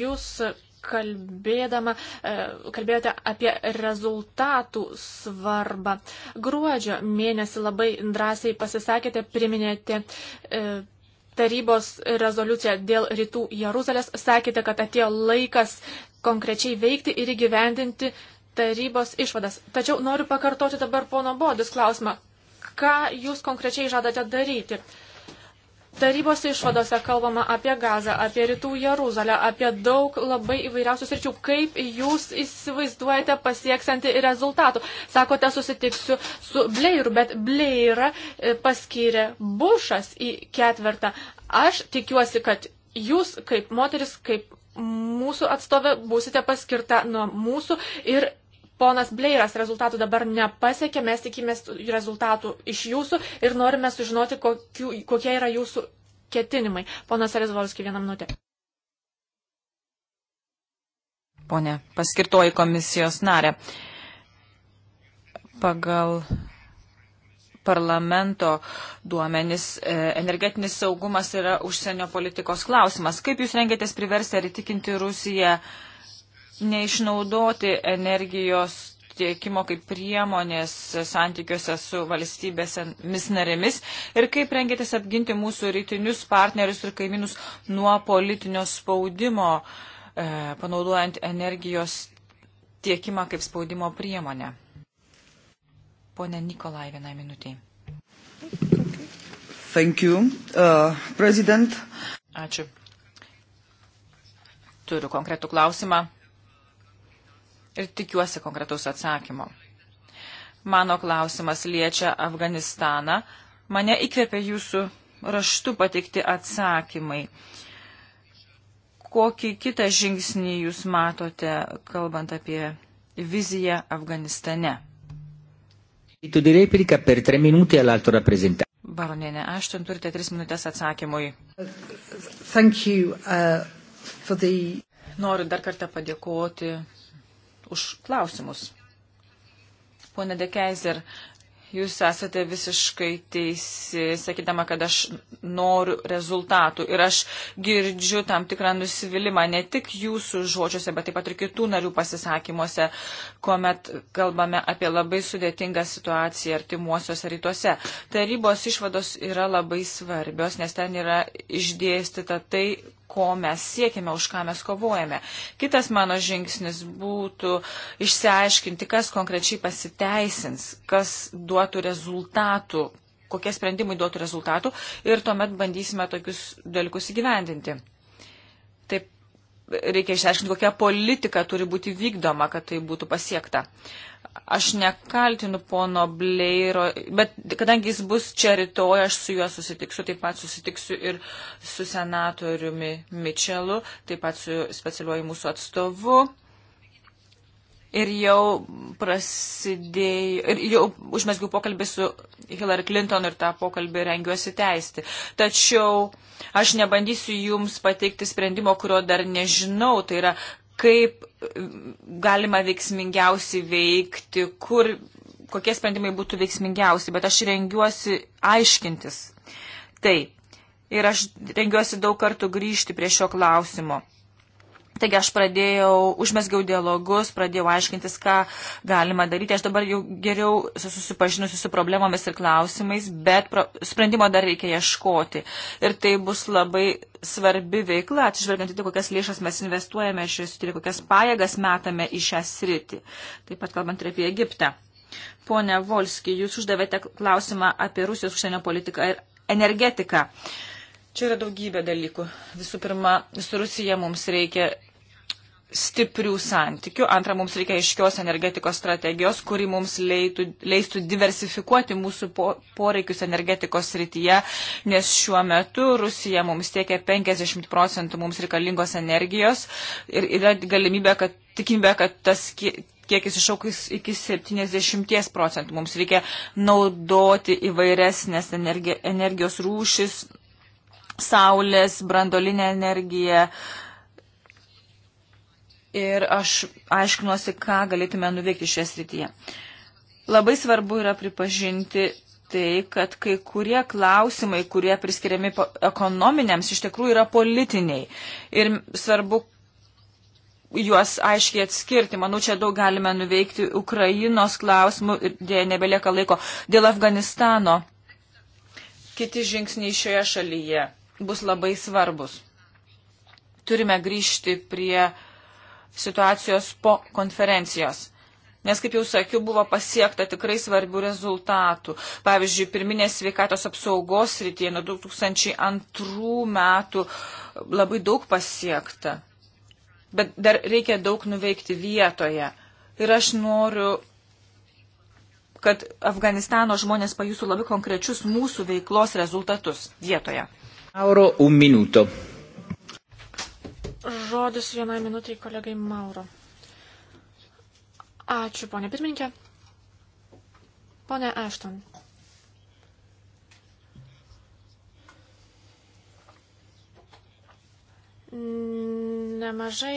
jūs kalbėdama, e, kalbėjote apie rezultatų svarbą. Gruodžio mėnesį labai drąsiai pasisakėte, priminėte e, tarybos rezoliuciją dėl rytų Jeruzalės, sakėte, kad atėjo laikas konkrečiai veikti ir įgyvendinti tarybos išvadas. Tačiau noriu pakartoti dabar pono Bodis klausimą. Ką jūs konkrečiai žadate daryti? Uh, Tarybos išvadose kalbama apie Gazą, apie Rytų Jeruzalę, apie daug labai įvairiausių sričių. Kaip jūs įsivaizduojate pasieksianti rezultatų? Sakote, susitiksiu su Bleiru, bet Bleirą e, paskyrė Bušas į ketvirtą. Aš tikiuosi, kad jūs kaip moteris, kaip mūsų atstovė būsite paskirta nuo mūsų ir Ponas Bleiras rezultatų dabar nepasiekė, mes tikimės rezultatų iš jūsų ir norime sužinoti, kokiu, kokie yra jūsų ketinimai. Ponas Arizvolski, vieną minutę. Pone, paskirtoji komisijos narė. Pagal parlamento duomenis e, energetinis saugumas yra užsienio politikos klausimas. Kaip jūs rengėtės priversti ar įtikinti Rusiją? neišnaudoti energijos tiekimo kaip priemonės santykiuose su valstybėmis narėmis ir kaip rengėtės apginti mūsų rytinius partnerius ir kaimynus nuo politinio spaudimo, e, panaudojant energijos tiekimą kaip spaudimo priemonę. Pone Nikolai, vienai minutiai. Thank you, uh, President. Ačiū. Turiu konkretų klausimą ir tikiuosi konkretaus atsakymo. Mano klausimas liečia Afganistaną. Mane įkvėpia jūsų raštu pateikti atsakymai. Kokį kitą žingsnį jūs matote, kalbant apie viziją Afganistane? Baronienė, aš ten turite tris minutės atsakymui. Thank you, uh, the... Noriu dar kartą padėkoti už klausimus. Pone Dekeizer, jūs esate visiškai teisi, sakydama, kad aš noriu rezultatų. Ir aš girdžiu tam tikrą nusivylimą ne tik jūsų žodžiuose, bet taip pat ir kitų narių pasisakymuose, kuomet kalbame apie labai sudėtingą situaciją artimuosiuose rytuose. Tarybos išvados yra labai svarbios, nes ten yra išdėstyta tai, ko mes siekime, už ką mes kovojame. Kitas mano žingsnis būtų išsiaiškinti, kas konkrečiai pasiteisins, kas duotų rezultatų, kokie sprendimai duotų rezultatų ir tuomet bandysime tokius dalykus įgyvendinti. Taip reikia išsiaiškinti, kokia politika turi būti vykdoma, kad tai būtų pasiekta. Uh, aš nekaltinu pono Bleiro, bet kadangi jis bus čia rytoj, aš su juo susitiksiu, taip pat susitiksiu ir su senatoriumi Mičelu, taip pat su specialiuoju mūsų atstovu. Ir jau prasidėjo, ir jau užmesgiau pokalbį su Hillary Clinton ir tą pokalbį rengiuosi teisti. Tačiau aš nebandysiu jums pateikti sprendimo, kurio dar nežinau. Tai yra, kaip galima veiksmingiausiai veikti, kur, kokie sprendimai būtų veiksmingiausi, bet aš rengiuosi aiškintis. Tai, ir aš rengiuosi daug kartų grįžti prie šio klausimo. Taigi aš pradėjau, užmesgiau dialogus, pradėjau aiškintis, ką galima daryti. Aš dabar jau geriau susipažinusiu su problemomis ir klausimais, bet pro, sprendimo dar reikia ieškoti. Ir tai bus labai svarbi veikla, atsižvelgiant į tai, kokias lėšas mes investuojame šioje srityje, kokias pajėgas metame į šią sritį. Taip pat kalbant ir apie Egiptą. Pone Volski, jūs uždavėte klausimą apie Rusijos užsienio politiką ir energetiką. Uh, Čia yra daugybė dalykų. Visų pirma, su Rusija mums reikia stiprių santykių. Antra, mums reikia aiškios energetikos strategijos, kuri mums leitų, leistų diversifikuoti mūsų po, poreikius energetikos srityje, nes šiuo metu Rusija mums tiekia 50 procentų mums reikalingos energijos ir yra galimybė, kad tikimybė, kad tas kiekis išaukis iki 70 procentų. Mums reikia naudoti įvairesnės energi, energijos rūšis, saulės, brandolinė energija. Ir aš aiškinuosi, ką galėtume nuveikti šioje srityje. Labai svarbu yra pripažinti tai, kad kai kurie klausimai, kurie priskiriami ekonominiams, iš tikrųjų yra politiniai. Ir svarbu juos aiškiai atskirti. Manau, čia daug galime nuveikti Ukrainos klausimų ir dėja nebelieka laiko dėl Afganistano. Kiti žingsniai šioje šalyje bus labai svarbus. Turime grįžti prie situacijos po konferencijos. Nes, kaip jau sakiau, buvo pasiekta tikrai svarbių rezultatų. Pavyzdžiui, pirminės sveikatos apsaugos srityje nuo 2002 metų labai daug pasiekta. Bet dar reikia daug nuveikti vietoje. Ir aš noriu, kad Afganistano žmonės pajusų labai konkrečius mūsų veiklos rezultatus vietoje. Mauro, un minuto. Žodis vienai minutiai kolegai Mauro. Ačiū, ponė pirmininkė. Pone Ešton. Nemažai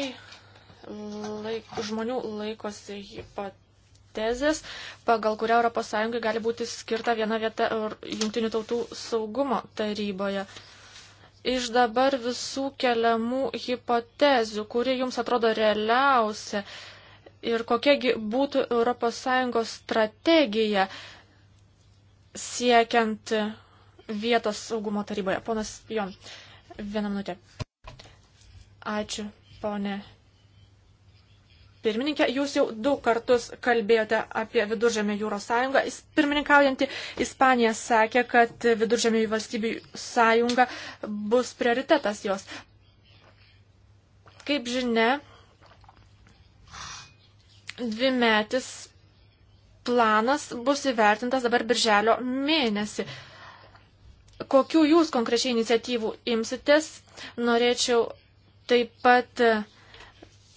laik, žmonių laikosi hipotezės, pagal kurią ES gali būti skirta viena vieta Junktinių tautų saugumo taryboje. Uh, iš dabar visų keliamų hipotezių, kuri jums atrodo realiausia ir kokiagi būtų ES strategija siekiant vietos saugumo taryboje. Ponas Jon, vieną minutę. Ačiū, ponė Pirmininkė, jūs jau du kartus kalbėjote apie Viduržėmio jūros sąjungą. Pirmininkaujanti Ispanija sakė, kad Viduržėmio valstybių sąjunga bus prioritetas jos. Kaip žinia, dvimetis planas bus įvertintas dabar birželio mėnesį. Kokių jūs konkrečiai iniciatyvų imsitės? Norėčiau taip pat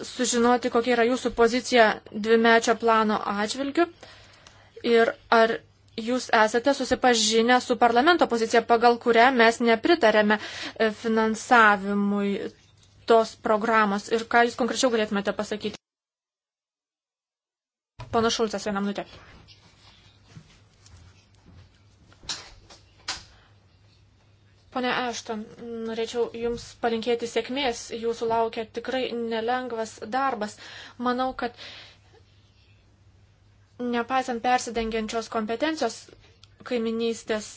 sužinoti, kokia yra jūsų pozicija dvimečio plano atžvilgiu ir ar jūs esate susipažinę su parlamento pozicija, pagal kurią mes nepritarėme e, finansavimui tos programos ir ką jūs konkrečiau galėtumėte pasakyti. Pana Šulcas, vieną minutę. Pone Ešton, norėčiau Jums palinkėti sėkmės. Jūsų laukia tikrai nelengvas darbas. Manau, kad nepaisant persidengiančios kompetencijos kaiminystės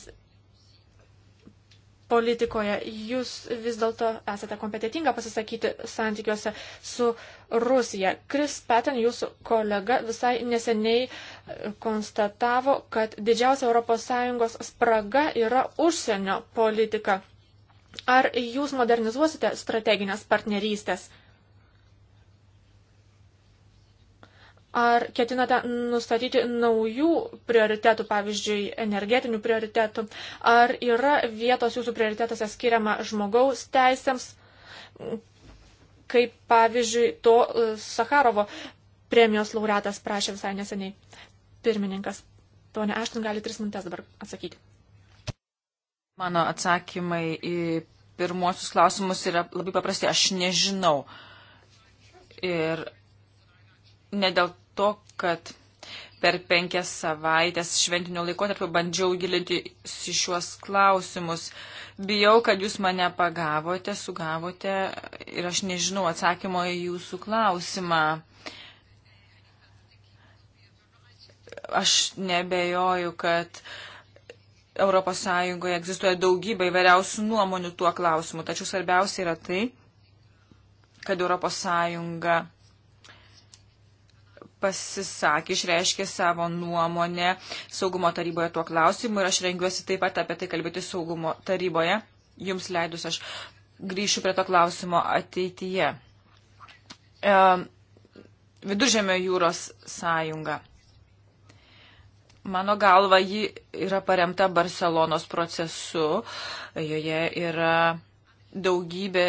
politikoje. Jūs vis dėlto esate kompetitinga pasisakyti santykiuose su Rusija. Chris Patton, jūsų kolega, visai neseniai e, konstatavo, kad didžiausia ES spraga yra užsienio politika. Ar jūs modernizuosite strateginės partnerystės? Ar ketinate nustatyti naujų prioritetų, pavyzdžiui, energetinių prioritetų? Ar yra vietos jūsų prioritetuose skiriama žmogaus teisėms, kaip pavyzdžiui, to e, Sakarovo premijos laureatas prašė visai neseniai pirmininkas. Pone Aštin gali tris minutės dabar atsakyti. Mano atsakymai į pirmuosius klausimus yra labai paprasti. Aš nežinau. Ir ne dėl to, kad per penkias savaitės šventinio laikotarpio bandžiau gilinti į šiuos klausimus. Bijau, kad jūs mane pagavote, sugavote ir aš nežinau atsakymo į jūsų klausimą. Aš nebejoju, kad ES egzistuoja daugybė įvairiausių nuomonių tuo klausimu, tačiau svarbiausia yra tai, kad ES pasisakė, išreiškė savo nuomonę saugumo taryboje tuo klausimu ir aš rengiuosi taip pat apie tai kalbėti saugumo taryboje. Jums leidus aš grįšiu prie to klausimo ateityje. E, Viduržėmio jūros sąjunga. Mano galva, ji yra paremta Barcelonos procesu, joje yra daugybė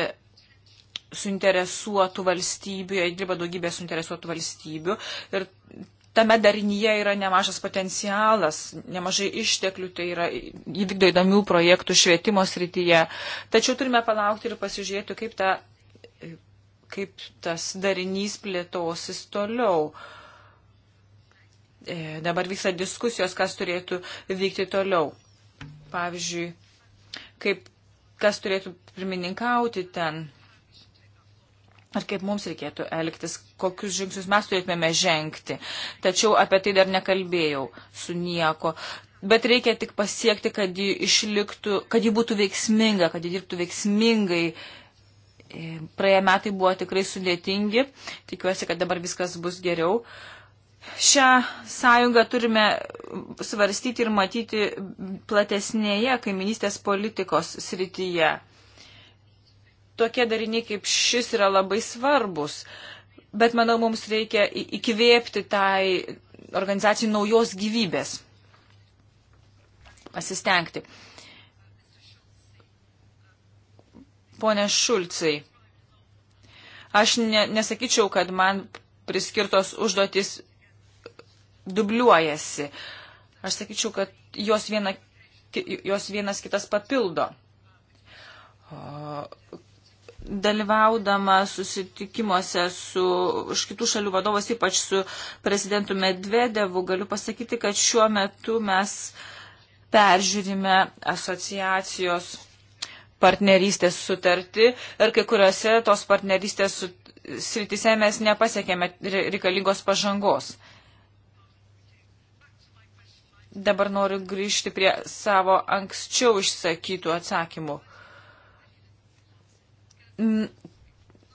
suinteresuotų valstybių, jie dirba daugybė suinteresuotų valstybių ir tame darinyje yra nemažas potencialas, nemažai išteklių, tai yra įvykdo įdomių projektų švietimo srityje. Tačiau turime palaukti ir pasižiūrėti, kaip, ta, kaip tas darinys plėtosis toliau. E, dabar vyksta diskusijos, kas turėtų vykti toliau. Pavyzdžiui, kaip, kas turėtų pirmininkauti ten ir kaip mums reikėtų elgtis, kokius žingsnius mes turėtume žengti. Tačiau apie tai dar nekalbėjau su nieko. Bet reikia tik pasiekti, kad ji išliktų, kad ji būtų veiksminga, kad ji dirbtų veiksmingai. E, praėję metai buvo tikrai sudėtingi, tikiuosi, kad dabar viskas bus geriau. Šią sąjungą turime svarstyti ir matyti platesnėje kaiminystės politikos srityje tokie dariniai kaip šis yra labai svarbus. Bet manau, mums reikia įkvėpti tai organizacijai naujos gyvybės. Pasistengti. Pone Šulcai, aš ne, nesakyčiau, kad man priskirtos užduotis dubliuojasi. Aš sakyčiau, kad jos, viena, jos vienas kitas papildo. O dalyvaudama susitikimuose su iš kitų šalių vadovas, ypač su prezidentu Medvedevu, galiu pasakyti, kad šiuo metu mes peržiūrime asociacijos partnerystės sutartį ir kai kuriuose tos partnerystės srityse mes nepasiekėme reikalingos pažangos. Dabar noriu grįžti prie savo anksčiau išsakytų atsakymų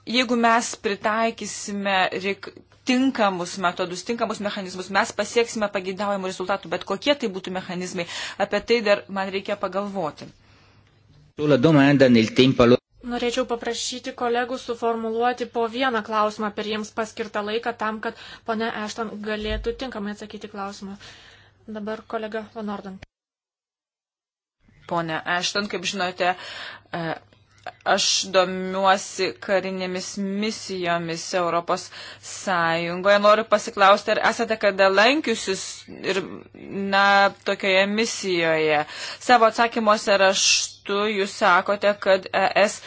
jeigu mes pritaikysime reik, tinkamus metodus, tinkamus mechanizmus, mes pasieksime pageidaujamų rezultatų, bet kokie tai būtų mechanizmai, apie tai dar man reikia pagalvoti. Norėčiau paprašyti kolegų suformuluoti po vieną klausimą per jiems paskirtą laiką tam, kad pone Ešton galėtų tinkamai atsakyti klausimą. Dabar kolega Van Orden. Pone Ešton, kaip žinote, e, aš domiuosi karinėmis misijomis Europos Sąjungoje. Noriu pasiklausti, ar esate kada lankiusis ir, na, tokioje misijoje. Savo atsakymuose raštu jūs sakote, kad ES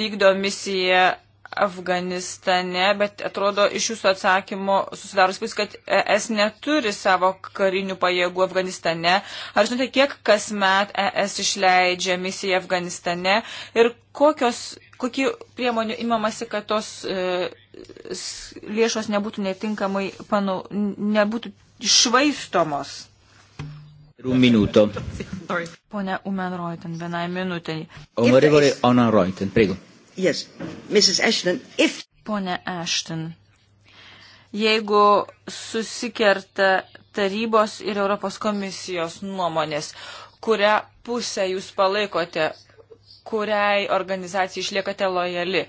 vykdo misiją Afganistane, bet atrodo iš jūsų atsakymo susidarus vis, kad ES neturi savo karinių pajėgų Afganistane. Ar žinote, kiek kasmet ES išleidžia misiją Afganistane ir kokios, kokių priemonių imamasi, kad tos e, lėšos nebūtų netinkamai, panau, nebūtų išvaistomos? Un minuto. Pone Umen Reuten, vienai minutė. Onorevole Onan Reuten, prego. Yes, Mrs. Ashton, if... Pone Ashton, jeigu susikerta tarybos ir Europos komisijos nuomonės, kurią pusę jūs palaikote, kuriai organizacijai išliekate lojali, uh,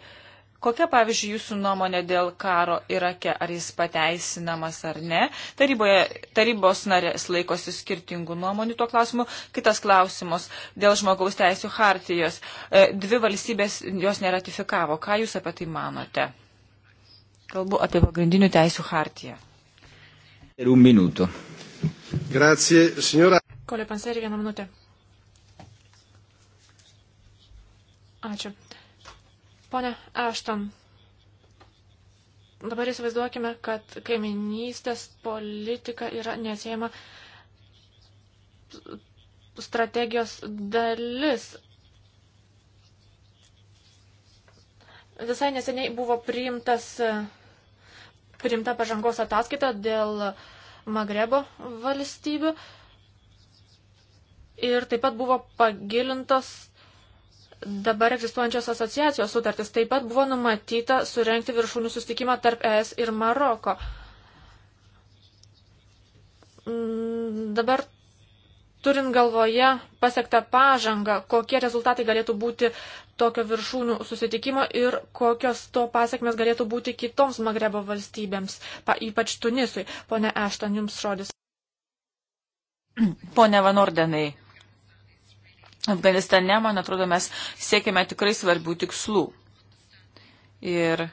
Kokia, pavyzdžiui, jūsų nuomonė dėl karo Irake, ar jis pateisinamas ar ne? Taryboje, tarybos narės laikosi skirtingų nuomonių tuo klausimu. Kitas klausimas dėl žmogaus teisų hartijos. E, dvi valstybės jos neratifikavo. Ką jūs apie tai manote? Kalbu apie pagrindinių teisų hartiją. Ir un minuto. Grazie, signora. Kole Panseri, vieną minutę. Ačiū. Pone Ašton, dabar įsivaizduokime, kad kaiminystės politika yra neatsiejama strategijos dalis. Visai neseniai buvo priimtas, priimta pažangos ataskaita dėl Magrebo valstybių ir taip pat buvo pagilintos dabar egzistuojančios asociacijos sutartis. Taip pat buvo numatyta surenkti viršūnių sustikimą tarp ES ir Maroko. Mm, dabar turint galvoje pasiektą pažangą, kokie rezultatai galėtų būti tokio viršūnių susitikimo ir kokios to pasiekmes galėtų būti kitoms Magrebo valstybėms, pa, ypač Tunisui. Pone Ešton, jums žodis. Pone Vanordenai, Afganistane, man atrodo, mes siekime tikrai svarbių tikslų. Ir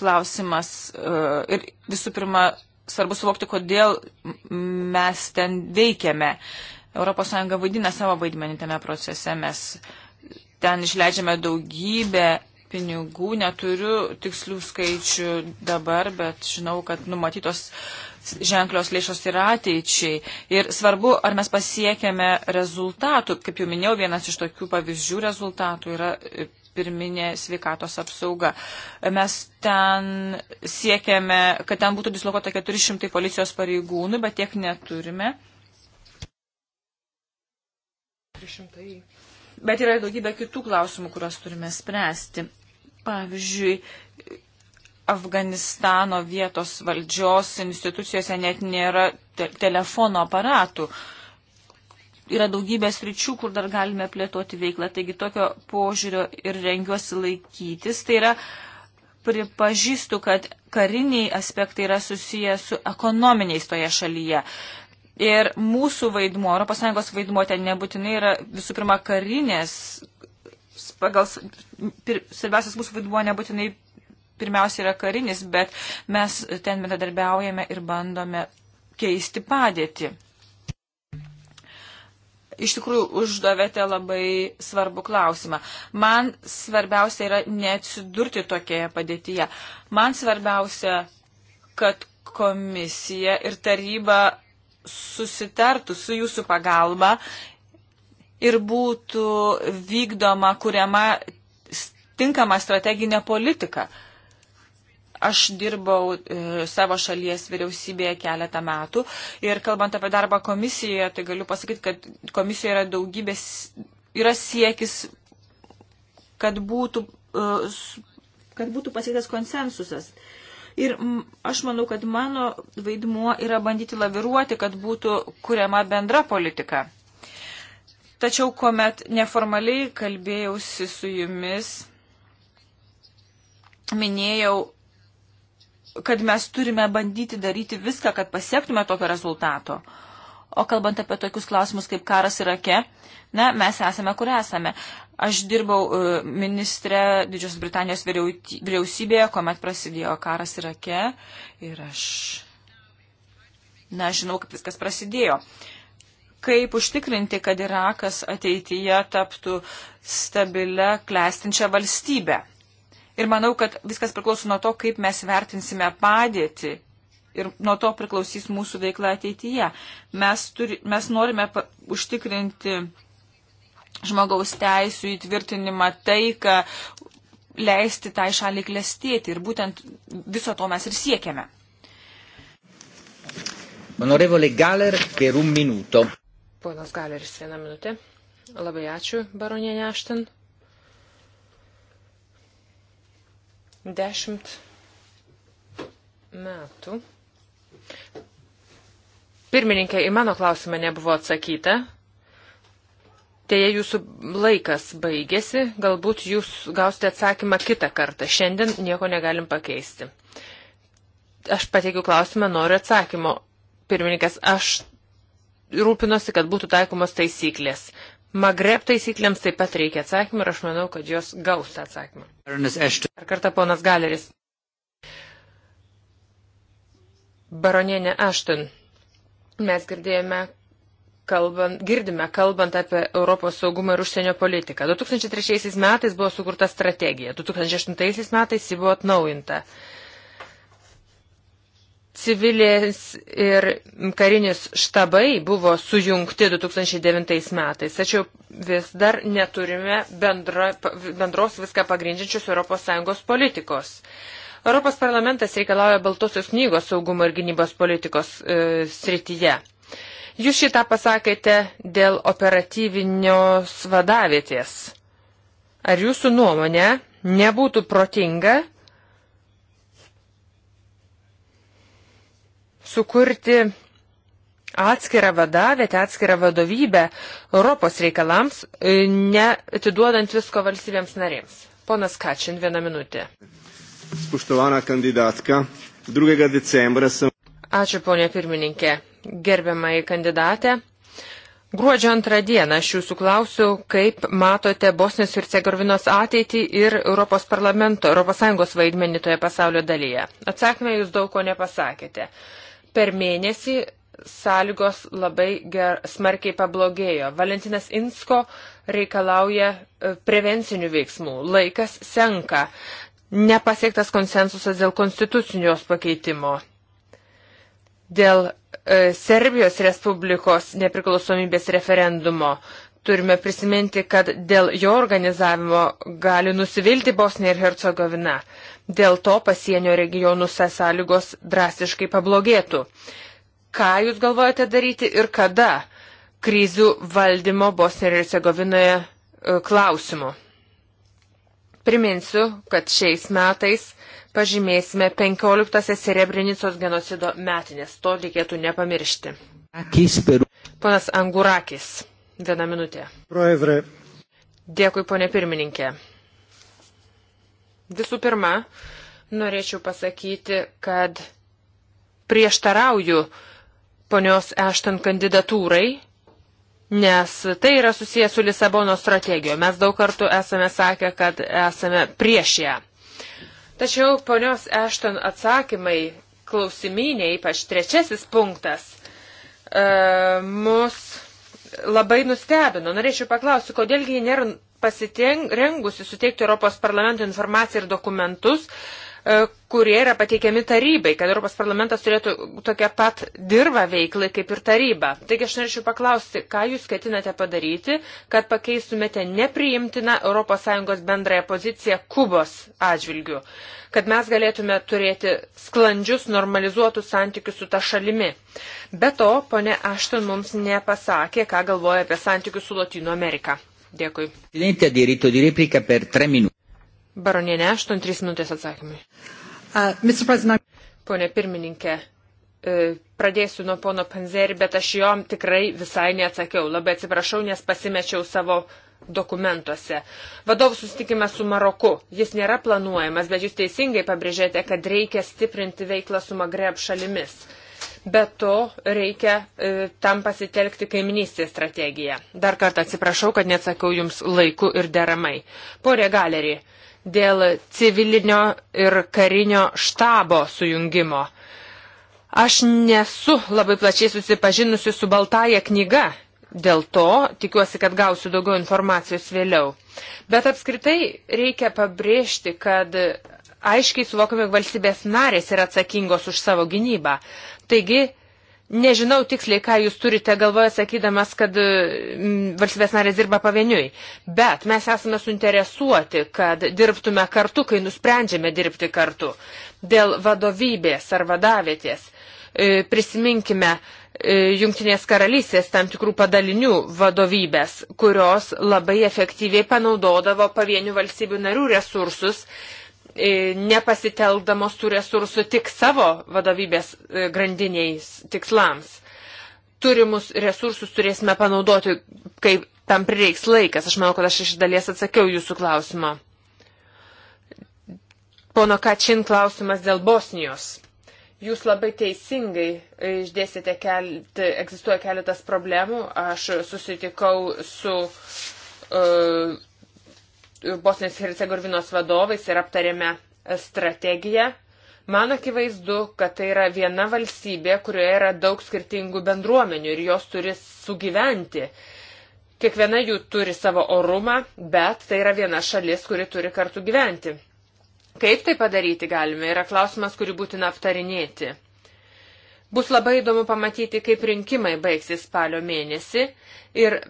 klausimas, e, ir visų pirma, svarbu suvokti, kodėl mes ten veikiame. ES vaidina savo vaidmenį tame procese, mes ten išleidžiame daugybę pinigų, neturiu tikslių skaičių dabar, bet žinau, kad numatytos uh, ženklios lėšos ir ateičiai. Ir svarbu, ar mes pasiekėme rezultatų. Kaip jau minėjau, vienas iš tokių pavyzdžių rezultatų yra e, pirminė sveikatos apsauga. Mes ten siekiame, kad ten būtų dislokuota 400 policijos pareigūnų, bet tiek neturime. 300. Bet yra daugybė kitų klausimų, kuriuos turime spręsti. Pavyzdžiui, Afganistano vietos valdžios institucijose net nėra te telefono aparatų. Yra daugybės ryčių, kur dar galime plėtoti veiklą, taigi tokio požiūrio ir rengiuosi laikytis. Tai yra, pripažįstu, kad kariniai aspektai yra susiję su ekonominiais toje šalyje. Ir mūsų vaidmuo, ES vaidmuo ten nebūtinai yra visų pirma karinės, pagal svarbiausias mūsų vaidmuo nebūtinai pirmiausia yra karinis, bet mes ten bendradarbiaujame ir bandome keisti padėtį. Iš tikrųjų, uždavėte labai svarbų klausimą. Man svarbiausia yra neatsidurti tokioje padėtyje. Man svarbiausia, kad komisija ir taryba susitartų su jūsų pagalba ir būtų vykdoma, kuriama tinkama strateginė politika. Uh, Aš dirbau e, savo šalies vyriausybėje keletą metų ir kalbant apie darbą komisijoje, tai galiu pasakyti, kad komisijoje yra daugybės, yra siekis, kad būtų, e, kad būtų pasiektas konsensusas. Ir aš manau, kad mano vaidmuo yra bandyti laviruoti, kad būtų kuriama bendra politika. Tačiau, kuomet neformaliai kalbėjausi su jumis, minėjau kad mes turime bandyti daryti viską, kad pasiektume tokio rezultato. O kalbant apie tokius klausimus kaip karas Irake, na, mes esame, kur esame. Aš dirbau e, ministrė Didžiosios Britanijos vyriausybėje, kuomet prasidėjo karas Irake ir aš, na, žinau, kaip viskas prasidėjo. Kaip užtikrinti, kad Irakas ateityje taptų stabilę, klestinčią valstybę? Ir manau, kad viskas priklauso nuo to, kaip mes vertinsime padėtį. Ir nuo to priklausys mūsų veikla ateityje. Mes, turi, mes norime pa, užtikrinti žmogaus teisų įtvirtinimą taiką, leisti tai šaliai klestėti. Ir būtent viso to mes ir siekiame. Onorevole Galer, per un minuto. Ponas Galeris, vieną minutę. Labai ačiū, baronienė Ašten. Dešimt metų. Pirmininkė, į mano klausimą nebuvo atsakyta. Teja, jūsų laikas baigėsi, galbūt jūs gausite atsakymą kitą kartą. Šiandien nieko negalim pakeisti. Aš pateikiu klausimą, noriu atsakymo. Pirmininkas, aš rūpinosi, kad būtų taikomos taisyklės. Magreb taisyklėms taip pat reikia atsakymų ir aš manau, kad jos gaus tą atsakymą. Ar kartą ponas Galeris? Baronienė Ašton, mes girdėjome, kalbant, girdime, kalbant apie Europos saugumą ir užsienio politiką. 2003 metais buvo sukurta strategija, 2008 metais ji buvo atnaujinta civilės ir karinis štabai buvo sujungti 2009 metais, tačiau vis dar neturime bendro, bendros viską pagrindžiančius ES politikos. Europos parlamentas reikalauja Baltosios knygos saugumo ir gynybos politikos e, srityje. Jūs šitą pasakėte dėl operatyvinios vadavietės. Ar jūsų nuomonė nebūtų protinga sukurti atskirą vadavietę, atskirą vadovybę Europos reikalams, e, netiduodant visko valstybėms narėms. Ponas Kačin, vieną minutę. Spuštovana kandidatka, 2 decembra sam. Ačiū, ponė pirmininkė. Gerbiamai kandidatė. Gruodžio antrą dieną aš jūsų klausiu, kaip matote Bosnijos ir Cegovinos ateitį ir Europos parlamento, ES vaidmenį toje pasaulio dalyje. Atsakymę jūs daug ko nepasakėte per mėnesį sąlygos labai ger, smarkiai pablogėjo. Valentinas Insko reikalauja e, prevencinių veiksmų. Laikas senka. Nepasiektas konsensusas dėl konstitucinios pakeitimo. Dėl e, Serbijos Respublikos nepriklausomybės referendumo turime prisiminti, kad dėl jo organizavimo gali nusivilti Bosnija ir Hercegovina. Dėl to pasienio regionų sąlygos drastiškai pablogėtų. Ką jūs galvojate daryti ir kada krizių valdymo Bosnijoje ir Hercegovinoje e, klausimu? Priminsiu, kad šiais metais pažymėsime 15-ąją Serebrinicos genocido metinės. To reikėtų nepamiršti. Ponas Angurakis. Viena minutė. Proevre. Dėkui, ponė pirmininkė. Visų pirma, norėčiau pasakyti, kad prieštarauju ponios Ešton kandidatūrai, nes tai yra susijęs su Lisabono strategijoje. Mes daug kartų esame sakę, kad esame prieš ją. Tačiau ponios Ešton atsakymai klausimynė, ypač trečiasis punktas, e, mus labai nustebino. Norėčiau paklausti, kodėlgi ji nėra pasitengusi suteikti Europos parlamento informaciją ir dokumentus, e, kurie yra pateikiami tarybai, kad Europos parlamentas turėtų tokią pat dirbą veiklai kaip ir taryba. Taigi aš norėčiau paklausti, ką jūs ketinate padaryti, kad pakeistumėte nepriimtiną ES bendrąją poziciją Kubos atžvilgių. Uh, kad mes galėtume turėti sklandžius, normalizuotus santykius su ta šalimi. Be to, ponė Ašton mums nepasakė, ką galvoja apie santykius su Latino Amerika. Dėkui. Baronienė Ašton, trys minutės atsakymai. Uh, Pone pirmininkė, E, pradėsiu nuo pono Panzerį, bet aš jom tikrai visai neatsakiau. Labai atsiprašau, nes pasimečiau savo dokumentuose. Vadovų susitikimas su Maroku. Jis nėra planuojamas, bet jūs teisingai pabrėžėte, kad reikia stiprinti veiklą su Magreb šalimis. Be to reikia e, tam pasitelkti kaiminystės strategiją. Dar kartą atsiprašau, kad neatsakiau jums laiku ir deramai. Porė galerį dėl civilinio ir karinio štabo sujungimo Aš nesu labai plačiai susipažinusi su Baltaja knyga, dėl to tikiuosi, kad gausiu daugiau informacijos vėliau. Bet apskritai reikia pabrėžti, kad aiškiai suvokiame, valstybės narės yra atsakingos už savo gynybą. Taigi Nežinau tiksliai, ką jūs turite galvoje, sakydamas, kad mm, valstybės narės dirba pavieniui, bet mes esame suinteresuoti, kad dirbtume kartu, kai nusprendžiame dirbti kartu. Dėl vadovybės ar vadavietės e, prisiminkime e, Junktinės karalystės tam tikrų padalinių vadovybės, kurios labai efektyviai panaudodavo pavienių valstybių narių resursus E, nepasiteldamos tų resursų tik savo vadovybės e, grandiniais tikslams. Turimus resursus turėsime panaudoti, kai tam prireiks laikas. Aš manau, kad aš iš dalies atsakiau jūsų klausimą. Pono Kačin klausimas dėl Bosnijos. Jūs labai teisingai išdėsite, kelt, egzistuoja keletas problemų. Aš susitikau su uh, Bosnijos ir Hercegovinos vadovais ir aptarėme strategiją. Man akivaizdu, kad tai yra viena valstybė, kurioje yra daug skirtingų bendruomenių ir jos turi sugyventi. Kiekviena jų turi savo orumą, bet tai yra viena šalis, kuri turi kartu gyventi. Kaip tai padaryti galime, yra klausimas, kurį būtina aptarinėti. Bus labai įdomu pamatyti, kaip rinkimai baigsis spalio mėnesį ir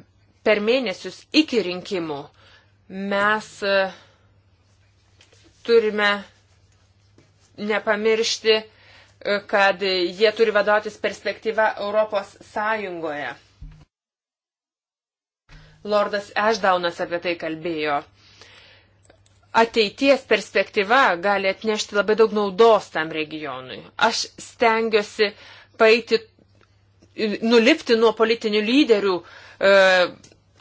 per mėnesius iki rinkimų Mes e, turime nepamiršti, e, kad jie turi vadovautis perspektyva Europos Sąjungoje. Lordas Ešdaunas apie tai kalbėjo. Ateities perspektyva gali atnešti labai daug naudos tam regionui. Aš stengiuosi paeiti, nulipti nuo politinių lyderių e,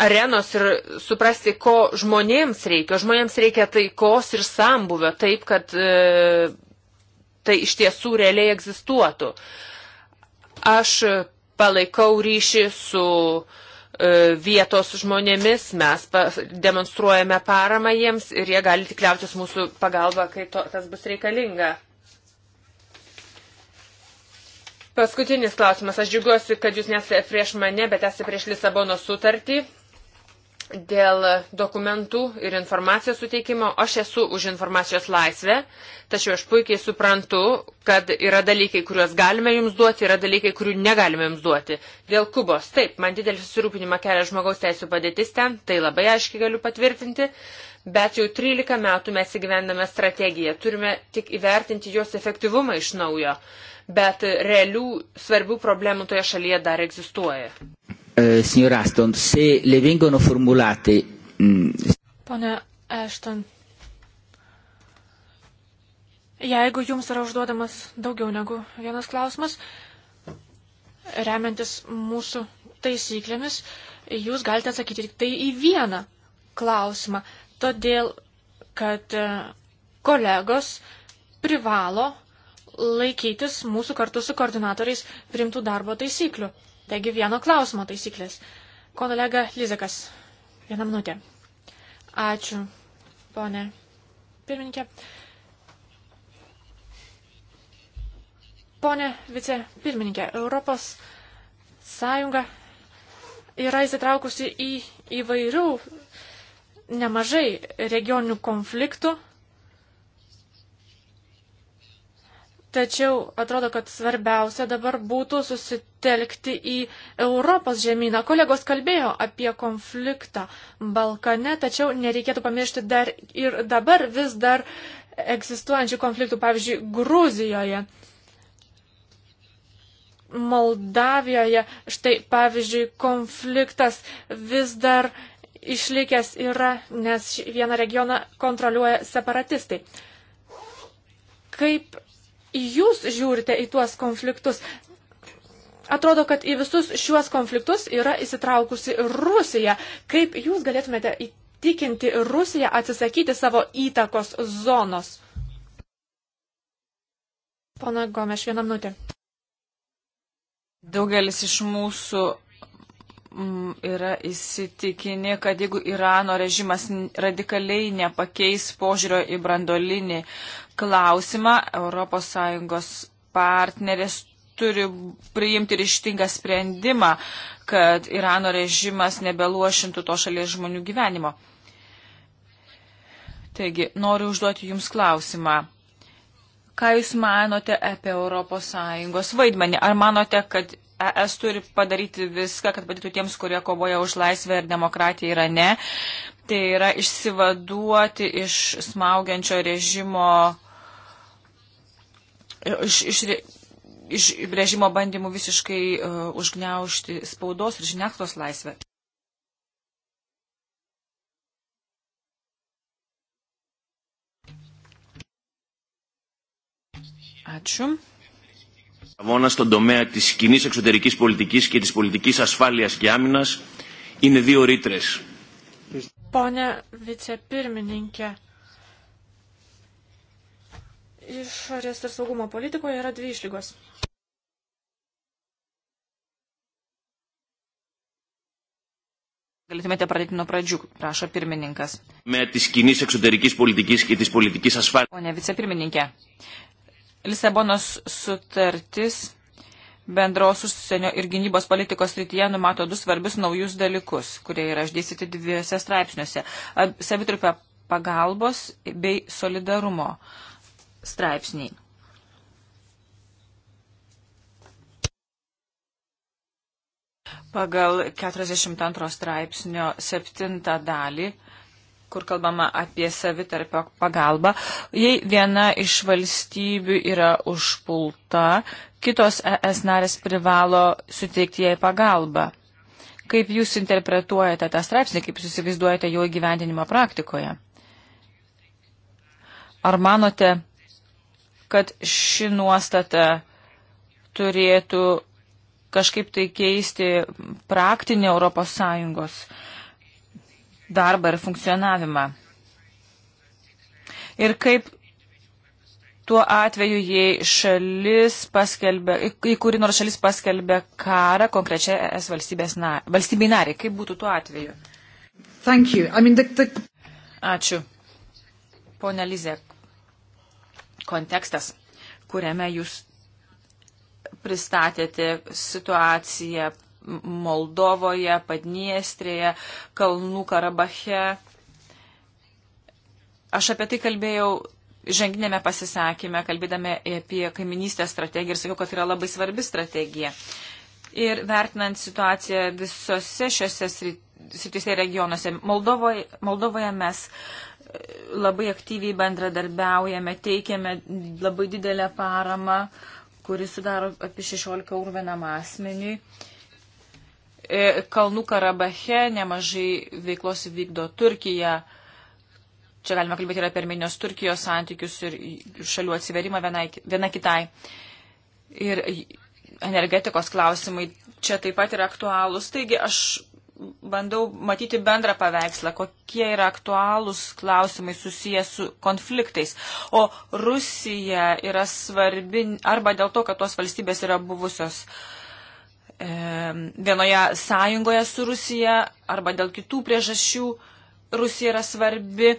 arenos ir suprasti, ko žmonėms reikia. Žmonėms reikia taikos ir sambuvio taip, kad e, tai iš tiesų realiai egzistuotų. Aš palaikau ryšį su e, vietos žmonėmis, mes pa, demonstruojame paramą jiems ir jie gali tikliautis mūsų pagalba, kai to, tas bus reikalinga. Paskutinis klausimas. Aš džiugiuosi, kad jūs nesate prieš mane, bet esate prieš Lisabono sutartį dėl dokumentų ir informacijos suteikimo. Aš esu už informacijos laisvę, tačiau aš puikiai suprantu, kad yra dalykai, kuriuos galime jums duoti, yra dalykai, kurių negalime jums duoti. Dėl Kubos, taip, man didelį susirūpinimą kelia žmogaus teisų padėtis ten, tai labai aiškiai galiu patvirtinti, bet jau 13 metų mes įgyvendame strategiją, turime tik įvertinti jos efektyvumą iš naujo, bet realių svarbių problemų toje šalyje dar egzistuoja eh, signor Aston, se le vengono formulate... Mm. Pone Ashton, jeigu jums yra užduodamas daugiau negu vienas klausimas, remiantis mūsų taisyklėmis, jūs galite atsakyti tik tai į vieną klausimą, todėl kad e, kolegos privalo laikytis mūsų kartu su koordinatoriais primtų darbo taisyklių. Taigi vieno klausimo taisyklės. Kolega Lizakas, vieną minutę. Ačiū, ponė pirmininkė. Pone vicepirmininkė, Europos Sąjunga yra įsitraukusi į įvairių nemažai regioninių konfliktų Tačiau atrodo, kad svarbiausia dabar būtų susitelkti į Europos žemyną. Kolegos kalbėjo apie konfliktą Balkane, tačiau nereikėtų pamiršti dar ir dabar vis dar egzistuojančių konfliktų, pavyzdžiui, Gruzijoje. Moldavijoje, štai pavyzdžiui, konfliktas vis dar išlikęs yra, nes vieną regioną kontroliuoja separatistai. Kaip jūs žiūrite į tuos konfliktus? Atrodo, kad į visus šiuos konfliktus yra įsitraukusi Rusija. Kaip jūs galėtumėte įtikinti Rusiją atsisakyti savo įtakos zonos? Pana Gomeš, vieną minutę. Daugelis iš mūsų mm, yra įsitikinę, kad jeigu Irano režimas radikaliai nepakeis požiūrio į brandolinį klausimą ES partnerės turi priimti ryštingą sprendimą, kad Irano režimas nebeluošintų to šalies žmonių gyvenimo. Taigi, noriu užduoti Jums klausimą. Ką Jūs manote apie ES vaidmenį? Ar manote, kad ES turi padaryti viską, kad padėtų tiems, kurie kovoja už laisvę ir demokratiją Irane. Tai yra išsivaduoti iš smaugiančio režimo, iš, iš, iš režimo bandymų visiškai uh, e, užgneušti spaudos ir žiniasklaidos laisvę. Ačiū αγώνα στον τομέα της κοινή εξωτερικής πολιτικής και της πολιτικής ασφάλειας και άμυνας είναι δύο ρήτρε. Pone vicepirmininkė, išorės ir saugumo politikoje yra dvi išlygos. Galėtumėte pradėti nuo pradžių, prašo pirmininkas. Pone vicepirmininkė, Lisabonos sutartis bendros užsienio ir gynybos politikos rytyje numato du svarbius naujus dalykus, kurie yra išdėstyti dviejose straipsniuose - savitrupio pagalbos bei solidarumo straipsniai. Pagal 42 straipsnio 7 dalį kur kalbama apie savitarpio pagalbą, jei viena iš valstybių yra užpulta, kitos ES narės privalo suteikti jai pagalbą. Kaip jūs interpretuojate tą straipsnį, kaip jūs įsivaizduojate jo įgyvendinimo praktikoje? Ar manote, kad ši nuostata turėtų kažkaip tai keisti praktinį ES darbą ir funkcionavimą. Ir kaip tuo atveju, jei šalis paskelbė, į kuri nors šalis paskelbė karą konkrečiai es na, valstybei nariai, kaip būtų tuo atveju? I mean, the, the... Ačiū. Pone Lize, kontekstas, kuriame jūs pristatėte situaciją Moldovoje, Padniestrėje, Kalnų Karabache. Aš apie tai kalbėjau žanginėme pasisakymę, kalbėdami apie kaiminystės strategiją ir sakiau, kad tai yra labai svarbi strategija. Ir vertinant situaciją visose šiose sritise regionuose, Moldovoje, Moldovoje mes e, labai aktyviai bendradarbiaujame, teikiame labai didelę paramą, kuri sudaro apie 16 eurų vienam asmeniui. Uh, E, Kalnų Karabache nemažai veiklos vykdo Turkija. Čia galima kalbėti ir apie Armenijos Turkijos santykius ir šalių atsiverimą viena, viena kitai. Ir energetikos klausimai čia taip pat yra aktualūs. Taigi aš bandau matyti bendrą paveikslą, kokie yra aktualūs klausimai susijęs su konfliktais. O Rusija yra svarbi arba dėl to, kad tos valstybės yra buvusios uh, vienoje sąjungoje su Rusija arba dėl kitų priežasčių Rusija yra svarbi.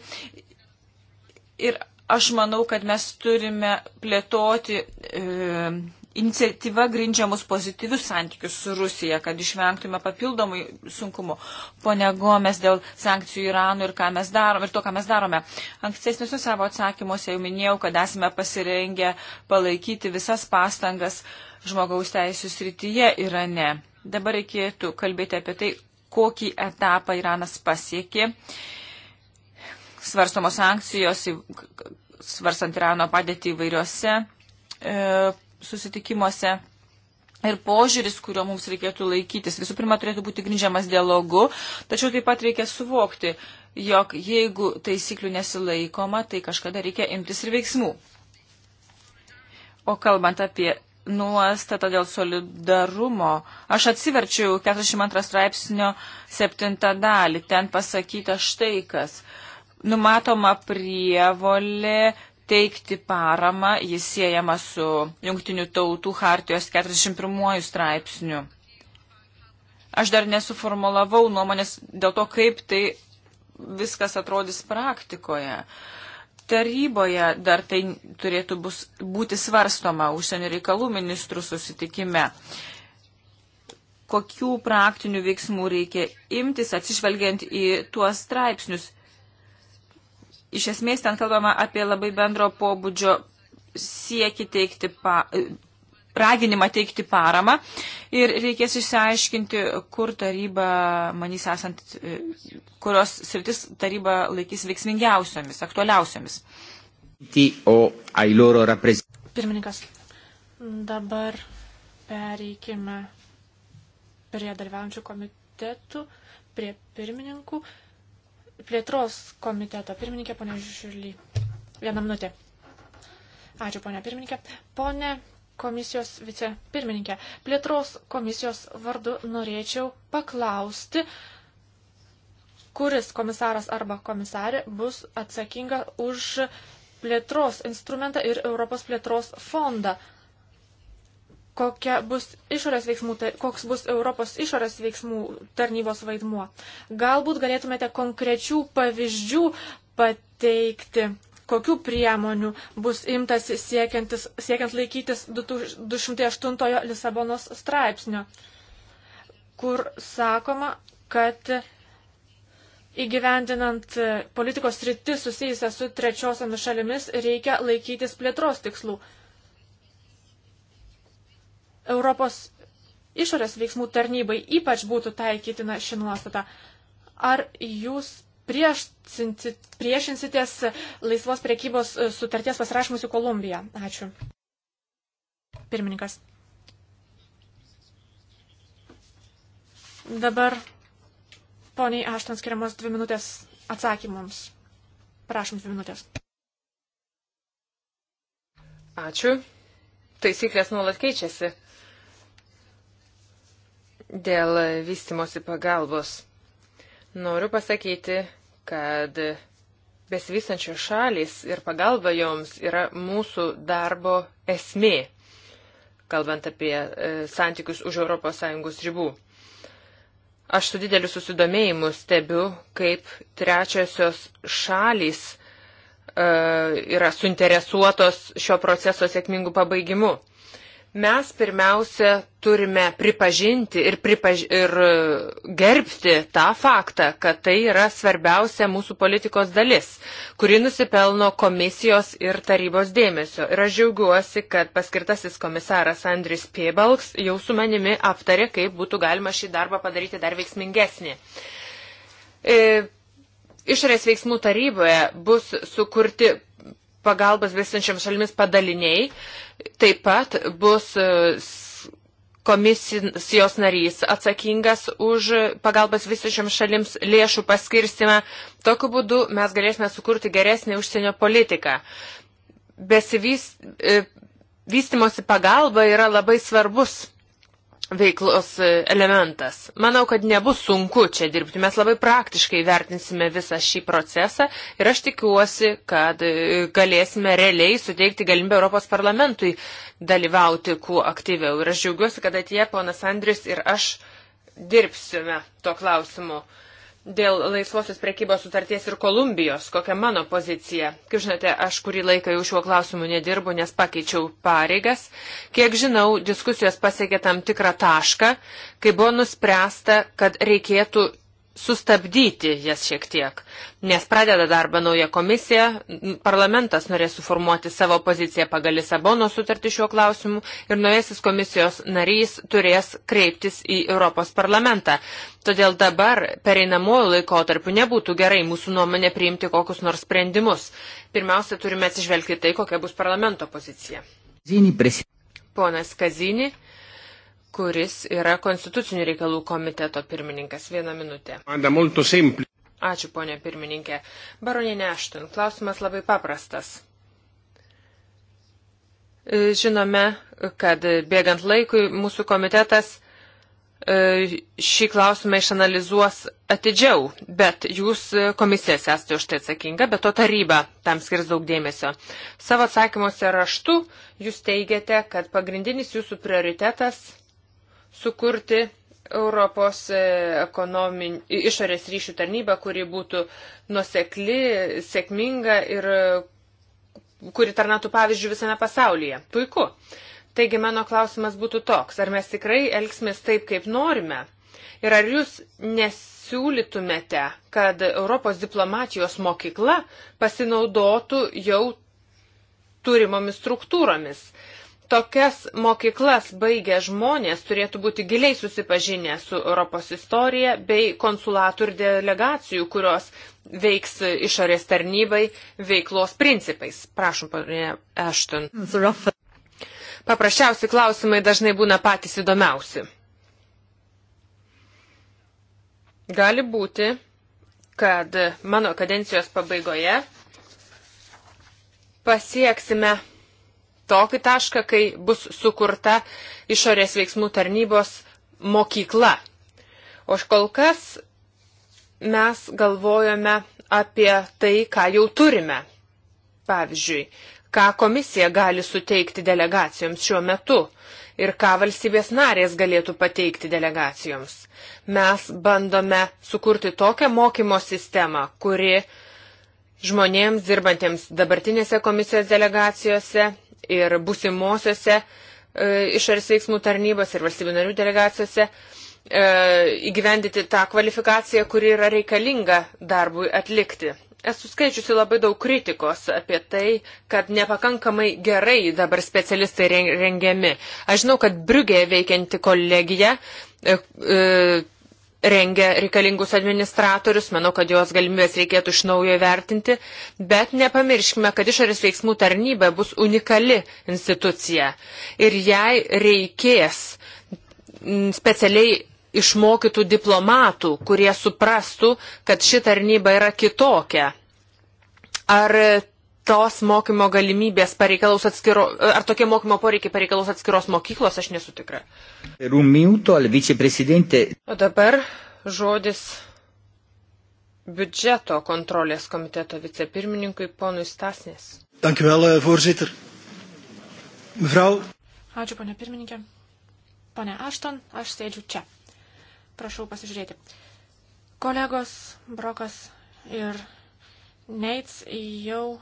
Ir aš manau, kad mes turime plėtoti e, iniciatyvą grindžiamus pozityvius santykius su Rusija, kad išvengtume papildomų sunkumų. Pone Gomes dėl sankcijų Iranų ir, mes darom, ir to, ką mes darome. Ankstesniuose savo atsakymuose jau minėjau, kad esame pasirengę palaikyti visas pastangas. E, žmogaus teisų srityje Irane. Dabar reikėtų kalbėti apie tai, kokį etapą Iranas pasiekė. Svarstomos sankcijos, svarstant Irano padėtį įvairiuose e, susitikimuose. Ir požiūris, kurio mums reikėtų laikytis, visų pirma, turėtų būti grindžiamas dialogu, tačiau taip pat reikia suvokti, jog jeigu taisyklių nesilaikoma, tai kažkada reikia imtis ir veiksmų. O kalbant apie nuostata dėl solidarumo. Aš atsiverčiau 42 straipsnio 7 dalį. Ten pasakyta štai kas. Numatoma prievolė teikti paramą, jis siejama su Junktinių tautų hartijos 41 straipsniu. Aš dar nesuformulavau nuomonės dėl to, kaip tai viskas atrodys praktikoje. Uh, taryboje dar tai turėtų bus, būti svarstoma užsienio reikalų ministrų susitikime. Kokių praktinių veiksmų reikia imtis, atsižvelgiant į tuos straipsnius? Iš esmės ten kalbama apie labai bendro pobūdžio sieki teikti pa, raginimą teikti paramą ir reikės išsiaiškinti, kur taryba, manys esant, e, kurios sritis taryba laikys veiksmingiausiomis, aktualiausiomis. Pirmininkas, dabar pereikime prie dalyvaujančių komitetų, prie pirmininkų, plėtros komiteto pirmininkė, ponė Žiulį. Vieną minutę. Ačiū, ponė pirmininkė. Pone komisijos vicepirmininkė. Plėtros komisijos vardu norėčiau paklausti, kuris komisaras arba komisarė bus atsakinga už plėtros instrumentą ir Europos plėtros fondą. Kokia bus išorės veiksmų, koks bus Europos išorės veiksmų tarnybos vaidmuo. Galbūt galėtumėte konkrečių pavyzdžių pateikti kokių priemonių bus imtasi siekiant laikytis 208 Lisabonos straipsnio, kur sakoma, kad įgyvendinant politikos rytis susijusią su trečiosiomis šalimis reikia laikytis plėtros tikslų. Europos išorės veiksmų tarnybai ypač būtų taikytina ši nuostata. Ar jūs prieš, priešinsitės laisvos priekybos e, sutarties pasirašymui su Kolumbija. Ačiū. Pirmininkas. Dabar poniai Aštan skiriamos dvi minutės atsakymams. Prašom dvi minutės. Ačiū. Taisyklės nuolat keičiasi dėl vystimosi pagalbos. Noriu pasakyti, kad besivystančios šalis ir pagalba joms yra mūsų darbo esmė, kalbant apie e, santykius už ES ribų. Aš su dideliu susidomėjimu stebiu, kaip trečiosios šalys e, yra suinteresuotos šio proceso sėkmingų pabaigimu. Mes pirmiausia turime pripažinti ir, pripaž... ir e, gerbti tą faktą, kad tai yra svarbiausia mūsų politikos dalis, kuri nusipelno komisijos ir tarybos dėmesio. Ir aš džiaugiuosi, kad paskirtasis komisaras Andris Piebalks jau su manimi aptarė, kaip būtų galima šį darbą padaryti dar veiksmingesnį. E... Išorės veiksmų taryboje bus sukurti pagalbos besiunčiam šalimis padaliniai taip pat bus e, komisijos narys atsakingas už pagalbas visišiam šalims lėšų paskirstimą. Tokiu būdu mes galėsime sukurti geresnį užsienio politiką. Besivystimosi e, pagalba yra labai svarbus veiklos e, elementas. Manau, kad nebus sunku čia dirbti. Mes labai praktiškai vertinsime visą šį procesą ir aš tikiuosi, kad e, galėsime realiai suteikti galimybę Europos parlamentui dalyvauti kuo aktyviau. Ir aš džiaugiuosi, kad atėję ponas Andrius ir aš dirbsime tuo klausimu. Uh, dėl laisvosios prekybos sutarties ir Kolumbijos, kokia mano pozicija. Kaip žinote, aš kurį laiką jau šiuo klausimu nedirbu, nes pakeičiau pareigas. Kiek žinau, diskusijos pasiekė tam tikrą tašką, kai buvo nuspręsta, kad reikėtų sustabdyti jas šiek tiek, nes pradeda darbą nauja komisija, parlamentas norės suformuoti savo poziciją pagal Lisabono sutartį šiuo klausimu ir naujasis komisijos narys turės kreiptis į Europos parlamentą. Todėl dabar pereinamuoju laikotarpiu nebūtų gerai mūsų nuomonė priimti kokius nors sprendimus. Pirmiausia, turime atsižvelgti tai, kokia bus parlamento pozicija. Ponas Kazini kuris yra Konstitucinių reikalų komiteto pirmininkas. Vieną minutę. Ačiū, ponė pirmininkė. Baronė Neštin, klausimas labai paprastas. E, žinome, kad bėgant laikui mūsų komitetas e, šį klausimą išanalizuos atidžiau, bet jūs e, komisijas esate už tai atsakinga, bet to taryba tam skirs daug dėmesio. Savo atsakymuose raštu jūs teigiate, kad pagrindinis jūsų prioritetas sukurti Europos e, ekonomin... išorės ryšių tarnybą, kuri būtų nusekli, sėkminga ir e, kuri tarnatų pavyzdžių visame pasaulyje. Puiku. Taigi mano klausimas būtų toks, ar mes tikrai elgsimės taip, kaip norime? Ir ar jūs nesiūlytumėte, kad Europos diplomatijos mokykla pasinaudotų jau turimomis struktūromis? tokias mokyklas baigę žmonės turėtų būti giliai susipažinę su Europos istorija bei konsulatų ir delegacijų, kurios veiks išorės tarnybai veiklos principais. Prašom, ponė Ešton. Paprasčiausi klausimai dažnai būna patys įdomiausi. Gali būti, kad mano kadencijos pabaigoje pasieksime tokį tašką, kai bus sukurta išorės veiksmų tarnybos mokykla. O kol kas mes galvojame apie tai, ką jau turime. Pavyzdžiui, ką komisija gali suteikti delegacijoms šiuo metu ir ką valstybės narės galėtų pateikti delegacijoms. Mes bandome sukurti tokią mokymo sistemą, kuri žmonėms dirbantiems dabartinėse komisijos delegacijose ir busimuosiuose e, išorės veiksmų tarnybos ir valstybių narių delegacijose e, įgyvendyti tą kvalifikaciją, kuri yra reikalinga darbui atlikti. Esu skaičiusi labai daug kritikos apie tai, kad nepakankamai gerai dabar specialistai rengiami. Aš žinau, kad Briugėje veikianti kolegija e, rengia reikalingus administratorius, manau, kad jos galimybės reikėtų iš naujo vertinti, bet nepamirškime, kad išorės veiksmų tarnyba bus unikali institucija ir jai reikės mm, specialiai išmokytų diplomatų, kurie suprastų, kad ši tarnyba yra kitokia. Ar tos mokymo galimybės pareikalaus atskiro, ar tokie mokymo poreikiai pareikalaus atskiros mokyklos, aš nesu tikra. O dabar žodis biudžeto kontrolės komiteto vicepirmininkui ponui Stasnės. Dankjewel, eh, voorzitter. Mevrouw. Ačiū, ponė pirmininkė. Pane Ašton, aš sėdžiu čia. Prašau pasižiūrėti. Kolegos Brokas ir Neits jau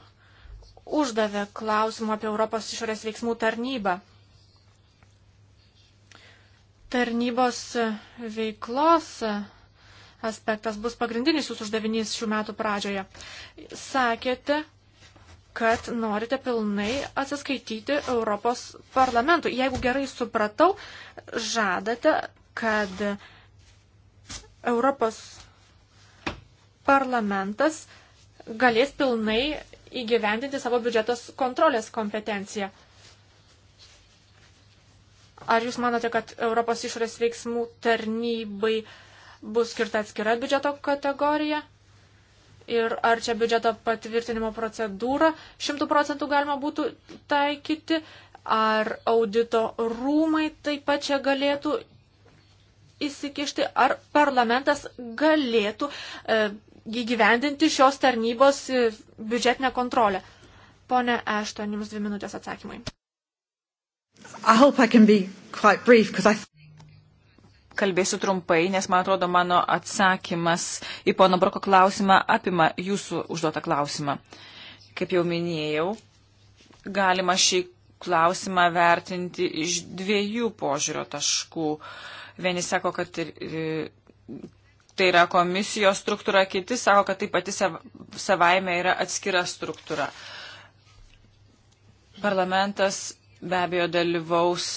uždavė klausimą apie Europos išorės veiksmų tarnybą. Tarnybos veiklos aspektas bus pagrindinis jūsų uždavinys šių metų pradžioje. Sakėte, kad norite pilnai atsiskaityti Europos parlamentui. Jeigu gerai supratau, žadate, kad Europos parlamentas galės pilnai įgyvendinti savo biudžetos kontrolės kompetenciją. Ar jūs manote, kad Europos išorės veiksmų tarnybai bus skirta atskira biudžeto kategorija? Ir ar čia biudžeto patvirtinimo procedūrą šimtų procentų galima būtų taikyti? Ar audito rūmai taip pat čia galėtų įsikišti, ar parlamentas galėtų e, įgyvendinti šios tarnybos e, biudžetinę kontrolę. Pone Ešton, jums dvi minutės atsakymai. I I brief, I... Kalbėsiu trumpai, nes man atrodo mano atsakymas į pono Broko klausimą apima jūsų užduotą klausimą. Kaip jau minėjau, galima šį klausimą vertinti iš dviejų požiūrio taškų. Vieni sako, kad e, tai yra komisijos struktūra, kiti sako, kad tai pati savaime yra atskira struktūra. Parlamentas be abejo dalyvaus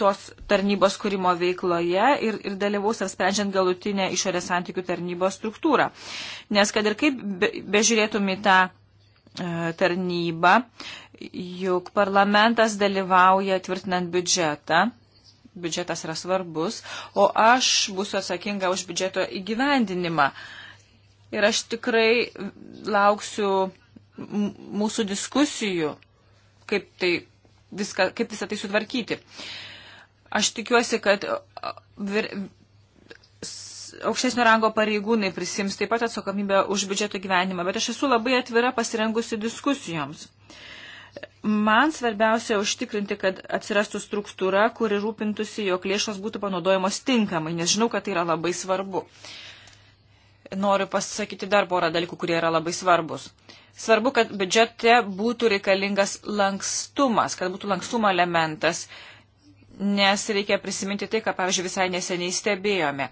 tos tarnybos kūrimo veikloje ir, ir dalyvaus apsprendžiant galutinę išorės santykių tarnybos struktūrą. Nes kad ir kaip bežiūrėtum be į tą e, tarnybą, juk parlamentas dalyvauja tvirtinant biudžetą biudžetas yra svarbus, o aš būsiu atsakinga už biudžeto įgyvendinimą. Ir aš tikrai lauksiu mūsų diskusijų, kaip, tai, viską, kaip visą tai sutvarkyti. Aš tikiuosi, kad vir, aukštesnio rango pareigūnai prisims taip pat atsakomybę už biudžeto gyvenimą, bet aš esu labai atvira pasirengusi diskusijoms. Uh, Man svarbiausia užtikrinti, kad atsirastų struktūra, kuri rūpintųsi, jog lėšos būtų panaudojamos tinkamai, nes žinau, kad tai yra labai svarbu. Noriu pasakyti dar porą dalykų, kurie yra labai svarbus. Svarbu, kad biudžete būtų reikalingas lankstumas, kad būtų lankstumo elementas, nes reikia prisiminti tai, ką, pavyzdžiui, visai neseniai stebėjome.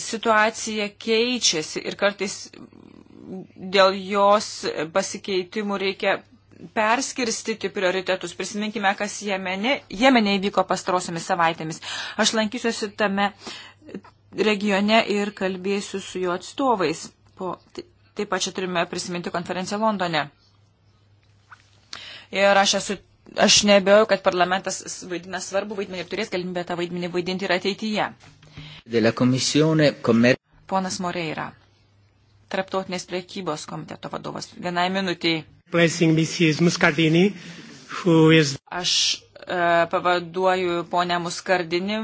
Situacija keičiasi ir kartais dėl jos pasikeitimų reikia perskirstyti prioritetus. Prisiminkime, kas Jemene, Jemene įvyko pastarosiomis savaitėmis. Aš lankysiuosi tame regione ir kalbėsiu su jo atstovais. Po, taip pat čia turime prisiminti konferenciją Londone. Ir aš esu. Aš nebejoju, kad parlamentas vaidina svarbu vaidmenį ir turės galimybę tą vaidmenį vaidinti ir ateityje. Ponas Moreira, Traptautinės priekybos komiteto vadovas. Vienai minutiai. Aš e, pavaduoju ponę Muskardinį,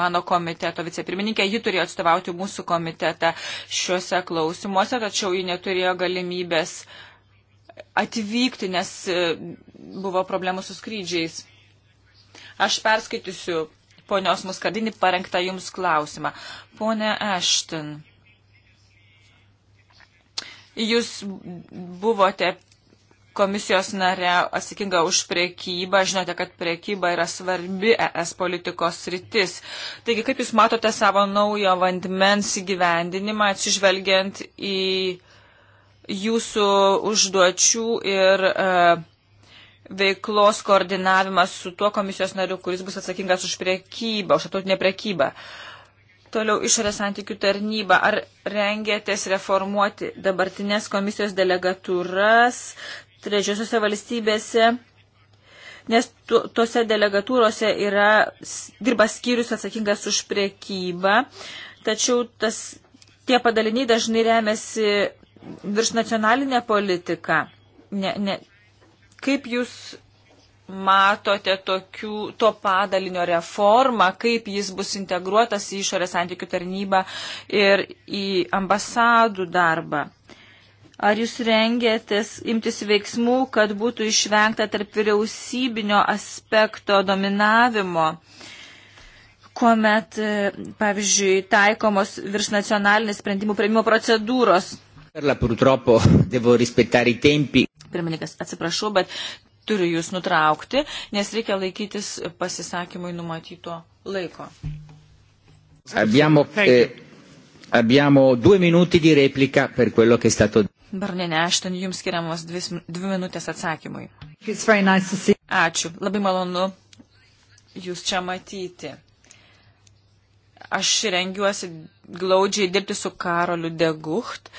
mano komiteto vicepirmininkė. Ji turėjo atstovauti mūsų komitetą šiuose klausimuose, tačiau ji neturėjo galimybės atvykti, nes e, buvo problemų su skrydžiais. Aš perskaitysiu ponios Muskardinį parengtą jums klausimą. Pone Ashton. Jūs buvote komisijos nare atsakinga už priekybą. Žinote, kad priekyba yra svarbi ES politikos sritis. Taigi, kaip Jūs matote savo naujo vandmens įgyvendinimą, atsižvelgiant į Jūsų užduočių ir uh, veiklos koordinavimas su tuo komisijos nariu, kuris bus atsakingas už priekybą, už atautinę priekybą. Toliau išorės santykių tarnyba. Ar rengėtės reformuoti dabartinės komisijos delegatūras, trečiosiuose valstybėse, nes tuose delegatūrose yra, dirba skyrius atsakingas už priekybą, tačiau tas, tie padaliniai dažnai remiasi virš nacionalinę politiką. Ne, ne. Kaip jūs matote tokių, to padalinio reformą, kaip jis bus integruotas į išorės santykių tarnybą ir į ambasadų darbą? Ar jūs rengėtės imtis veiksmų, kad būtų išvengta tarp vyriausybinio aspekto dominavimo, kuomet, e, pavyzdžiui, taikomos virš nacionalinės sprendimų prieimimo procedūros? Pirmininkas, atsiprašau, bet turiu jūs nutraukti, nes reikia laikytis pasisakymui numatyto laiko. Abbiamo, eh, abbiamo due minuti di replica per quello che è stato detto. Barnenė Ašten, jums skiriamos dvi, dvi minutės atsakymui. Nice Ačiū, labai malonu jūs čia matyti. Aš rengiuosi glaudžiai dirbti su Karoliu Degucht,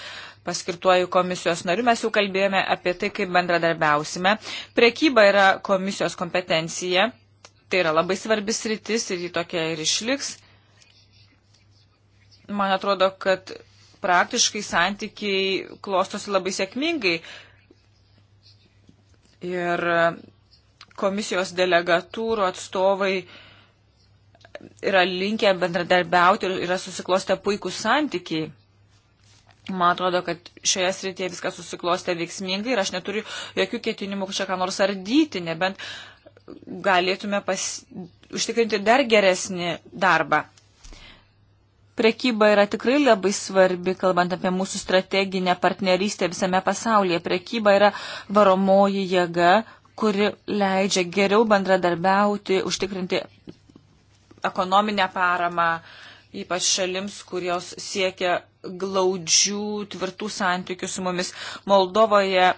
paskirtuoju komisijos nariu. Mes jau kalbėjome apie tai, kaip bendradarbiausime. Prekyba yra komisijos kompetencija. Tai yra labai svarbis rytis ir ji tokia ir išliks. Man atrodo, kad praktiškai santykiai klostosi labai sėkmingai. Ir komisijos delegatūrų atstovai yra linkę bendradarbiauti ir yra susiklostę puikūs santykiai. Man atrodo, kad šioje srityje viskas susiklostė veiksmingai ir aš neturiu jokių ketinimų čia ką nors ardyti, nebent galėtume pas, užtikrinti dar geresnį darbą. Prekyba yra tikrai labai svarbi, kalbant apie mūsų strateginę partnerystę visame pasaulyje. Prekyba yra varomoji jėga, kuri leidžia geriau bendradarbiauti, užtikrinti ekonominę paramą, ypač šalims, kurios siekia glaudžių, tvirtų santykių su mumis. Moldovoje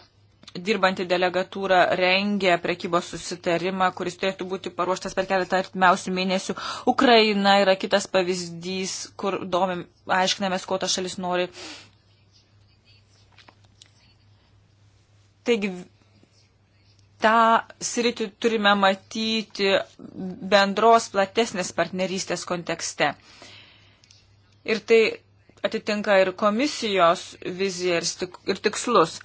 dirbanti delegatūra rengia prekybos susitarimą, kuris turėtų būti paruoštas per keletą artimiausių mėnesių. Ukraina yra kitas pavyzdys, kur domim, aiškinamės, ko ta šalis nori. Taigi tą sritį turime matyti bendros platesnės partnerystės kontekste. Ir tai atitinka ir komisijos viziją ir, ir tikslus.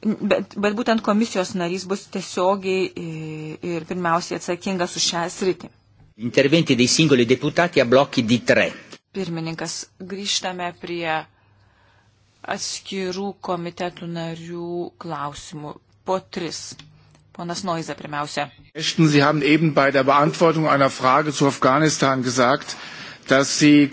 Bet, bet būtent komisijos narys bus tiesiogiai e, ir pirmiausiai atsakingas už šią sritį. Interventi dei singoli deputati a blocchi di tre. Pirmininkas, grįžtame prie atskirų komitetų narių klausimų. Po tris. Ponas Noiza pirmiausia. Ashton, Sie haben eben bei der Beantwortung einer Frage zu Afghanistan gesagt, dass Sie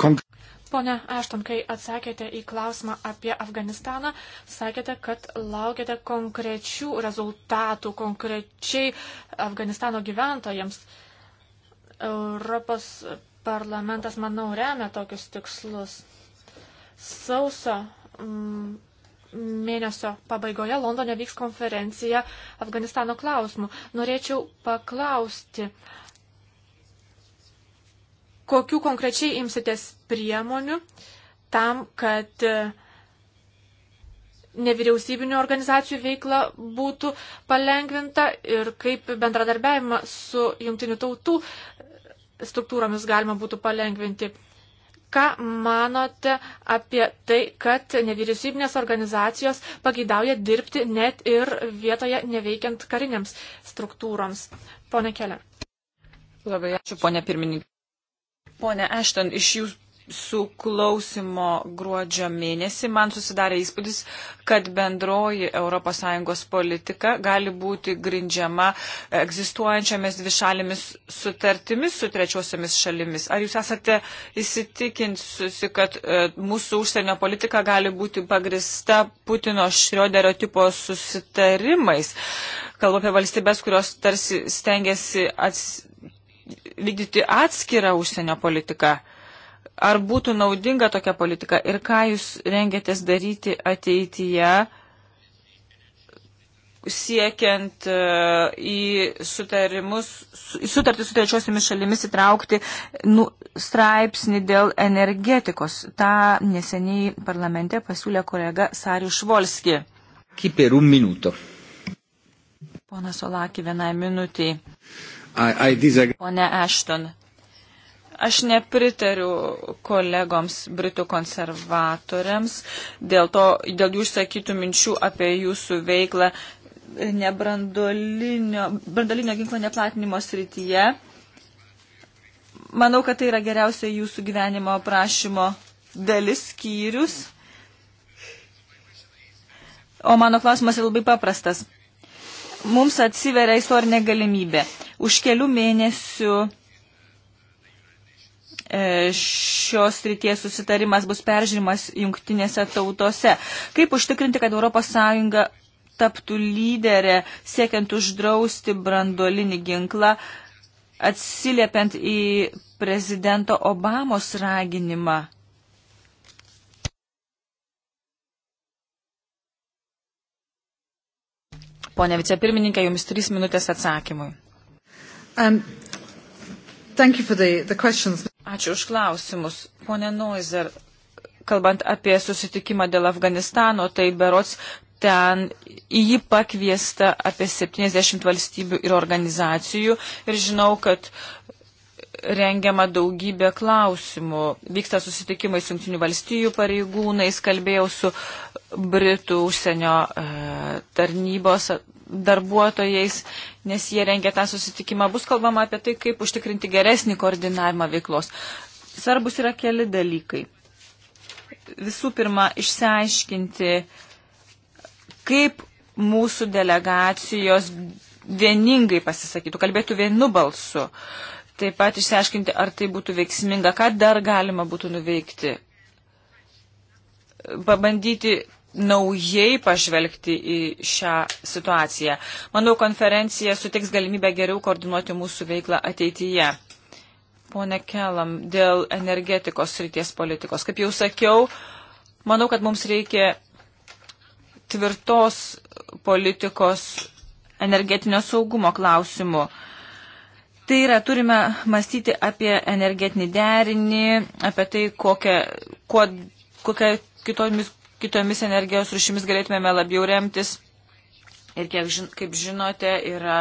Pone Ašton, kai atsakėte į klausimą apie Afganistaną, sakėte, kad laukiate konkrečių rezultatų, konkrečiai Afganistano gyventojams. Europos parlamentas, manau, remia tokius tikslus. Sausio mm, mėnesio pabaigoje Londone vyks konferencija Afganistano klausimų. Norėčiau paklausti, uh, kokiu konkrečiai imsitės priemonių tam, kad e, nevyriausybinio organizacijų veikla būtų palengvinta ir kaip bendradarbiavimą su jungtinių tautų struktūromis galima būtų palengvinti. Ką manote apie tai, kad nevyriausybinės organizacijos pageidauja dirbti net ir vietoje neveikiant kariniams struktūroms? Pone Keller. Labai ačiū, ponė pirmininkė. Pone Ešton, iš jūsų klausimo gruodžio mėnesį man susidarė įspūdis, kad bendroji ES politika gali būti grindžiama egzistuojančiamis dvišalėmis sutartimis su trečiosiamis šalimis. Ar jūs esate įsitikinsusi, kad e, mūsų užsienio politika gali būti pagrista Putino šrioderio tipo susitarimais? Kalbu apie valstybės, kurios tarsi stengiasi atsitikti vykdyti atskirą užsienio politiką. Ar būtų naudinga tokia politika ir ką jūs rengiatės daryti ateityje, siekiant e, į, sutarimus, į sutartį su trečiosiomis šalimis įtraukti nu, straipsnį dėl energetikos. Ta neseniai parlamente pasiūlė kolega Sarius Švolski. Kaip ir un minuto. Ponas Olaki, vienai minutiai. I, I disagree. Pone Ashton, aš nepritariu kolegoms Britų konservatoriams dėl, to, dėl jų išsakytų minčių apie jūsų veiklą nebrandolinio ginklo neplatinimo srityje. Manau, kad tai yra geriausia jūsų gyvenimo aprašymo dalis skyrius. O mano klausimas yra labai paprastas. Mums atsiveria istorinė galimybė. Už kelių mėnesių e, šios ryties susitarimas bus peržiūrimas jungtinėse tautose. Kaip užtikrinti, kad ES taptų lyderė siekiant uždrausti brandolinį ginklą, atsiliepiant į prezidento Obamos raginimą? Pone vicepirmininkė, jums trys minutės atsakymui. Um, thank you for the, the questions. Ačiū už klausimus. Pone Noizer, kalbant apie susitikimą dėl Afganistano, tai berots ten į jį pakviesta apie 70 valstybių ir organizacijų ir žinau, kad rengiama daugybė klausimų. Vyksta susitikimai su Junktinių valstybių pareigūnais, kalbėjau su Britų užsienio e, tarnybos darbuotojais, nes jie rengia tą susitikimą. Bus kalbama apie tai, kaip užtikrinti geresnį koordinavimą veiklos. Svarbus yra keli dalykai. Visų pirma, išsiaiškinti, kaip mūsų delegacijos vieningai pasisakytų, kalbėtų vienu balsu. Taip pat išsiaiškinti, ar tai būtų veiksminga, ką dar galima būtų nuveikti. Pabandyti naujai pažvelgti į šią situaciją. Manau, konferencija sutiks galimybę geriau koordinuoti mūsų veiklą ateityje. Pone Kelam, dėl energetikos srities politikos. Kaip jau sakiau, manau, kad mums reikia tvirtos politikos energetinio saugumo klausimų. Tai yra, turime mąstyti apie energetinį derinį, apie tai, kokia, kuo, kokia kitomis kitomis energijos rušimis galėtumėme labiau remtis. Ir kiek, žin, kaip žinote, yra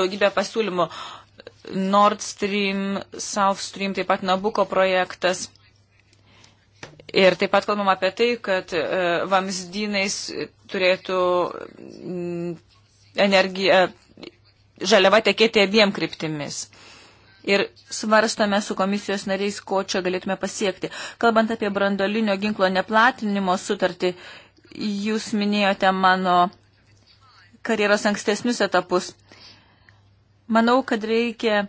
daugybė pasiūlymų. Nord Stream, South Stream, taip pat Nabuko projektas. Ir taip pat kalbam apie tai, kad e, vamzdynais turėtų mm, energija žaliava tekėti abiem kryptimis. E, ir svarstame su komisijos nariais, ko čia galėtume pasiekti. Kalbant apie brandolinio ginklo neplatinimo sutartį, jūs minėjote mano karjeros ankstesnius etapus. Manau, kad reikia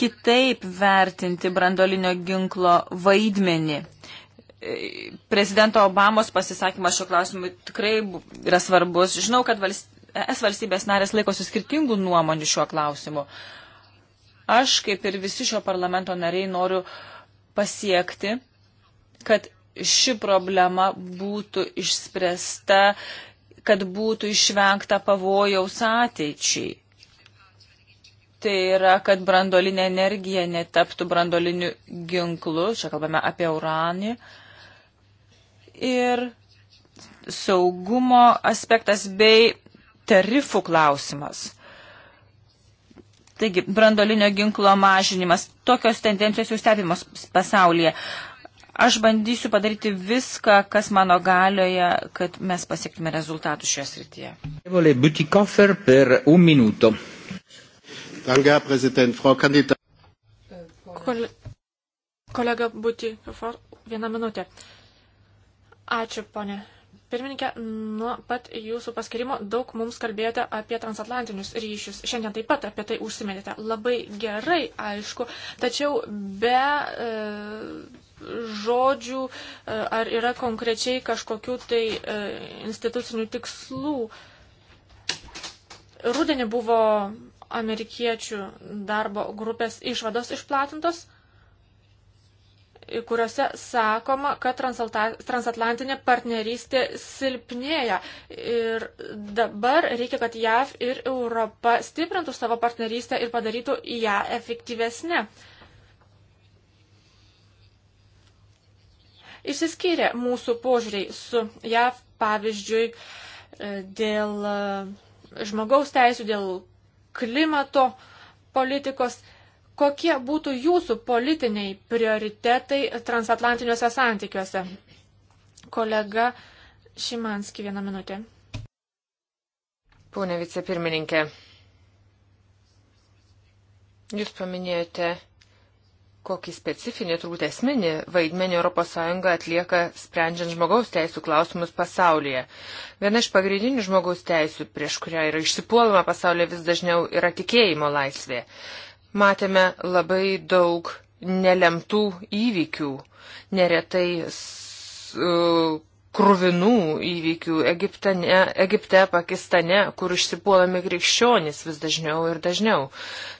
kitaip vertinti brandolinio ginklo vaidmenį. Prezidento Obamos pasisakymas šiuo klausimu tikrai yra svarbus. Žinau, kad valst... es valstybės narės laikosi skirtingų nuomonių šiuo klausimu. Uh, Aš, kaip ir visi šio parlamento nariai, noriu pasiekti, kad ši problema būtų išspręsta, kad būtų išvengta pavojaus ateičiai. Tai yra, kad brandolinė energija netaptų brandoliniu ginklu, čia kalbame apie uranį. Ir saugumo aspektas bei tarifų klausimas. Taigi, brandolinio ginklo mažinimas. Tokios tendencijos jau stebimos pasaulyje. Aš bandysiu padaryti viską, kas mano galioje, kad mes pasiektume rezultatų šioje srityje. Butikofer per un minuto. Danke, Herr Präsident. Frau Kandidat. Kole... Kolega Butikofer, vieną minutę. Ačiū, ponė Pirmininkė, nuo pat jūsų paskirimo daug mums kalbėjote apie transatlantinius ryšius. Šiandien taip pat apie tai užsiminėte. Labai gerai, aišku, tačiau be e, žodžių e, ar yra konkrečiai kažkokių tai e, institucinių tikslų. Rūdienį buvo amerikiečių darbo grupės išvados išplatintos kuriuose sakoma, kad transatlantinė partnerystė silpnėja. Ir dabar reikia, kad JAV ir Europa stiprintų savo partnerystę ir padarytų ją efektyvesnę. Išsiskyrė mūsų požiūriai su JAV, pavyzdžiui, dėl e, žmogaus teisų, dėl klimato politikos Kokie būtų jūsų politiniai prioritetai transatlantiniuose santykiuose? Kolega Šimanski, vieną minutę. Pūne vicepirmininkė, jūs paminėjote, kokį specifinį, turbūt esminį vaidmenį ES atlieka sprendžiant žmogaus teisų klausimus pasaulyje. Viena iš pagrindinių žmogaus teisų, prieš kurią yra išsipuolama pasaulyje vis dažniau, yra tikėjimo laisvė matėme labai daug nelemtų įvykių, neretai e, kruvinų įvykių Egiptane, Egipte, Pakistane, kur išsipuolami krikščionys vis dažniau ir dažniau.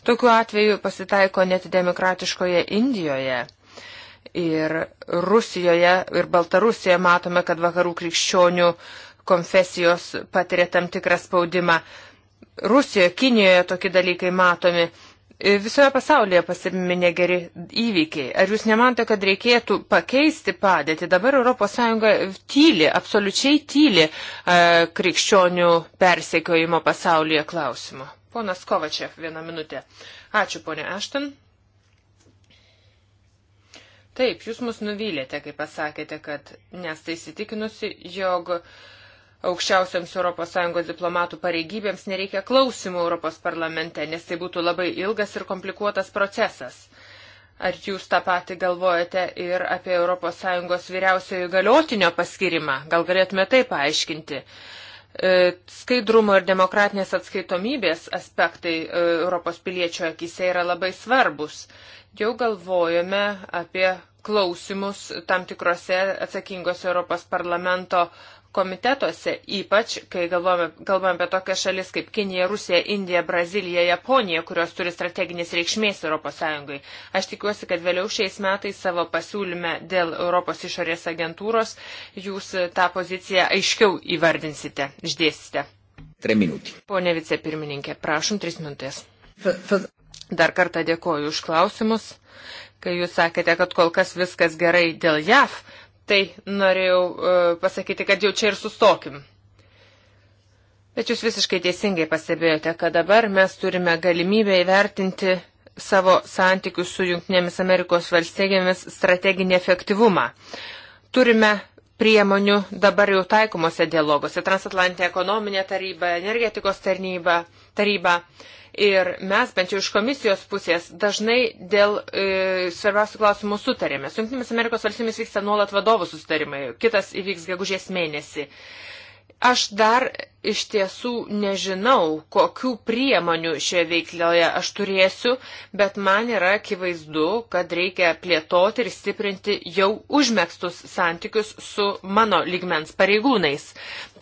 Tokiu atveju pasitaiko net demokratiškoje Indijoje. Ir Rusijoje ir Baltarusijoje matome, kad vakarų krikščionių konfesijos patiria tam tikrą spaudimą. Rusijoje, Kinijoje tokie dalykai matomi Visoje pasaulyje pasimimi negeri įvykiai. Ar jūs nemanote, kad reikėtų pakeisti padėtį? Dabar ES tyli, absoliučiai tyli e, krikščionių persekiojimo pasaulyje klausimu. Ponas Kovačev, vieną minutę. Ačiū, ponė Ašten. Taip, jūs mus nuvylėte, kai pasakėte, kad nes tai įsitikinusi, jog uh, aukščiausiams ES diplomatų pareigybėms nereikia klausimų Europos parlamente, nes tai būtų labai ilgas ir komplikuotas procesas. Ar jūs tą patį galvojate ir apie ES vyriausiojo galiotinio paskirimą? Gal galėtume tai paaiškinti? E, skaidrumo ir demokratinės atskaitomybės aspektai e, Europos piliečio akise yra labai svarbus. Jau galvojame apie klausimus tam tikrose atsakingose Europos parlamento komitetuose, ypač kai galvojame, kalbame apie tokias šalis kaip Kinija, Rusija, Indija, Brazilija, Japonija, kurios turi strateginės reikšmės ES. Aš tikiuosi, kad vėliau šiais metais savo pasiūlyme dėl Europos išorės agentūros jūs tą poziciją aiškiau įvardinsite, išdėsite. Pone vicepirmininkė, prašom tris minutės. Dar kartą dėkoju už klausimus. Kai jūs sakėte, kad kol kas viskas gerai dėl JAV, Tai norėjau e, pasakyti, kad jau čia ir sustokim. Bet jūs visiškai teisingai pastebėjote, kad dabar mes turime galimybę įvertinti savo santykius su Junktinėmis Amerikos valstybėmis strateginį efektyvumą. Turime priemonių dabar jau taikomose dialoguose - Transatlantinė ekonominė taryba, energetikos tarnyba, taryba. taryba Ir mes, bent jau iš komisijos pusės, dažnai dėl e, svarbiausių klausimų sutarėme. Su Junktinėmis Amerikos valstybėmis vyksta nuolat vadovų sustarimai, kitas įvyks gegužės mėnesį. E, Aš dar iš tiesų nežinau, kokių priemonių šioje veikloje aš turėsiu, bet man yra akivaizdu, kad reikia plėtoti ir stiprinti jau užmėgstus santykius su mano lygmens pareigūnais.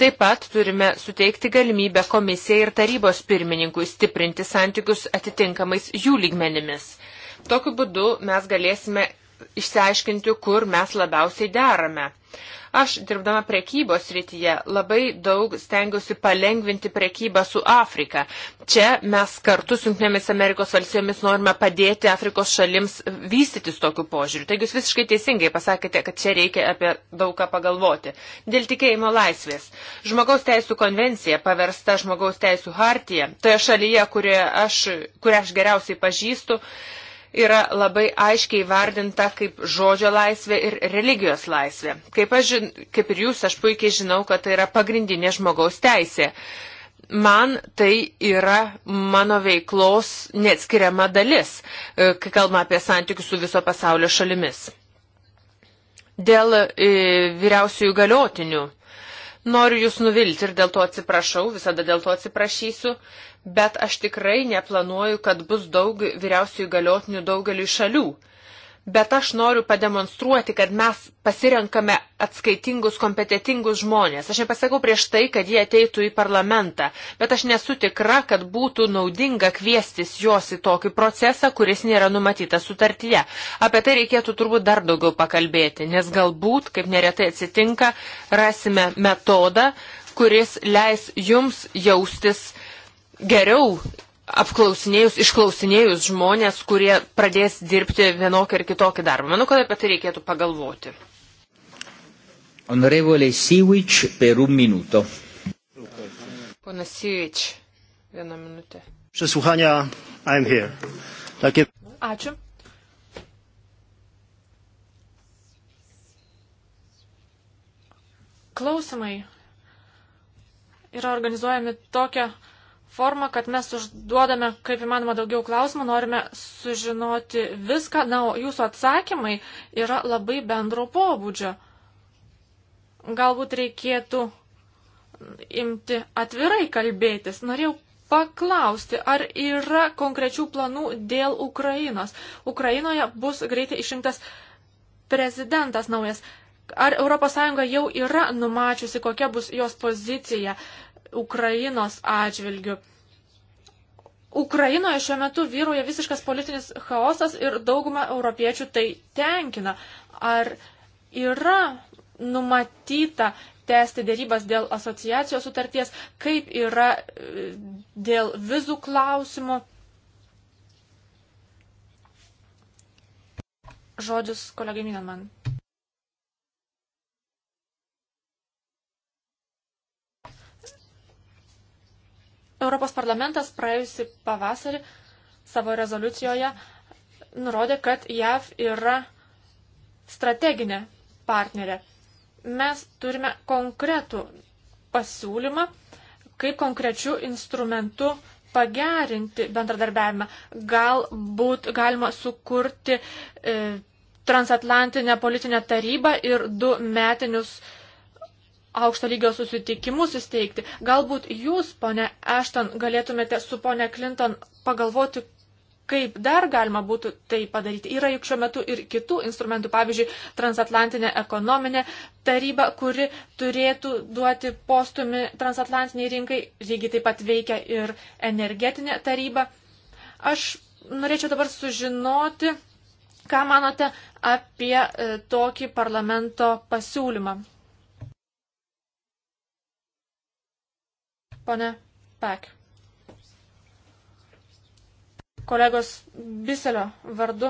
Taip pat turime suteikti galimybę komisijai ir tarybos pirmininkui stiprinti santykius atitinkamais jų lygmenimis. Tokiu būdu mes galėsime išsiaiškinti, kur mes labiausiai derame. Aš, dirbdama prekybos rytyje, labai daug stengiuosi palengvinti prekybą su Afrika. Čia mes kartu su Junktinėmis Amerikos valstybėmis norime padėti Afrikos šalims vystytis tokiu požiūriu. Taigi jūs visiškai teisingai pasakėte, kad čia reikia apie daugą pagalvoti. Dėl tikėjimo laisvės. Žmogaus teisų konvencija paversta žmogaus teisų hartija. Toje šalyje, kurią aš, kurią aš geriausiai pažįstu, yra labai aiškiai vardinta kaip žodžio laisvė ir religijos laisvė. Kaip, aš, kaip ir jūs, aš puikiai žinau, kad tai yra pagrindinė žmogaus teisė. Man tai yra mano veiklos neatskiriama dalis, e, kai kalbame apie santykius su viso pasaulio šalimis. Dėl e, vyriausiųjų galiotinių noriu jūs nuvilti ir dėl to atsiprašau, visada dėl to atsiprašysiu bet aš tikrai neplanuoju, kad bus daug vyriausiųjų galiotinių daugeliu šalių. Bet aš noriu pademonstruoti, kad mes pasirenkame atskaitingus, kompetitingus žmonės. Aš nepasakau prieš tai, kad jie ateitų į parlamentą, bet aš nesu tikra, kad būtų naudinga kviestis jos į tokį procesą, kuris nėra numatytas sutartyje. Apie tai reikėtų turbūt dar daugiau pakalbėti, nes galbūt, kaip neretai atsitinka, rasime metodą, kuris leis jums jaustis geriau apklausinėjus, išklausinėjus žmonės, kurie pradės dirbti vienokį ar kitokį darbą. Manau, kad apie tai reikėtų pagalvoti. Honorevole Sivič, per un minuto. Pana Sivič, vieną minutę. Przesłuchania, I'm here. Takie... Ačiū. Klausimai yra organizuojami tokia forma, kad mes užduodame kaip įmanoma daugiau klausimų, norime sužinoti viską, na, o jūsų atsakymai yra labai bendro pobūdžio. Galbūt reikėtų imti atvirai kalbėtis. Norėjau paklausti, ar yra konkrečių planų dėl Ukrainos. Ukrainoje bus greitai išrinktas prezidentas naujas. Ar ES jau yra numačiusi, kokia bus jos pozicija? Ukrainos atžvilgių. Ukrainoje šiuo metu vyruoja visiškas politinis chaosas ir dauguma europiečių tai tenkina. Ar yra numatyta tęsti dėrybas dėl asociacijos sutarties, kaip yra e, dėl vizų klausimų? Žodis kolegai Minaman. Europos parlamentas praėjusi pavasarį savo rezoliucijoje nurodė, kad JAV yra strateginė partnerė. Mes turime konkretų pasiūlymą, kaip konkrečių instrumentų pagerinti bendradarbiavimą. Galbūt galima sukurti e, transatlantinę politinę tarybą ir du metinius e, aukšto lygio susitikimus įsteigti. Galbūt jūs, ponė Ešton, galėtumėte su ponė Clinton pagalvoti, kaip dar galima būtų tai padaryti. Yra juk šiuo metu ir kitų instrumentų, pavyzdžiui, transatlantinė ekonominė taryba, kuri turėtų duoti postumi transatlantiniai rinkai, lygiai taip pat veikia ir energetinė taryba. Aš norėčiau dabar sužinoti, ką manote apie e, tokį parlamento pasiūlymą. Pane Pek. Kolegos Biselio vardu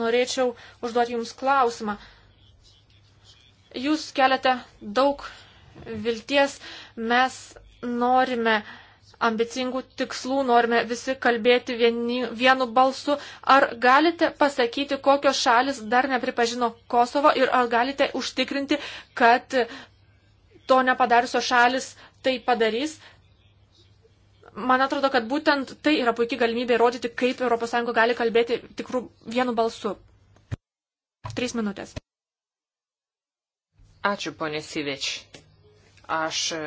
norėčiau užduoti Jums klausimą. Jūs keliate daug vilties, mes norime ambicingų tikslų, norime visi kalbėti vieni, vienu balsu. Ar galite pasakyti, kokios šalis dar nepripažino Kosovo ir ar galite užtikrinti, kad to nepadariusios šalis tai padarys, man atrodo, kad būtent tai yra puikia galimybė įrodyti, kaip ES gali kalbėti tikrų vienu balsu. Trys minutės. Ačiū, ponė Siveč. Aš e,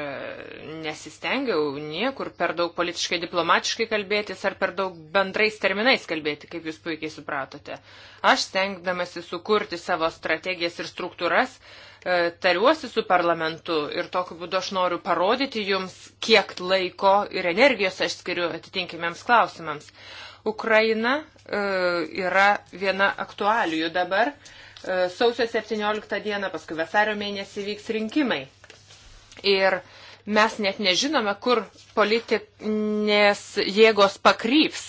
nesistengiau niekur per daug politiškai diplomatiškai kalbėtis ar per daug bendrais terminais kalbėti, kaip jūs puikiai supratote. Aš stengdamasi sukurti savo strategijas ir struktūras, uh, E, tariuosi su parlamentu ir tokiu būdu aš noriu parodyti jums, kiek laiko ir energijos aš skiriu atitinkimiems klausimams. Ukraina e, yra viena aktualijų dabar. E, sausio 17 dieną, paskui vasario mėnesį vyks rinkimai. Ir mes net nežinome, kur politinės jėgos pakryps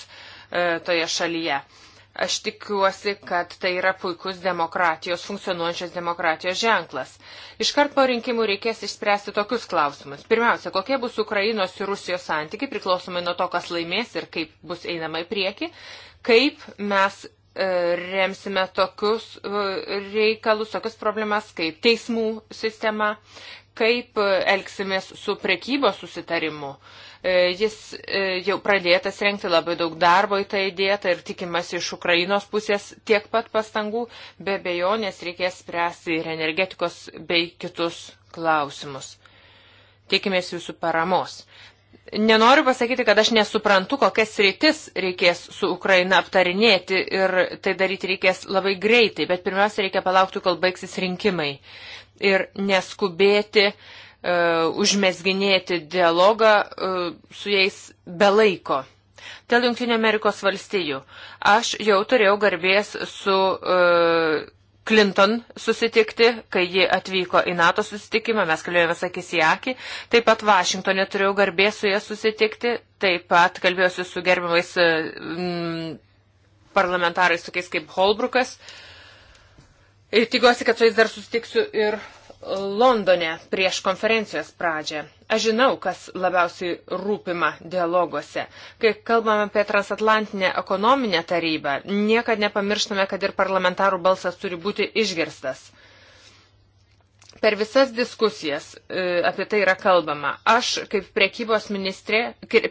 toje šalyje. Aš tikiuosi, kad tai yra puikus demokratijos, funkcionuojančios demokratijos ženklas. Iškart po rinkimų reikės išspręsti tokius klausimus. Pirmiausia, kokie bus Ukrainos ir Rusijos santykiai, priklausomai nuo to, kas laimės ir kaip bus einama į priekį, kaip mes e, remsime tokius e, reikalus, tokias problemas kaip teismų sistema, kaip e, elgsimės su prekybos susitarimu. Uh, E, jis e, jau pradėtas renkti labai daug darbo į tą tai įdėtą ir tikimasi iš Ukrainos pusės tiek pat pastangų, be bejonės reikės spręsti ir energetikos bei kitus klausimus. Tikimės jūsų paramos. Nenoriu pasakyti, kad aš nesuprantu, kokias rytis reikės su Ukraina aptarinėti ir tai daryti reikės labai greitai, bet pirmiausia reikia palaukti, kol baigsis rinkimai ir neskubėti uh, E, užmesginėti dialogą e, su jais be laiko. Dėl Junktinio Amerikos valstijų. Aš jau turėjau garbės su e, Clinton susitikti, kai ji atvyko į NATO susitikimą, mes kalbėjome sakys į akį, taip pat Vašingtonė turėjau garbės su ja susitikti, taip pat kalbėjusi su gerbimais mm, parlamentarais, tokiais kaip Holbrukas. Ir tikiuosi, kad su jais dar susitiksiu ir Londone prieš konferencijos pradžią. Aš žinau, kas labiausiai rūpima dialoguose. Kai kalbame apie transatlantinę ekonominę tarybą, niekad nepamirštame, kad ir parlamentarų balsas turi būti išgirstas per visas diskusijas e, apie tai yra kalbama. Aš kaip priekybos ministrė,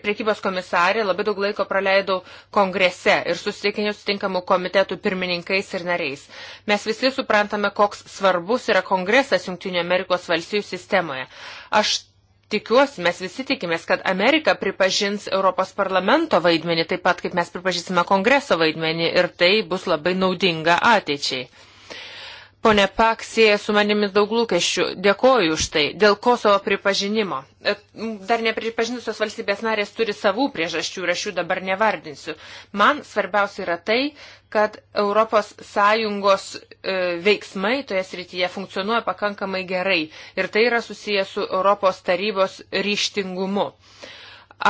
priekybos komisarė labai daug laiko praleidau kongrese ir susitikinėjau su tinkamų komitetų pirmininkais ir nariais. Mes visi suprantame, koks svarbus yra kongresas Junktinio Amerikos valstijų sistemoje. Aš Tikiuosi, mes visi tikimės, kad Amerika pripažins Europos parlamento vaidmenį, taip pat kaip mes pripažįsime kongreso vaidmenį ir tai bus labai naudinga ateičiai. Pone Pak sieja su manimi daug lūkesčių. Dėkoju už tai. Dėl Kosovo pripažinimo. Dar nepripažinusios valstybės narės turi savų priežasčių ir aš jų dabar nevardinsiu. Man svarbiausia yra tai, kad ES e, veiksmai toje srityje funkcionuoja pakankamai gerai. Ir tai yra susijęs su Europos tarybos ryštingumu.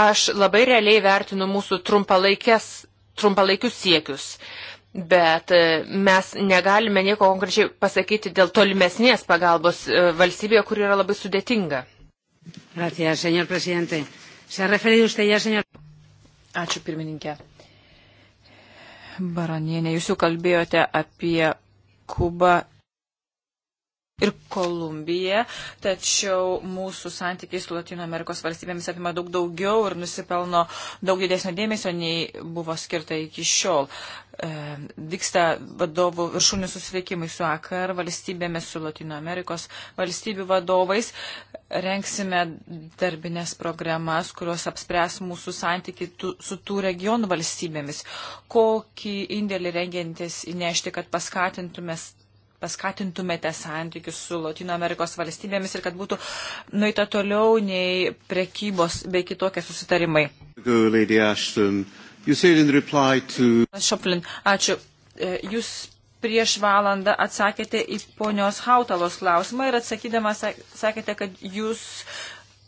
Aš labai realiai vertinu mūsų trumpalaikius siekius Bet e, mes negalime nieko konkrečiai pasakyti dėl tolimesnės pagalbos e, valstybėje, kur yra labai sudėtinga. Gracias, señor presidente. Se ha referido usted ya, señor. Ačiū, pirmininkė. Baronienė, jūs jau kalbėjote apie Kubą ir Kolumbija, tačiau mūsų santykiai su Latino Amerikos valstybėmis apima daug daugiau ir nusipelno daug didesnio dėmesio, nei buvo skirta iki šiol. E, vyksta vadovų viršūnių susitikimai su AKR valstybėmis, su Latino Amerikos valstybių vadovais. Renksime darbinės programas, kurios apspręs mūsų santykiai tu, su tų regionų valstybėmis. Kokį indėlį rengiantis įnešti, kad paskatintumės paskatintumėte santykius su Latino Amerikos valstybėmis ir kad būtų nueita toliau nei prekybos bei kitokie susitarimai. Šoplin, ačiū. E, jūs prieš valandą atsakėte į ponios Hautalos klausimą ir atsakydamas sakėte, kad jūs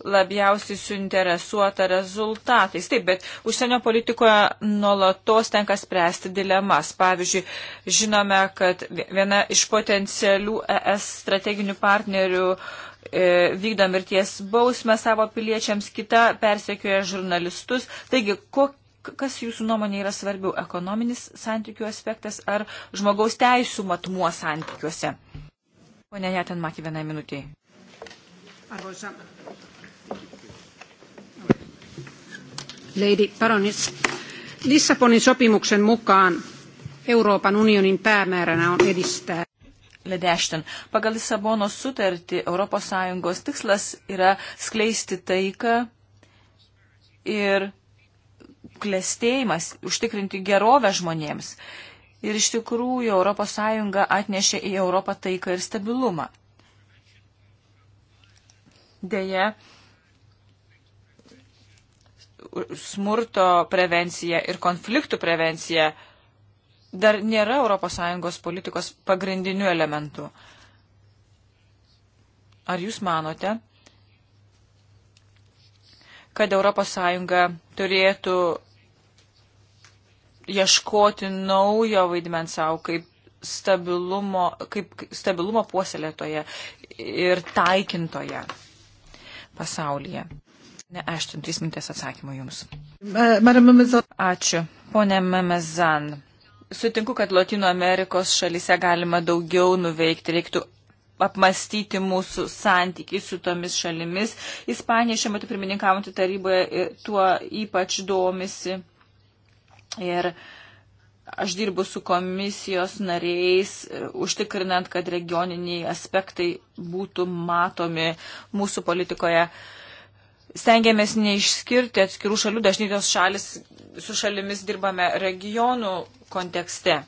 labiausiai suinteresuota rezultatais. Taip, bet užsienio politikoje nuolatos tenka spręsti dilemas. Pavyzdžiui, žinome, kad viena iš potencialių ES strateginių partnerių e, vykdo mirties bausmę savo piliečiams, kita persekioja žurnalistus. Taigi, kokie kas jūsų nuomonė yra svarbiau - ekonominis santykių aspektas ar žmogaus teisų matmuo santykiuose? Pone Jatanmaki, vienai minutiai. Arvoisa Lady Baroness. Lissabonin sopimuksen mukaan Euroopan unionin päämääränä on edistää. Lady Ashton, pagal Lisabonos sutartį ES tikslas yra skleisti taiką ir klėstėjimas, užtikrinti gerovę žmonėms. Ir iš tikrųjų ES atnešė į Europą taiką ir stabilumą. Deja, smurto prevencija ir konfliktų prevencija dar nėra ES politikos pagrindinių elementų. Ar jūs manote, kad ES turėtų ieškoti naujo vaidmens savo kaip stabilumo, kaip stabilumo puoselėtoje ir taikintoje pasaulyje? Ne, aš ten trys mintės atsakymų jums. Ačiū. Pone Memezan, sutinku, kad Latino Amerikos šalyse galima daugiau nuveikti, reiktų apmastyti mūsų santykiai su tomis šalimis. Ispanija šiuo metu pirmininkaujantį taryboje e, tuo ypač domisi. Ir aš dirbu su komisijos nariais, e, užtikrinant, kad regioniniai aspektai būtų matomi mūsų politikoje. Uh, stengiamės neišskirti atskirų šalių, dažnai tos šalis su šalimis dirbame regionų kontekste.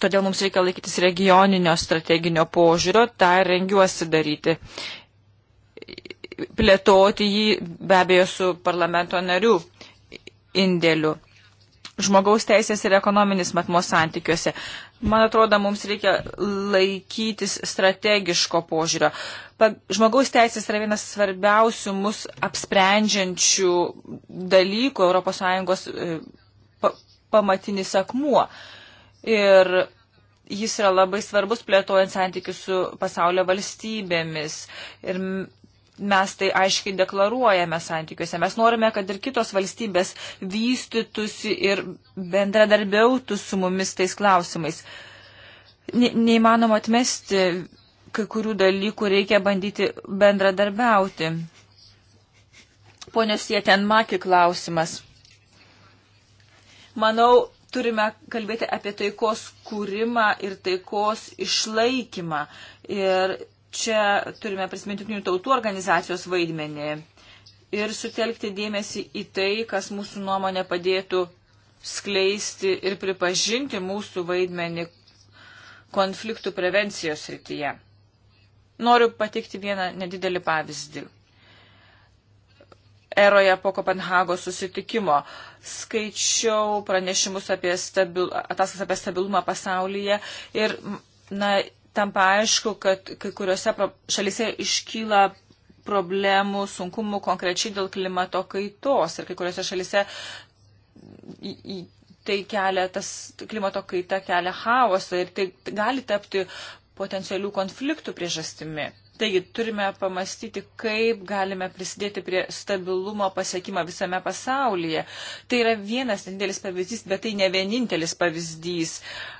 Todėl mums reikia laikytis regioninio strateginio požiūrio, tą rengiuosi daryti. Plėtoti jį be abejo su parlamento narių indėliu žmogaus teisės ir ekonominis matmo santykiuose. Man atrodo, mums reikia laikytis strategiško požiūrio. Pa, žmogaus teisės yra vienas svarbiausių mus apsprendžiančių dalykų ES e, pa, pamatinis akmuo. Ir jis yra labai svarbus plėtojant santykius su pasaulio valstybėmis. Ir mes tai aiškiai deklaruojame santykiuose. Mes norime, kad ir kitos valstybės vystytųsi ir bendradarbiautų su mumis tais klausimais. Ne, neįmanoma atmesti kai kurių dalykų, reikia bandyti bendradarbiauti. Ponios Jetenmaki klausimas. Manau, turime kalbėti apie taikos kūrimą ir taikos išlaikymą. Ir Čia turime prisiminti jungtinių tautų organizacijos vaidmenį ir sutelkti dėmesį į tai, kas mūsų nuomonė padėtų skleisti ir pripažinti mūsų vaidmenį konfliktų prevencijos rytyje. Noriu pateikti vieną nedidelį pavyzdį. Eroje po Kopenhagos susitikimo skaičiau pranešimus apie, stabil, apie stabilumą pasaulyje ir na, tampa aišku, kad kai kuriuose šalise iškyla problemų, sunkumų konkrečiai dėl klimato kaitos ir kai kuriuose šalise tai kelia, tas klimato kaita kelia chaosą ir tai gali tapti potencialių konfliktų priežastimi. Taigi turime pamastyti, kaip galime prisidėti prie stabilumo pasiekimą visame pasaulyje. Tai yra vienas nedėlis pavyzdys, bet tai ne vienintelis pavyzdys. Uh,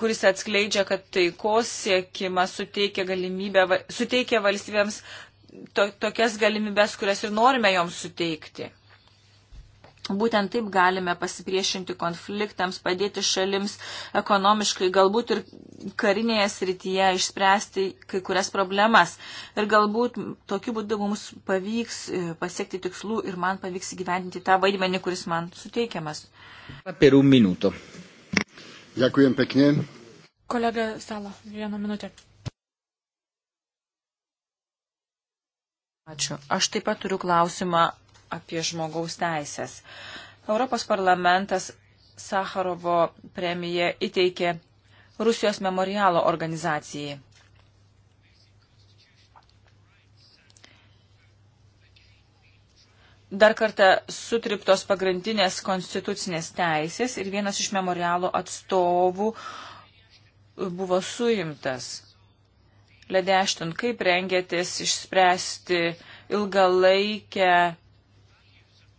kuris atskleidžia, kad taikos siekimas suteikia, galimybę, suteikia valstybėms to, tokias galimybės, kurias ir norime joms suteikti. Būtent taip galime pasipriešinti konfliktams, padėti šalims ekonomiškai, galbūt ir karinėje srityje išspręsti kai kurias problemas. Ir galbūt tokiu būdu mums pavyks e, pasiekti tikslų ir man pavyks įgyvendinti tą vaidmenį, kuris man suteikiamas. Per un minuto. Ďakujem pekne. Kolega Sala, vieną minutę. Ačiū. Aš taip pat turiu klausimą apie žmogaus teisės. Europos parlamentas Sakarovo premiją įteikė Rusijos memorialo organizacijai. dar kartą sutriptos pagrindinės konstitucinės teisės ir vienas iš memorialo atstovų buvo suimtas. Ledeštin, kaip rengėtės išspręsti ilgalaikę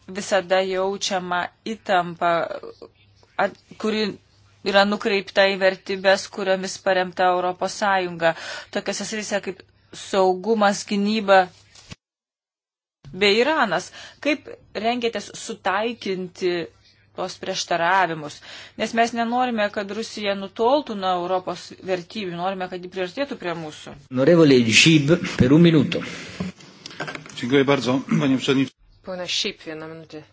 visada jaučiamą įtampą, kuri yra nukreipta į vertybės, kuriomis paremta Europos Sąjunga. Tokiose srityse kaip saugumas, gynyba, bei Iranas. Kaip rengėtės sutaikinti tos prieštaravimus? Nes mes nenorime, kad Rusija nutoltų nuo Europos vertybių, norime, kad ji priartėtų prie mūsų. Norevole Žyb, per un minuto. Dziękuję bardzo, panie przewodniczący. Pana Šyp, vieną minutę.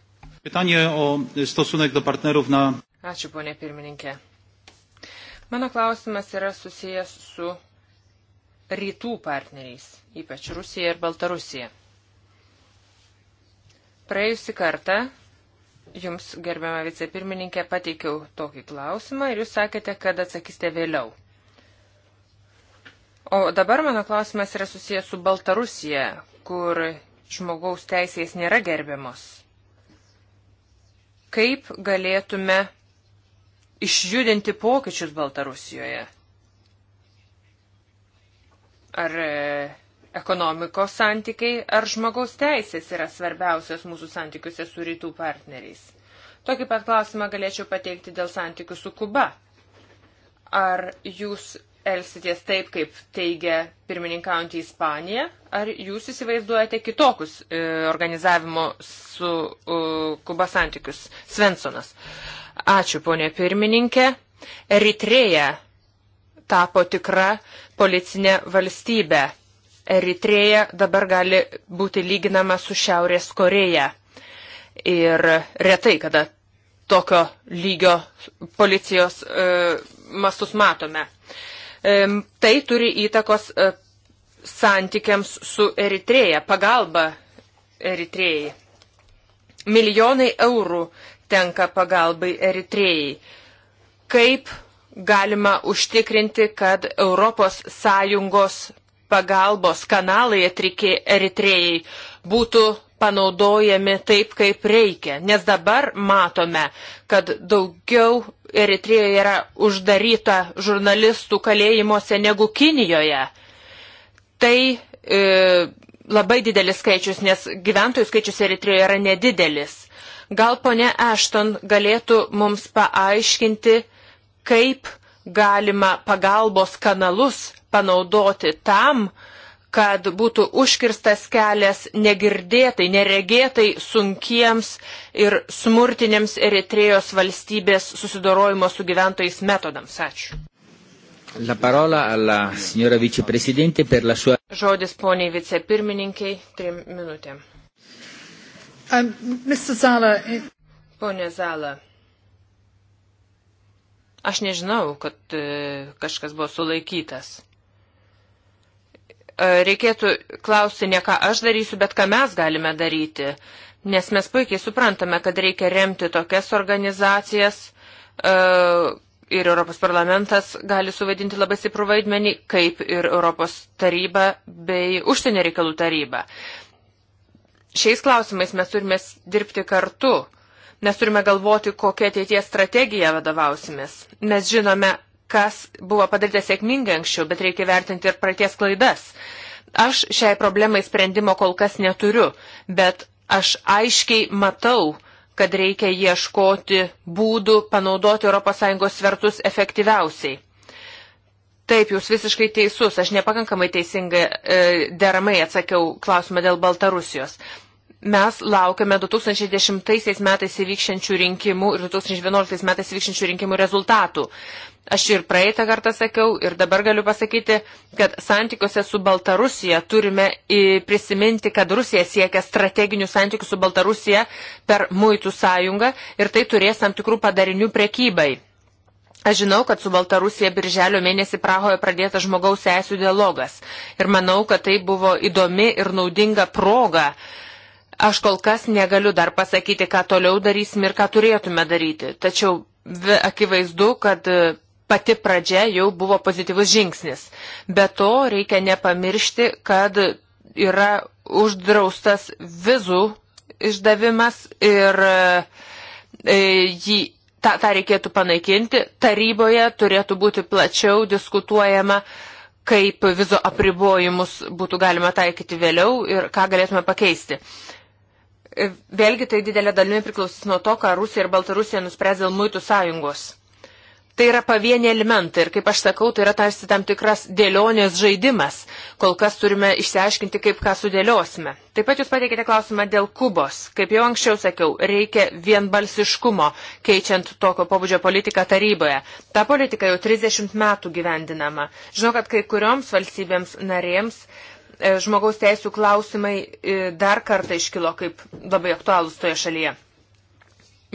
Pytanie o stosunek do partnerów na. Ačiū, ponė pirmininkė. Mano klausimas yra susijęs su rytų partneriais, ypač Rusija ir Baltarusija. Praėjusį kartą jums, gerbiama vicepirmininkė, pateikiau tokį klausimą ir jūs sakėte, kad atsakysite vėliau. O dabar mano klausimas yra susijęs su Baltarusija, kur žmogaus teisės nėra gerbiamos. Kaip galėtume išjudinti pokyčius Baltarusijoje? Ar ekonomikos santykiai ar žmogaus teisės yra svarbiausios mūsų santykiuose su rytų partneriais. Tokį pat klausimą galėčiau pateikti dėl santykių su Kuba. Ar jūs elgsitės taip, kaip teigia pirmininkaujantį Ispaniją, ar jūs įsivaizduojate kitokius e, organizavimo su e, Kuba santykius? Svensonas. Ačiū, ponė pirmininkė. Eritreja tapo tikra policinė valstybė Eritreja dabar gali būti lyginama su Šiaurės Koreja. Ir retai, kada tokio lygio policijos e, mastus matome. E, tai turi įtakos e, santykiams su Eritreja, pagalba Eritrejai. Milijonai eurų tenka pagalbai Eritrejai. Kaip galima užtikrinti, kad ES pagalbos kanalai Eritrėjai būtų panaudojami taip, kaip reikia. Nes dabar matome, kad daugiau Eritrėjoje yra uždaryta žurnalistų kalėjimuose negu Kinijoje. Tai e, labai didelis skaičius, nes gyventojų skaičius Eritrėjoje yra nedidelis. Gal ponia Ashton galėtų mums paaiškinti, kaip galima pagalbos kanalus panaudoti tam, kad būtų užkirstas kelias negirdėtai, neregėtai sunkiems ir smurtiniams Eritrejos valstybės susidorojimo su gyventojais metodams. Ačiū. La parola alla signora viceprezidente per la sua. Žodis poniai vicepirmininkiai, trim minutėm. Um, Pone Zala, Aš nežinau, kad e, kažkas buvo sulaikytas. E, reikėtų klausti ne ką aš darysiu, bet ką mes galime daryti, nes mes puikiai suprantame, kad reikia remti tokias organizacijas e, ir Europos parlamentas gali suvaidinti labai stiprų vaidmenį, kaip ir Europos taryba bei užsienio reikalų taryba. Šiais klausimais mes turime dirbti kartu nes turime galvoti, kokią ateities strategiją vadovausimės. Mes žinome, kas buvo padaryta sėkmingai anksčiau, bet reikia vertinti ir praties klaidas. Aš šiai problemai sprendimo kol kas neturiu, bet aš aiškiai matau, kad reikia ieškoti būdų panaudoti ES svertus efektyviausiai. Taip, jūs visiškai teisus, aš nepakankamai teisingai e, deramai atsakiau klausimą dėl Baltarusijos. Mes laukiame 2010 metais įvykšančių rinkimų ir 2011 metais įvykšančių rinkimų rezultatų. Aš ir praeitą kartą sakiau ir dabar galiu pasakyti, kad santykiuose su Baltarusija turime prisiminti, kad Rusija siekia strateginių santykių su Baltarusija per muitų sąjungą ir tai turės tam tikrų padarinių prekybai. Aš žinau, kad su Baltarusija birželio mėnesį Prahoje pradėtas žmogaus teisų dialogas ir manau, kad tai buvo įdomi ir naudinga proga uh, Aš kol kas negaliu dar pasakyti, ką toliau darysim ir ką turėtume daryti. Tačiau akivaizdu, kad e, pati pradžia jau buvo pozityvus žingsnis. Be to reikia nepamiršti, kad yra uždraustas vizų išdavimas ir e, e, jį tą, tą reikėtų panaikinti. Taryboje turėtų būti plačiau diskutuojama, kaip vizo apribojimus būtų galima taikyti vėliau ir ką galėtume pakeisti. Vėlgi tai didelė dalimi priklausys nuo to, ką Rusija ir Baltarusija nuspręs dėl muitų sąjungos. Tai yra pavieni elementai ir, kaip aš sakau, tai yra tarsi tam tikras dėlionės žaidimas. Kol kas turime išsiaiškinti, kaip ką sudėliosime. Taip pat jūs pateikėte klausimą dėl Kubos. Kaip jau anksčiau sakiau, reikia vienbalsiškumo, keičiant tokio pobūdžio politiką taryboje. Ta politika jau 30 metų gyvendinama. Žinau, kad kai kurioms valstybėms narėms E, žmogaus teisų klausimai e, dar kartą iškilo kaip labai aktualūs toje šalyje.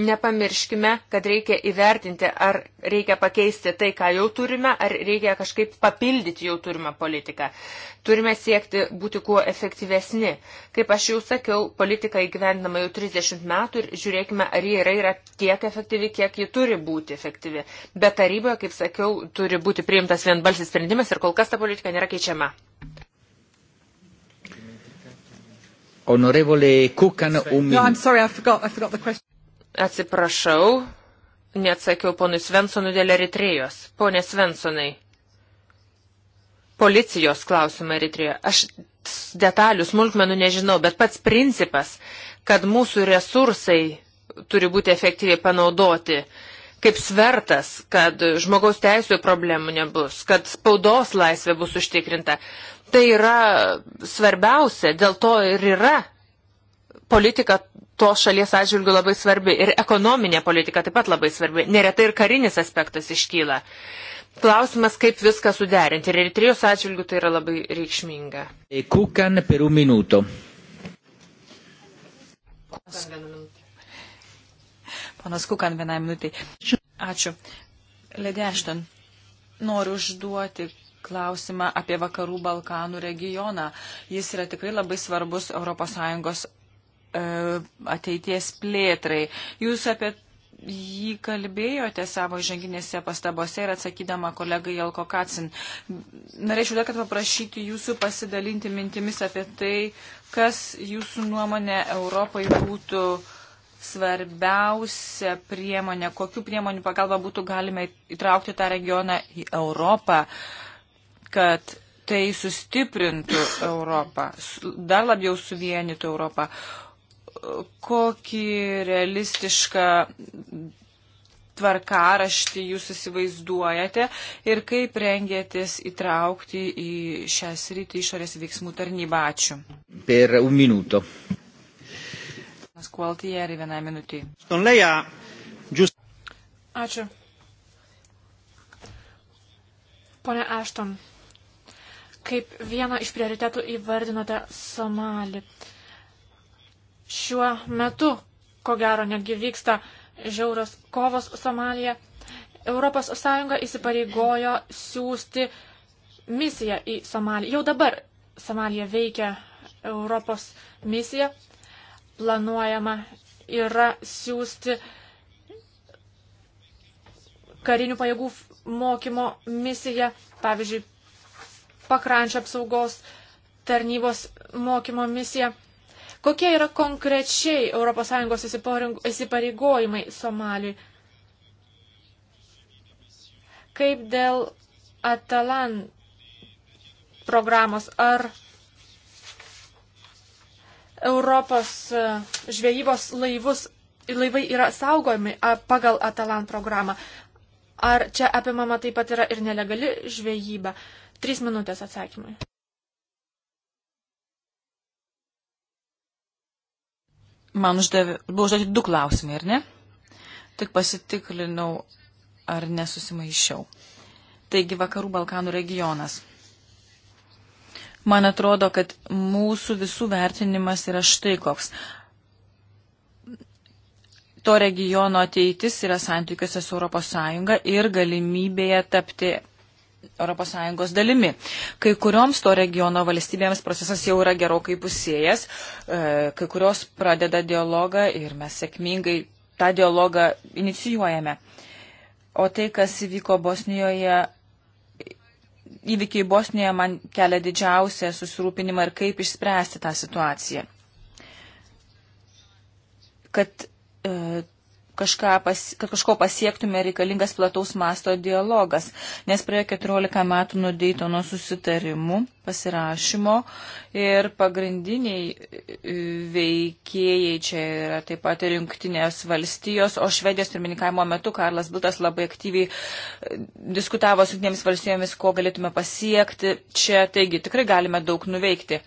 Nepamirškime, kad reikia įvertinti, ar reikia pakeisti tai, ką jau turime, ar reikia kažkaip papildyti jau turimą politiką. Turime siekti būti kuo efektyvesni. Kaip aš jau sakiau, politika įgyvendinama jau 30 metų ir žiūrėkime, ar ji yra, yra tiek efektyvi, kiek ji turi būti efektyvi. Bet taryboje, kaip sakiau, turi būti priimtas vienbalsis sprendimas ir kol kas ta politika nėra keičiama. Honorevole Kukan, un minutė. No, I'm sorry, I forgot, I forgot the question. Atsiprašau, neatsakiau ponui Svensonui dėl Eritrėjos. Pone Svensonai, policijos klausimą Eritrėje. Aš detalių, smulkmenų nežinau, bet pats principas, kad mūsų resursai turi būti efektyviai panaudoti, kaip svertas, kad žmogaus teisų problemų nebus, kad spaudos laisvė bus užtikrinta. Tai yra svarbiausia, dėl to ir yra politika to šalies atžvilgių labai svarbi ir ekonominė politika taip pat labai svarbi. Neretai ir karinis aspektas iškyla. Klausimas, kaip viską suderinti. Ir Eritrijos atžvilgių tai yra labai reikšminga. E, Kukan per un minuto. Ponas Kukan vienai minutai. Ačiū. Ledešton, noriu užduoti klausimą apie Vakarų Balkanų regioną. Jis yra tikrai labai svarbus ES e, ateities plėtrai. Jūs apie jį kalbėjote savo žanginėse pastabose ir atsakydama kolegai Jelko Kacin. Norėčiau dar, kad paprašyti jūsų pasidalinti mintimis apie tai, kas jūsų nuomonė Europai būtų svarbiausia priemonė, kokiu priemonių pagalba būtų galima įtraukti tą regioną į Europą. Uh, kad tai sustiprintų Europą, dar labiau suvienytų Europą. Kokį realistišką tvarkaraštį jūs įsivaizduojate ir kaip rengėtės įtraukti į šią sritį išorės veiksmų tarnybą? Ačiū. Per un minuto. Squaltieri vieną minutį. Ačiū. Pone Ašton, kaip vieną iš prioritetų įvardinote Somalį. Šiuo metu, ko gero, netgi vyksta žiaurios kovos Somalija. Europos Sąjunga įsipareigojo siūsti misiją į Somalį. Jau dabar Somalija veikia Europos misija. Planuojama yra siūsti karinių pajėgų mokymo misiją, pavyzdžiui, pakrančio apsaugos tarnybos mokymo misija. Kokie yra konkrečiai ES įsipareigojimai Somaliui? Kaip dėl Atalan programos? Ar Europos e, žvejybos laivus, laivai yra saugojami pagal Atalan programą? Ar čia apimama taip pat yra ir nelegali žvejyba? Trys minutės atsakymui. Man uždavė, buvo užduoti du klausimai, ar ne? Tik pasitiklinau, ar nesusimaišiau. Taigi vakarų Balkanų regionas. Man atrodo, kad mūsų visų vertinimas yra štai koks. To regiono ateitis yra santykiuose su ES ir galimybėje tapti ES dalimi. Kai kurioms to regiono valstybėms procesas jau yra gerokai pusėjęs, e, kai kurios pradeda dialogą ir mes sėkmingai tą dialogą inicijuojame. O tai, kas įvyko Bosnijoje, įvykiai Bosnijoje man kelia didžiausią susirūpinimą ir kaip išspręsti tą situaciją. Kad e, kažką pas, kad kažko pasiektume reikalingas plataus masto dialogas, nes praėjo 14 metų nuo Daytono susitarimų pasirašymo ir pagrindiniai e, veikėjai čia yra taip pat ir jungtinės valstijos, o Švedijos pirmininkavimo metu Karlas Biltas labai aktyviai e, diskutavo su jungtinėmis valstijomis, ko galėtume pasiekti čia, taigi tikrai galime daug nuveikti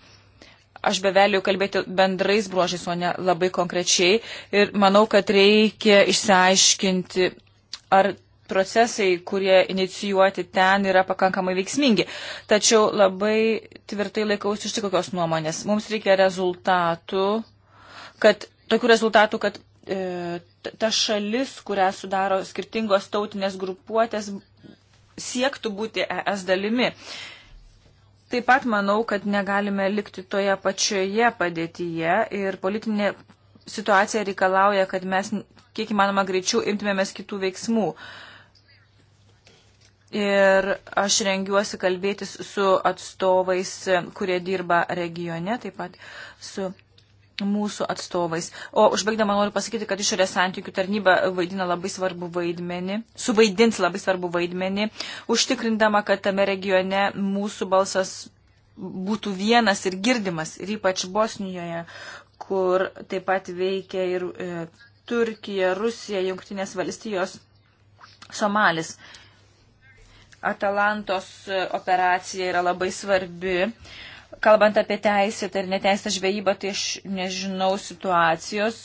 aš beveliu kalbėti bendrais bruožais, o ne labai konkrečiai. Ir manau, kad reikia išsiaiškinti, ar procesai, kurie inicijuoti ten, yra pakankamai veiksmingi. Tačiau labai tvirtai laikausi iš tik kokios nuomonės. Mums reikia rezultatų, kad tokių rezultatų, kad e, ta šalis, kurią sudaro skirtingos tautinės grupuotės, siektų būti ES dalimi. E, Taip pat manau, kad negalime likti toje pačioje padėtyje ir politinė situacija reikalauja, kad mes kiek įmanoma greičiau imtumėmės kitų veiksmų. Ir aš rengiuosi kalbėtis su atstovais, kurie dirba regione, taip pat su mūsų atstovais. O užbaigdama noriu pasakyti, kad išorės santykių tarnyba vaidina labai svarbu vaidmenį, suvaidins labai svarbu vaidmenį, užtikrindama, kad tame regione mūsų balsas būtų vienas ir girdimas, ir ypač Bosnijoje, kur taip pat veikia ir e, Turkija, Rusija, Junktinės valstijos, Somalis. Atalantos e, operacija yra labai svarbi. E, Kalbant apie teisėtą ir neteisėtą žvejybą, tai aš nežinau situacijos.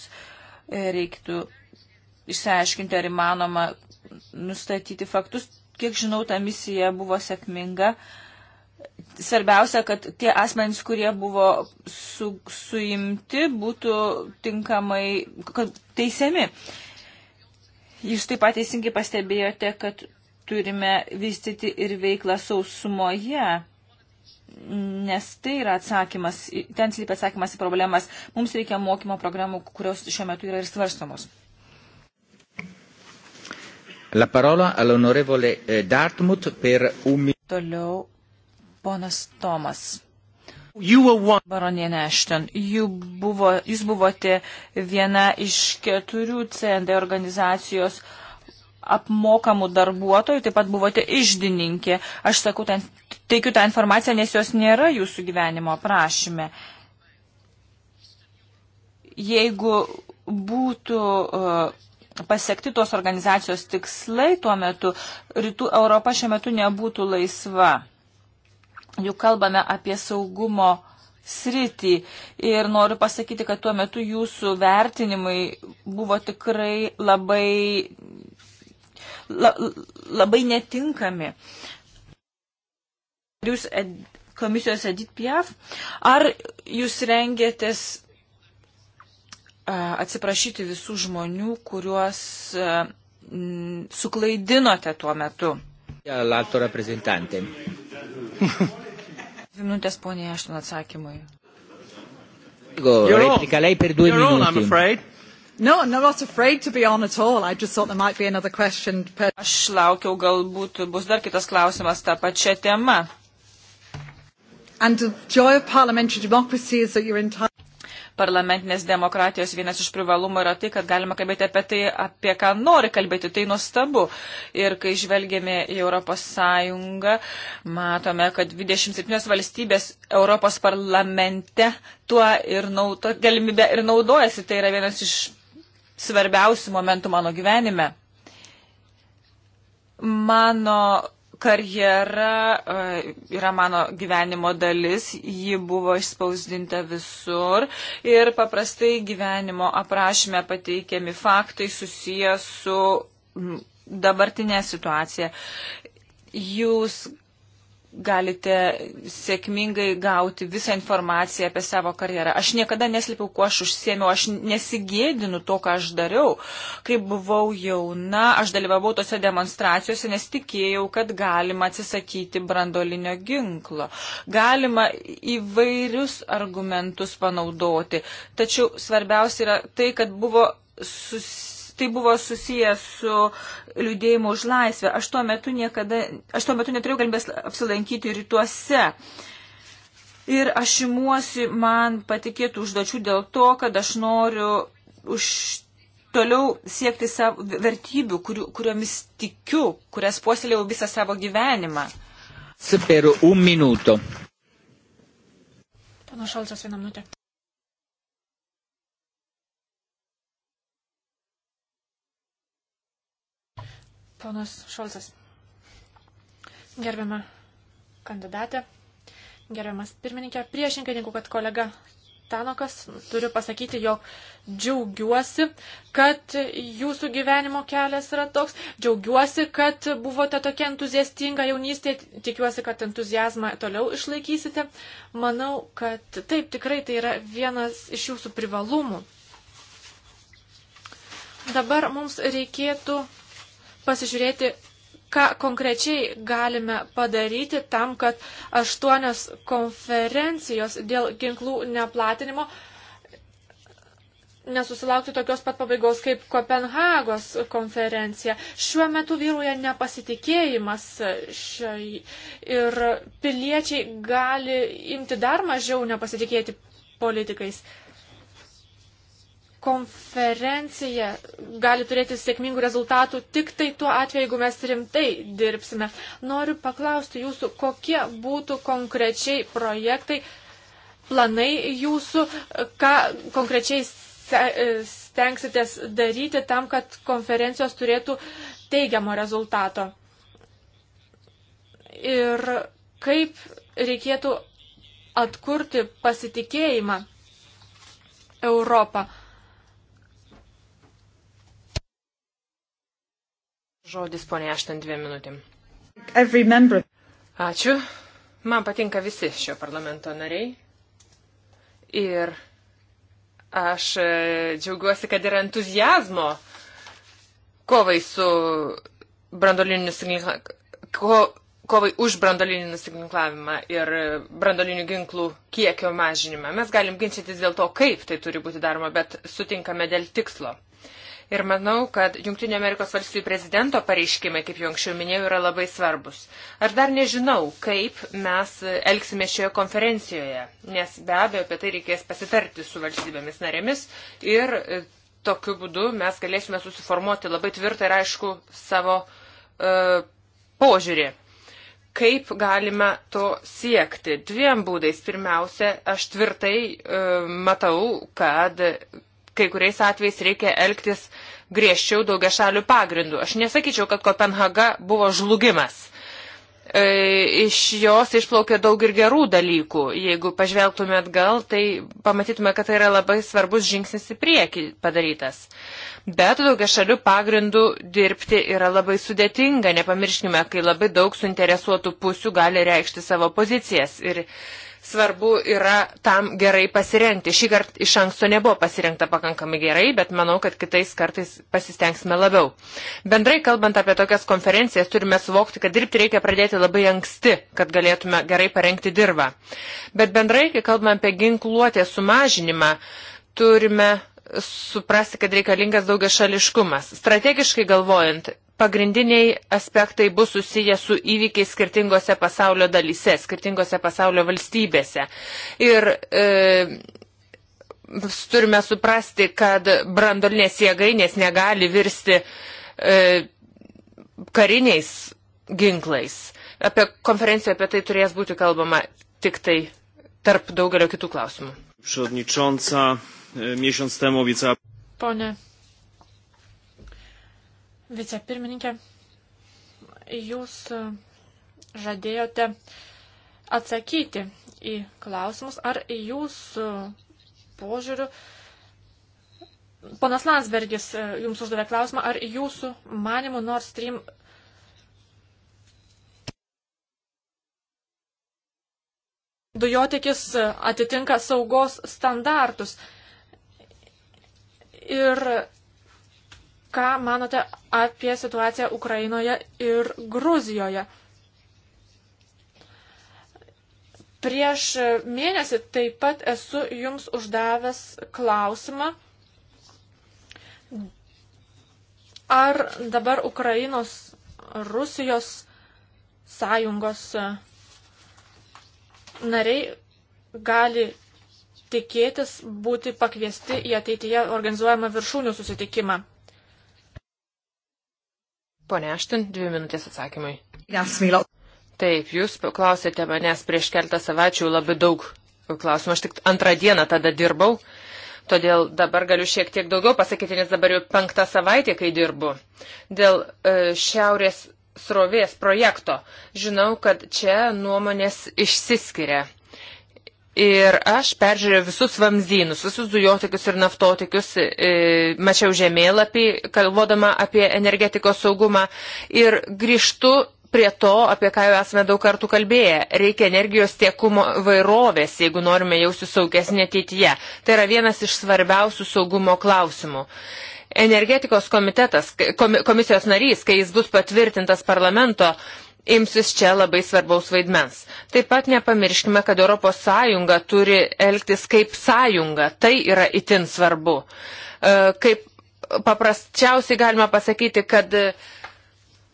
E, reiktų išsiaiškinti, ar įmanoma nustatyti faktus. Kiek žinau, ta misija buvo sėkminga. Svarbiausia, kad tie asmenys, kurie buvo su, suimti, būtų tinkamai teisiami. Jūs taip pat teisingai pastebėjote, kad turime vystyti ir veiklą sausumoje nes tai yra atsakymas, ten slypi atsakymas į problemas. Mums reikia mokymo programų, kurios šiuo metu yra ir svarstamos. La parola all'onorevole eh, Dartmouth per un minuto. Toliau ponas Tomas. Baronienė Ešten, buvo, jūs buvote viena iš keturių CND organizacijos uh, apmokamų darbuotojų, taip pat buvote išdininkė. Aš sakau, ten, teikiu tą informaciją, nes jos nėra jūsų gyvenimo aprašyme. Jeigu būtų uh, pasiekti tos organizacijos tikslai tuo metu, rytų Europa šiuo metu nebūtų laisva. Juk kalbame apie saugumo sritį ir noriu pasakyti, kad tuo metu jūsų vertinimai buvo tikrai labai la, labai netinkami. Jūs ed, komisijos Edit Piaf, ar jūs rengėtės atsiprašyti visų žmonių, kuriuos suklaidinote tuo metu? L'alto reprezentantė. Dvi [LAUGHS] minutės, ponė, aštuon atsakymui. Replika, lei per due minuti. No, I'm not afraid to be on at all. I just thought there might be another question. Per... Aš laukiau, galbūt bus dar kitas klausimas tą pačią temą. And the joy of parliamentary democracy is that you're entitled parlamentinės demokratijos vienas iš privalumų yra tai, kad galima kalbėti apie tai, apie ką nori kalbėti, tai nuostabu. Ir kai žvelgėme į Europos Sąjungą, matome, kad 27 valstybės Europos parlamente tuo ir nauto, galimybę ir naudojasi. Tai yra vienas iš svarbiausių momentų mano gyvenime. Mano karjera e, yra mano gyvenimo dalis, ji buvo išspausdinta visur ir paprastai gyvenimo aprašyme pateikiami faktai susijęs su dabartinė situacija. Jūs galite sėkmingai gauti visą informaciją apie savo karjerą. Aš niekada neslėpiau, kuo aš užsiemiau, aš nesigėdinu to, ką aš dariau. Kai buvau jauna, aš dalyvavau tose demonstracijose, nes tikėjau, kad galima atsisakyti brandolinio ginklo. Galima įvairius argumentus panaudoti. Tačiau svarbiausia yra tai, kad buvo susitikti tai buvo susijęs su liūdėjimu už laisvę. Aš tuo metu, niekada, aš tuo metu neturėjau galimybės apsilankyti rytuose. Ir aš imuosi man patikėtų užduočių dėl to, kad aš noriu už toliau siekti savo vertybių, kuriu, kuriomis tikiu, kurias puoselėjau visą savo gyvenimą. Per un minuto. Pana Šalcas, vieną minutę. Ponas Šolcas. Gerbiama kandidatė, gerbiamas pirmininkė, priešinkai negu kad kolega Tanokas, turiu pasakyti, jog džiaugiuosi, kad jūsų gyvenimo kelias yra toks, džiaugiuosi, kad buvote tokia entuziastinga jaunystė, tikiuosi, kad entuzijazmą toliau išlaikysite. Manau, kad taip tikrai tai yra vienas iš jūsų privalumų. Dabar mums reikėtų pasižiūrėti, ką konkrečiai galime padaryti tam, kad aštuonios konferencijos dėl ginklų neplatinimo nesusilaukti tokios pat pabaigos kaip Kopenhagos konferencija. Šiuo metu vyruoja nepasitikėjimas šiai ir piliečiai gali imti dar mažiau nepasitikėti politikais konferencija gali turėti sėkmingų rezultatų tik tai tuo atveju, jeigu mes rimtai dirbsime. Noriu paklausti jūsų, kokie būtų konkrečiai projektai, planai jūsų, ką konkrečiai e, stengsitės daryti tam, kad konferencijos turėtų teigiamo rezultato. Ir kaip reikėtų atkurti pasitikėjimą Europą. Žodis ponė Aštan dviem minutėm. Ačiū. Man patinka visi šio parlamento nariai. Ir aš e, džiaugiuosi, kad yra entuzijazmo kovai su brandoliniu nusiginklavimą, ko, kovai už brandolinį nusiginklavimą ir e, brandolinių ginklų kiekio mažinimą. Mes galim ginčytis dėl to, kaip tai turi būti daroma, bet sutinkame dėl tikslo. Ir manau, kad Junktinio Amerikos valstybių prezidento pareiškimai, kaip jau anksčiau minėjau, yra labai svarbus. Aš dar nežinau, kaip mes elgsime šioje konferencijoje, nes be abejo apie tai reikės pasitarti su valstybėmis narėmis ir e, tokiu būdu mes galėsime susiformuoti labai tvirtą ir aišku savo e, požiūrį. Kaip galima to siekti? Dviem būdais. Pirmiausia, aš tvirtai e, matau, kad kai kuriais atvejais reikia elgtis griežčiau daugia šalių pagrindų. Aš nesakyčiau, kad Kopenhaga buvo žlugimas. E, iš jos išplaukė daug ir gerų dalykų. Jeigu pažvelgtume atgal, tai pamatytume, kad tai yra labai svarbus žingsnis į priekį padarytas. Bet daugia šalių pagrindų dirbti yra labai sudėtinga. Nepamirškime, kai labai daug suinteresuotų pusių gali reikšti savo pozicijas. Ir svarbu yra tam gerai pasirengti. Šį kartą iš anksto nebuvo pasirengta pakankamai gerai, bet manau, kad kitais kartais pasistengsime labiau. Bendrai kalbant apie tokias konferencijas, turime suvokti, kad dirbti reikia pradėti labai anksti, kad galėtume gerai parengti dirbą. Bet bendrai, kai kalbame apie ginkluotės sumažinimą, turime suprasti, kad reikalingas daugia šališkumas. Strategiškai galvojant, pagrindiniai aspektai bus susiję su įvykiais skirtingose pasaulio dalyse, skirtingose pasaulio valstybėse. Ir e, turime suprasti, kad brandolinės jėgainės negali virsti e, kariniais ginklais. Apie konferenciją apie tai turės būti kalbama tik tai tarp daugelio kitų klausimų. Pone Vicepirmininkė, jūs e, žadėjote atsakyti į klausimus, ar jūsų e, požiūriu Ponas Landsbergis e, jums uždavė klausimą, ar jūsų manimų Nord Stream dujotikis atitinka saugos standartus. Ir ką manote apie situaciją Ukrainoje ir Gruzijoje. Prieš mėnesį taip pat esu jums uždavęs klausimą, ar dabar Ukrainos Rusijos sąjungos nariai gali tikėtis būti pakviesti į ateityje organizuojamą viršūnių susitikimą. Pone Aštin, dvi minutės atsakymai. Taip, jūs klausėte manęs prieš keltą savaičių labai daug klausimų. Aš tik antrą dieną tada dirbau, todėl dabar galiu šiek tiek daugiau pasakyti, nes dabar jau penktą savaitę, kai dirbu. Dėl e, šiaurės srovės projekto. Žinau, kad čia nuomonės išsiskiria. Ir aš peržiūrėjau visus vamzdynus, visus dujotikius ir naftotikius, e, mačiau žemėlapį, kalvodama apie energetikos saugumą ir grįžtu prie to, apie ką jau esame daug kartų kalbėję. Reikia energijos tiekumo vairovės, jeigu norime jausti saugesnį ateityje. Tai yra vienas iš svarbiausių saugumo klausimų. Energetikos komitetas, komisijos narys, kai jis bus patvirtintas parlamento, imsis čia labai svarbaus vaidmens. Taip pat nepamirškime, kad ES turi elgtis kaip sąjunga. Tai yra itin svarbu. E, kaip paprasčiausiai galima pasakyti, kad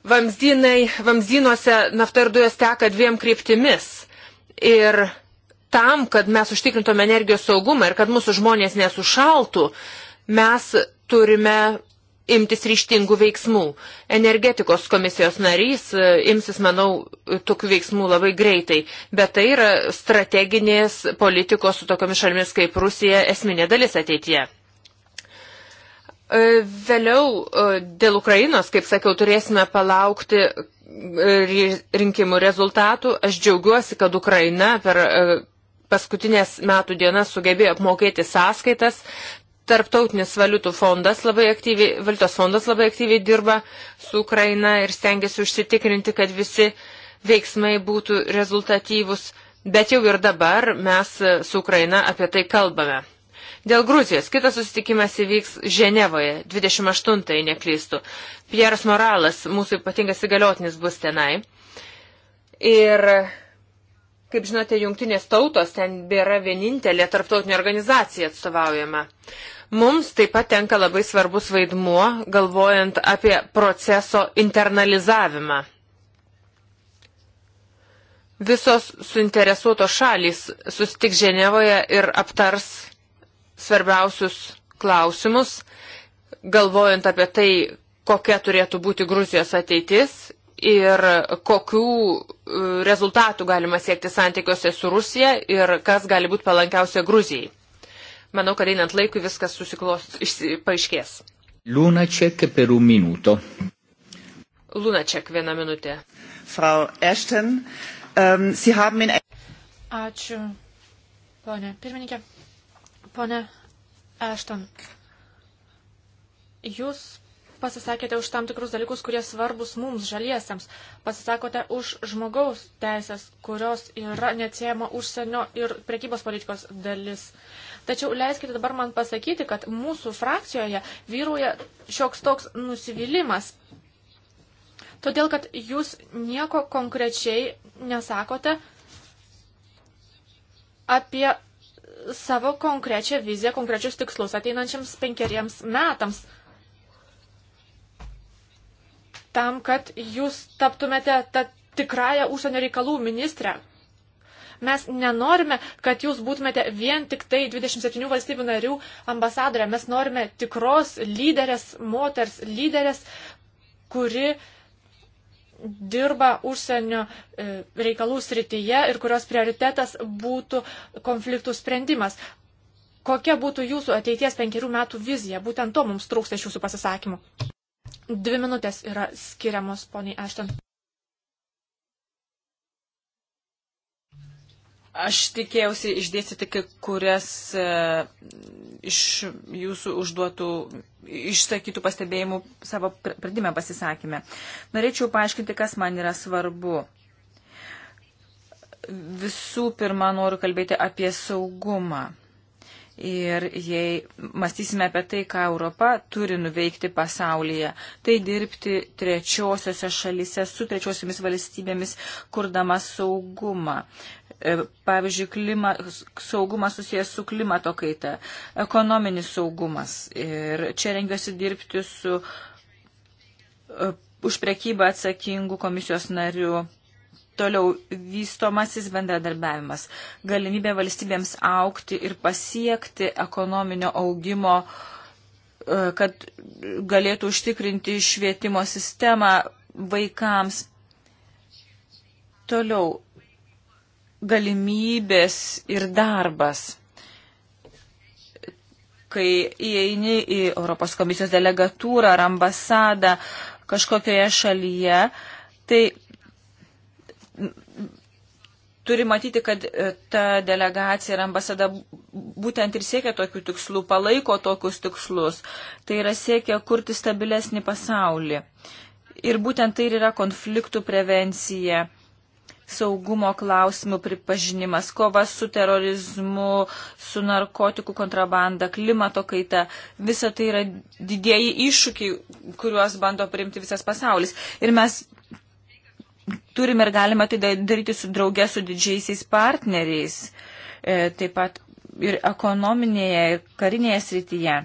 vamzdynai, vamzdynuose nafta ir dujos teka dviem kryptimis. Ir tam, kad mes užtikrintume energijos saugumą ir kad mūsų žmonės nesušaltų, mes turime imtis ryštingų veiksmų. Energetikos komisijos narys e, imsis, manau, tokių veiksmų labai greitai, bet tai yra strateginės politikos su tokiamis šalimis kaip Rusija esminė dalis ateityje. E, vėliau e, dėl Ukrainos, kaip sakiau, turėsime palaukti rinkimų rezultatų. Aš džiaugiuosi, kad Ukraina per paskutinės metų dienas sugebėjo apmokėti sąskaitas, Tarptautinis valiutų fondas labai aktyviai, valiutos fondas labai aktyviai dirba su Ukraina ir stengiasi užsitikrinti, kad visi veiksmai būtų rezultatyvus, bet jau ir dabar mes su Ukraina apie tai kalbame. Dėl Gruzijos kitas susitikimas įvyks Ženevoje, 28-ąjį neklystų. Pieras Moralas, mūsų ypatingas įgaliotinis, bus tenai. Ir Kaip žinote, jungtinės tautos ten bėra vienintelė tarptautinė organizacija atstovaujama. Mums taip pat tenka labai svarbus vaidmuo, galvojant apie proceso internalizavimą. Visos suinteresuotos šalys sustik Ženevoje ir aptars svarbiausius klausimus, galvojant apie tai, kokia turėtų būti Gruzijos ateitis ir kokių e, rezultatų galima siekti santykiuose su Rusija ir kas gali būti palankiausia Gruzijai. Manau, kad einant laikui viskas susiklos, išsi, paaiškės. Lunaček per un minuto. Lunaček vieną minutę. Frau Ashton, um, Sie haben in... Ačiū, ponė pirmininkė. Pone Ashton, jūs pasisakėte už tam tikrus dalykus, kurie svarbus mums, žaliesiams. Pasisakote už žmogaus teisės, kurios yra neatsiejama užsienio ir prekybos politikos dalis. Tačiau leiskite dabar man pasakyti, kad mūsų frakcijoje vyruoja šioks toks nusivylimas. Todėl, kad jūs nieko konkrečiai nesakote apie savo konkrečią viziją, konkrečius tikslus ateinančiams penkeriems metams tam, kad jūs taptumėte tą tikrąją užsienio reikalų ministrę. Mes nenorime, kad jūs būtumėte vien tik tai 27 valstybių narių ambasadorė. Mes norime tikros lyderės, moters lyderės, kuri dirba užsienio e, reikalų srityje ir kurios prioritetas būtų konfliktų sprendimas. Kokia būtų jūsų ateities penkerių metų vizija? Būtent to mums trūksta iš jūsų pasisakymų. Dvi minutės yra skiriamos poniai Ešton. Aš tikėjausi išdėstyti kai kurias e, iš jūsų užduotų, išsakytų pastebėjimų savo pradime pasisakymę. Norėčiau paaiškinti, kas man yra svarbu. Visų pirma, noriu kalbėti apie saugumą. Ir jei mąstysime apie tai, ką Europa turi nuveikti pasaulyje, tai dirbti trečiosiose šalise su trečiosiomis valstybėmis, kurdama saugumą. E, pavyzdžiui, klima, saugumas susijęs su klimato kaita, ekonominis saugumas. Ir čia rengiuosi dirbti su e, už prekybą atsakingų komisijos narių Toliau vystomasis bendradarbiavimas. Galimybė valstybėms aukti ir pasiekti ekonominio augimo, e, kad galėtų užtikrinti švietimo sistemą vaikams. Toliau galimybės ir darbas. Kai įeini į Europos komisijos delegatūrą ar ambasadą kažkokioje šalyje, tai turi matyti, kad e, ta delegacija ir ambasada būtent ir siekia tokių tikslų, palaiko tokius tikslus. Tai yra siekia kurti stabilesnį pasaulį. Ir būtent tai ir yra konfliktų prevencija, saugumo klausimų pripažinimas, kova su terorizmu, su narkotikų kontrabanda, klimato kaita. Visa tai yra didieji iššūkiai, kuriuos bando priimti visas pasaulis. Ir mes turime ir galime tai daryti su draugė su didžiaisiais partneriais, e, taip pat ir ekonominėje, ir karinėje srityje.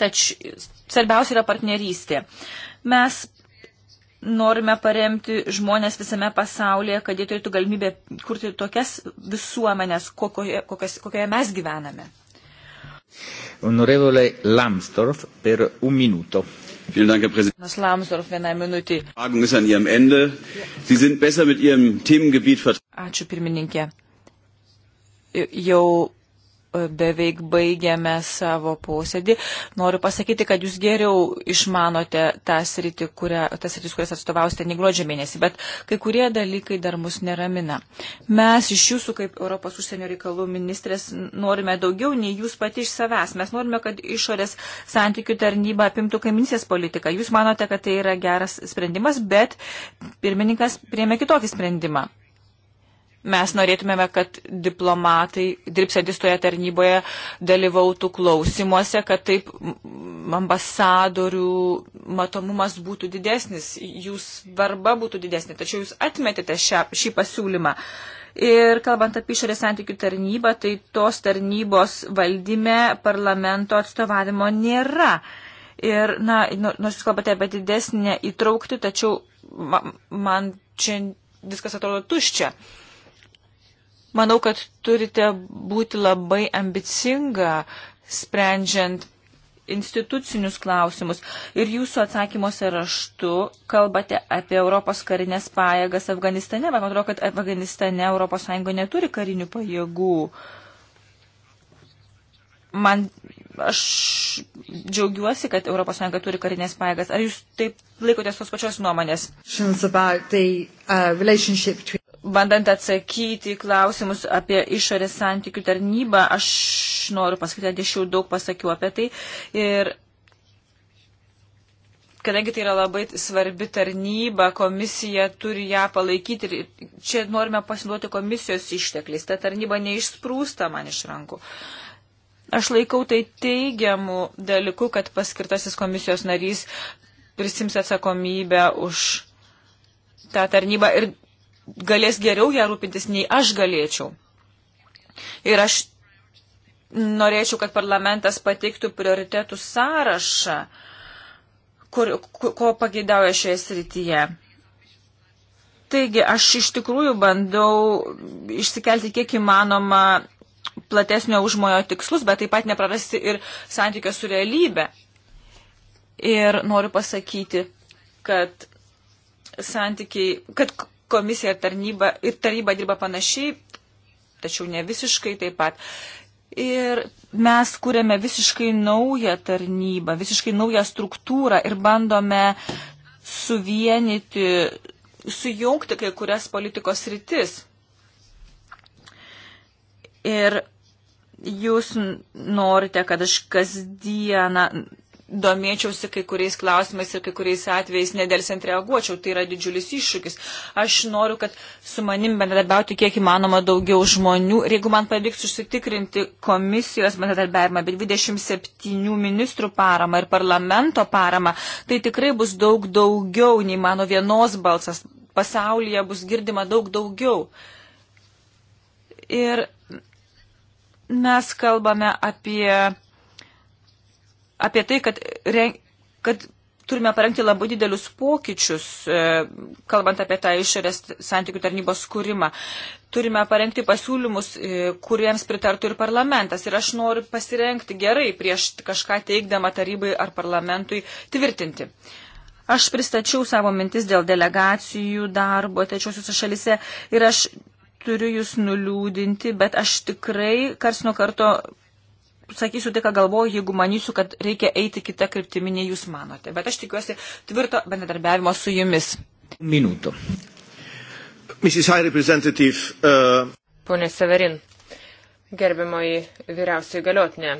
Tačiau svarbiausia yra partnerystė. Mes norime paremti žmonės visame pasaulyje, kad jie turėtų galimybę kurti tokias visuomenės, kokioje, kokias, kokioje mes gyvename. Onorevole Lamstorf per un minuto. Herr Lamsdorf, vienai minutį. Ačiū pirmininkė. Jau beveik baigiame savo posėdį. Noriu pasakyti, kad jūs geriau išmanote tą sritį, kurią, tas sritis, kurias atstovausite ne gruodžio mėnesį, bet kai kurie dalykai dar mus neramina. Mes iš jūsų, kaip Europos užsienio reikalų ministrės, norime daugiau nei jūs pati iš savęs. Mes norime, kad išorės santykių tarnyba apimtų kaiminysės politiką. Jūs manote, kad tai yra geras sprendimas, bet pirmininkas priemė kitokį sprendimą. Mes norėtumėme, kad diplomatai dirbsėdis toje tarnyboje dalyvautų klausimuose, kad taip ambasadorių matomumas būtų didesnis, jų svarba būtų didesnė. Tačiau jūs atmetėte šią, šį pasiūlymą. Ir kalbant apie išorės santykių tarnybą, tai tos tarnybos valdyme parlamento atstovavimo nėra. Ir, na, nors jūs kalbate apie didesnę įtraukti, tačiau man čia viskas atrodo tuščia. Uh, Manau, kad turite būti labai ambicinga, sprendžiant institucinius klausimus. Ir jūsų atsakymuose raštu kalbate apie Europos karinės pajėgas Afganistane, bet man atrodo, kad Afganistane ES neturi karinių pajėgų. Man aš džiaugiuosi, kad ES turi karinės pajėgas. Ar jūs taip laikotės tos pačios nuomonės? bandant atsakyti į klausimus apie išorės santykių tarnybą, aš noriu pasakyti, kad aš jau daug pasakiau apie tai. Ir kadangi tai yra labai svarbi tarnyba, komisija turi ją palaikyti ir čia norime pasiduoti komisijos ištekliais. Ta tarnyba neišsprūsta man iš rankų. Aš laikau tai teigiamų dalykų, kad paskirtasis komisijos narys prisims atsakomybę už tą tarnybą ir galės geriau ją rūpintis, nei aš galėčiau. Ir aš norėčiau, kad parlamentas pateiktų prioritetų sąrašą, kur, kur, ko pageidauja šioje srityje. Taigi, aš iš tikrųjų bandau išsikelti kiek įmanoma platesnio užmojo tikslus, bet taip pat neprarasti ir santykio su realybė. Ir noriu pasakyti, kad santykiai, kad komisija ir, tarnyba, ir taryba dirba panašiai, tačiau ne visiškai taip pat. Ir mes kūrėme visiškai naują tarnybą, visiškai naują struktūrą ir bandome suvienyti, sujungti kai kurias politikos rytis. Ir jūs norite, kad aš kasdieną domėčiausi kai kuriais klausimais ir kai kuriais atvejais nedelsiant reaguočiau. Tai yra didžiulis iššūkis. Aš noriu, kad su manim bendradarbiauti kiek įmanoma daugiau žmonių. Ir jeigu man pavyks užsitikrinti komisijos bendradarbiavimą, bet 27 ministrų paramą ir parlamento paramą, tai tikrai bus daug daugiau nei mano vienos balsas. Pasaulyje bus girdima daug daugiau. Ir mes kalbame apie apie tai, kad, re, kad turime parengti labai didelius pokyčius, e, kalbant apie tą išorės santykių tarnybos skūrimą. Turime parengti pasiūlymus, e, kuriems pritartų ir parlamentas. Ir aš noriu pasirengti gerai prieš kažką teikdama tarybai ar parlamentui tvirtinti. Aš pristačiau savo mintis dėl delegacijų darbo trečiosiuose šalise ir aš turiu jūs nuliūdinti, bet aš tikrai kars nuo karto sakysiu tai, ką galvoju, jeigu manysiu, kad reikia eiti kitą kryptimį, nei jūs manote. Bet aš tikiuosi tvirto bendradarbiavimo su jumis. Minutų. Uh... Pone Severin, gerbiamoji vyriausiai galiotinė,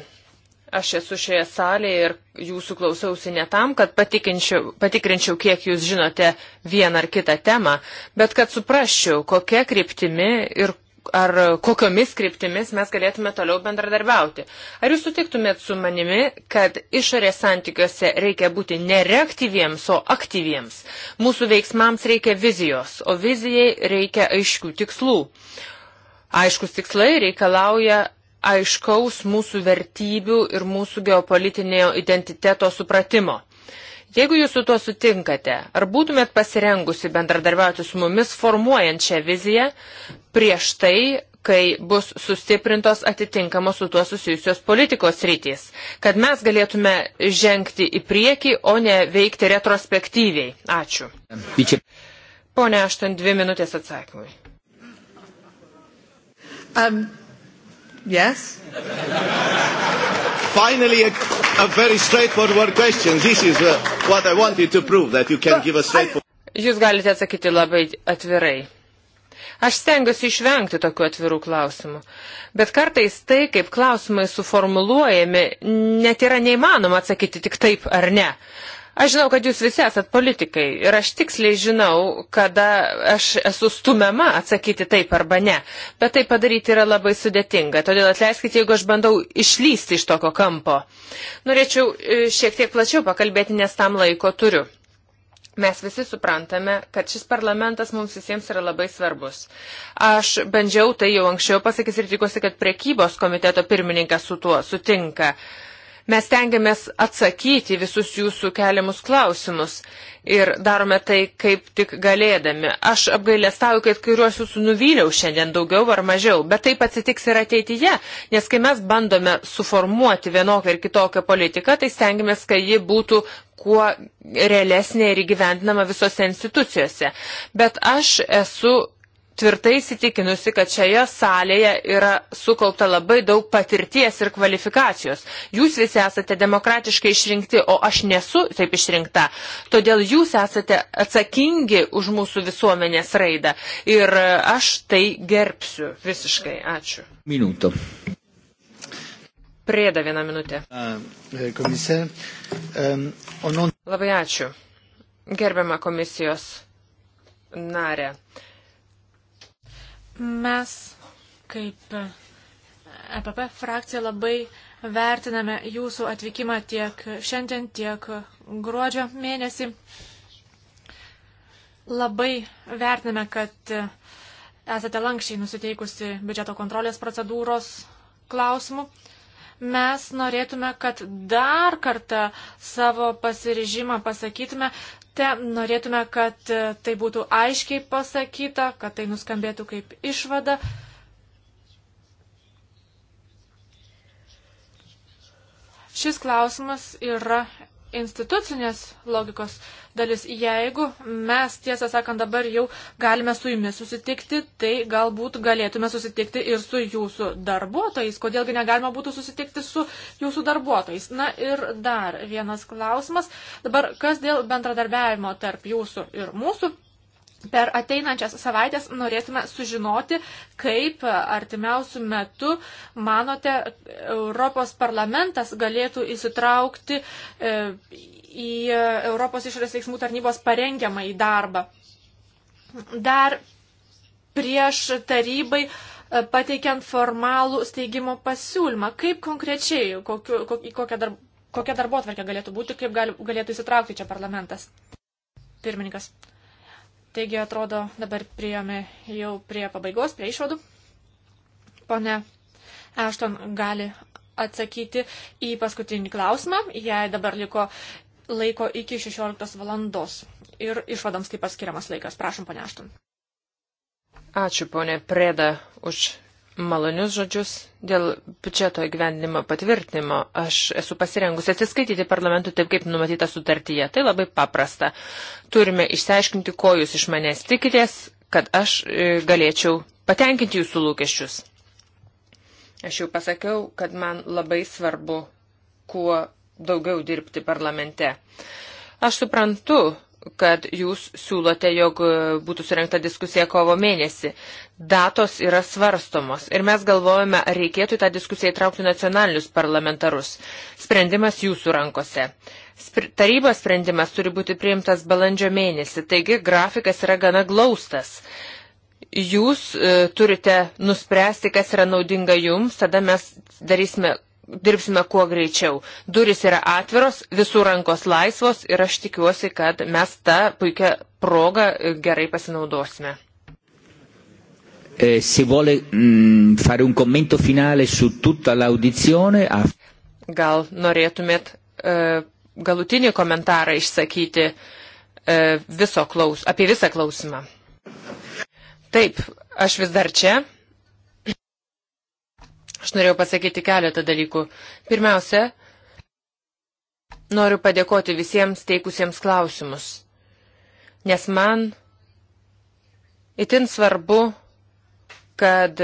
aš esu šioje salėje ir jūsų klausiausi ne tam, kad patikrinčiau, kiek jūs žinote vieną ar kitą temą, bet kad suprasčiau, kokia kryptimi ir ar kokiomis kryptimis mes galėtume toliau bendradarbiauti. Ar jūs sutiktumėt su manimi, kad išorės santykiuose reikia būti nereaktyviems, o aktyviems? Mūsų veiksmams reikia vizijos, o vizijai reikia aiškių tikslų. Aiškus tikslai reikalauja aiškaus mūsų vertybių ir mūsų geopolitinio identiteto supratimo. Jeigu jūs su tuo sutinkate, ar būtumėt pasirengusi bendradarbiauti su mumis formuojant šią viziją prieš tai, kai bus sustiprintos atitinkamos su tuo susijusios politikos rytys, kad mes galėtume žengti į priekį, o ne veikti retrospektyviai. Ačiū. Pone, aš ten dvi minutės atsakymui. Um, yes. Finally, a, a very straightforward question. This is uh, what I wanted to prove, that you can give a straightforward... Jūs galite atsakyti labai atvirai. Aš stengiuosi išvengti tokių atvirų klausimų. Bet kartais tai, kaip klausimai suformuluojami, net yra neįmanoma atsakyti tik taip ar ne. Aš žinau, kad jūs visi esat politikai ir aš tiksliai žinau, kada aš esu stumiama atsakyti taip arba ne, bet tai padaryti yra labai sudėtinga, todėl atleiskite, jeigu aš bandau išlysti iš tokio kampo. Norėčiau e, šiek tiek plačiau pakalbėti, nes tam laiko turiu. Mes visi suprantame, kad šis parlamentas mums visiems yra labai svarbus. Aš bandžiau tai jau anksčiau pasakys ir tikiuosi, kad prekybos komiteto pirmininkas su tuo sutinka. Uh, Mes tengiamės atsakyti visus jūsų keliamus klausimus ir darome tai, kaip tik galėdami. Aš apgailėstauju, kad kuriuos jūsų nuvyliau šiandien daugiau ar mažiau, bet taip atsitiks ir ateityje, nes kai mes bandome suformuoti vienokią ir kitokią politiką, tai stengiamės, kad ji būtų kuo realesnė ir įgyvendinama visose institucijose. Bet aš esu tvirtai įsitikinusi, kad šioje salėje yra sukaupta labai daug patirties ir kvalifikacijos. Jūs visi esate demokratiškai išrinkti, o aš nesu taip išrinkta. Todėl jūs esate atsakingi už mūsų visuomenės raidą. Ir aš tai gerbsiu visiškai. Ačiū. Minuto. Prieda vieną minutę. E, komisė. Labai ačiū. Gerbiama komisijos narė. Mes kaip EPP frakcija labai vertiname jūsų atvykimą tiek šiandien, tiek gruodžio mėnesį. Labai vertiname, kad esate lankščiai nusiteikusi biudžeto kontrolės procedūros klausimų. Mes norėtume, kad dar kartą savo pasirižimą pasakytume akte norėtume, kad e, tai būtų aiškiai pasakyta, kad tai nuskambėtų kaip išvada. Šis klausimas yra institucinės logikos dalis. Jeigu mes, tiesą sakant, dabar jau galime su jumis susitikti, tai galbūt galėtume susitikti ir su jūsų darbuotojais. Kodėlgi negalima būtų susitikti su jūsų darbuotojais? Na ir dar vienas klausimas. Dabar, kas dėl bendradarbiavimo tarp jūsų ir mūsų? Per ateinančias savaitės norėtume sužinoti, kaip artimiausių metų, manote, Europos parlamentas galėtų įsitraukti e, į Europos išorės veiksmų tarnybos parengiamą į darbą. Dar prieš tarybai e, pateikiant formalų steigimo pasiūlymą, kaip konkrečiai, kokiu, kokia, darb, kokia darbo atverkė galėtų būti, kaip gal, galėtų įsitraukti čia parlamentas. Pirmininkas. Taigi atrodo, dabar priejome jau prie pabaigos, prie išvadų. Pone Ešton gali atsakyti į paskutinį klausimą, jei dabar liko laiko iki 16 valandos ir išvadams taip paskiriamas laikas. Prašom, pone Ešton. Ačiū, ponė Preda, už malonius žodžius dėl biudžeto įgyvendinimo patvirtinimo. Aš esu pasirengusi atsiskaityti parlamentu taip, kaip numatyta sutartyje. Tai labai paprasta. Turime išsiaiškinti, ko jūs iš manęs tikitės, kad aš e, galėčiau patenkinti jūsų lūkesčius. Aš jau pasakiau, kad man labai svarbu, kuo daugiau dirbti parlamente. Aš suprantu, kad jūs siūlote, jog e, būtų surinkta diskusija kovo mėnesį. Datos yra svarstomos ir mes galvojame, ar reikėtų į tą diskusiją įtraukti nacionalinius parlamentarus. Sprendimas jūsų rankose. Spr tarybos sprendimas turi būti priimtas balandžio mėnesį, taigi grafikas yra gana glaustas. Jūs e, turite nuspręsti, kas yra naudinga jums, tada mes darysime dirbsime kuo greičiau. Duris yra atviros, visų rankos laisvos ir aš tikiuosi, kad mes tą puikią progą e, gerai pasinaudosime. Eh, se vuole mh, mm, fare un commento finale su tutta l'audizione. A... Gal norėtumėt eh, galutinį komentarą išsakyti eh, viso klaus, apie visą klausimą? Taip, aš vis dar čia. Aš norėjau pasakyti keletą dalykų. Pirmiausia, noriu padėkoti visiems teikusiems klausimus, nes man itin svarbu, kad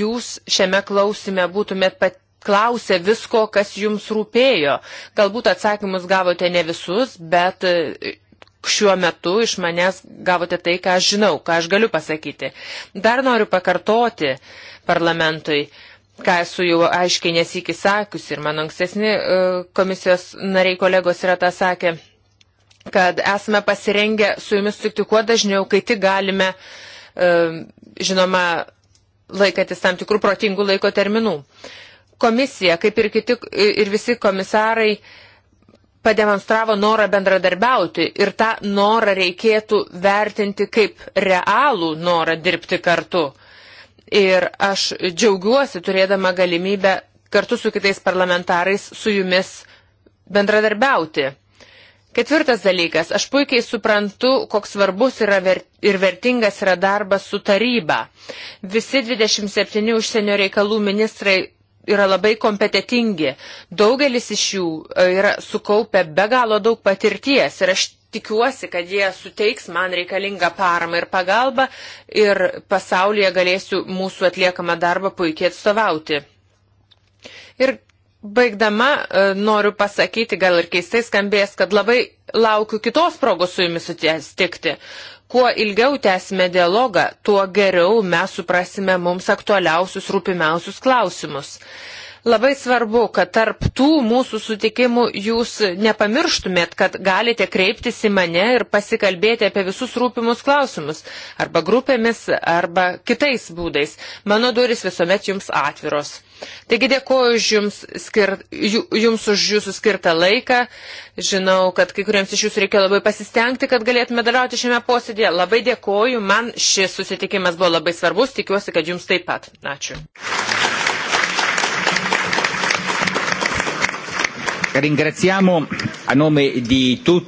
jūs šiame klausime būtumėt pat klausę visko, kas jums rūpėjo. Galbūt atsakymus gavote ne visus, bet e, šiuo metu iš manęs gavote tai, ką aš žinau, ką aš galiu pasakyti. Dar noriu pakartoti parlamentui, ką esu jau aiškiai nesikį sakius ir mano ankstesni e, komisijos nariai kolegos yra tą sakę, kad esame pasirengę su jumis sutikti kuo dažniau, kai tik galime, e, žinoma, laikantis tam tikrų protingų laiko terminų. Komisija, kaip ir, kiti, ir visi komisarai, pademonstravo norą bendradarbiauti ir tą norą reikėtų vertinti kaip realų norą dirbti kartu. Ir aš džiaugiuosi turėdama galimybę kartu su kitais parlamentarais su jumis bendradarbiauti. Ketvirtas dalykas. Aš puikiai suprantu, koks svarbus yra ver ir vertingas yra darbas su taryba. Visi 27 užsienio reikalų ministrai yra labai kompetitingi. Daugelis iš jų e, yra sukaupę be galo daug patirties ir aš tikiuosi, kad jie suteiks man reikalingą paramą ir pagalbą ir pasaulyje galėsiu mūsų atliekamą darbą puikiai atstovauti. Ir baigdama e, noriu pasakyti, gal ir keistai skambės, kad labai laukiu kitos progos su jumis sutikti. Kuo ilgiau tęsime dialogą, tuo geriau mes suprasime mums aktualiausius rūpimiausius klausimus. Labai svarbu, kad tarp tų mūsų sutikimų jūs nepamirštumėt, kad galite kreiptis į mane ir pasikalbėti apie visus rūpimus klausimus, arba grupėmis, arba kitais būdais. Mano duris visuomet jums atviros. Taigi dėkuoju jums, skir, jums už jūsų skirtą laiką. Žinau, kad kai kuriems iš jūsų reikėjo labai pasistengti, kad galėtume dalyvauti šiame posėdėje. Labai dėkuoju, man šis susitikimas buvo labai svarbus, tikiuosi, kad jums taip pat. Ačiū. Ringraziamo a nome di tutti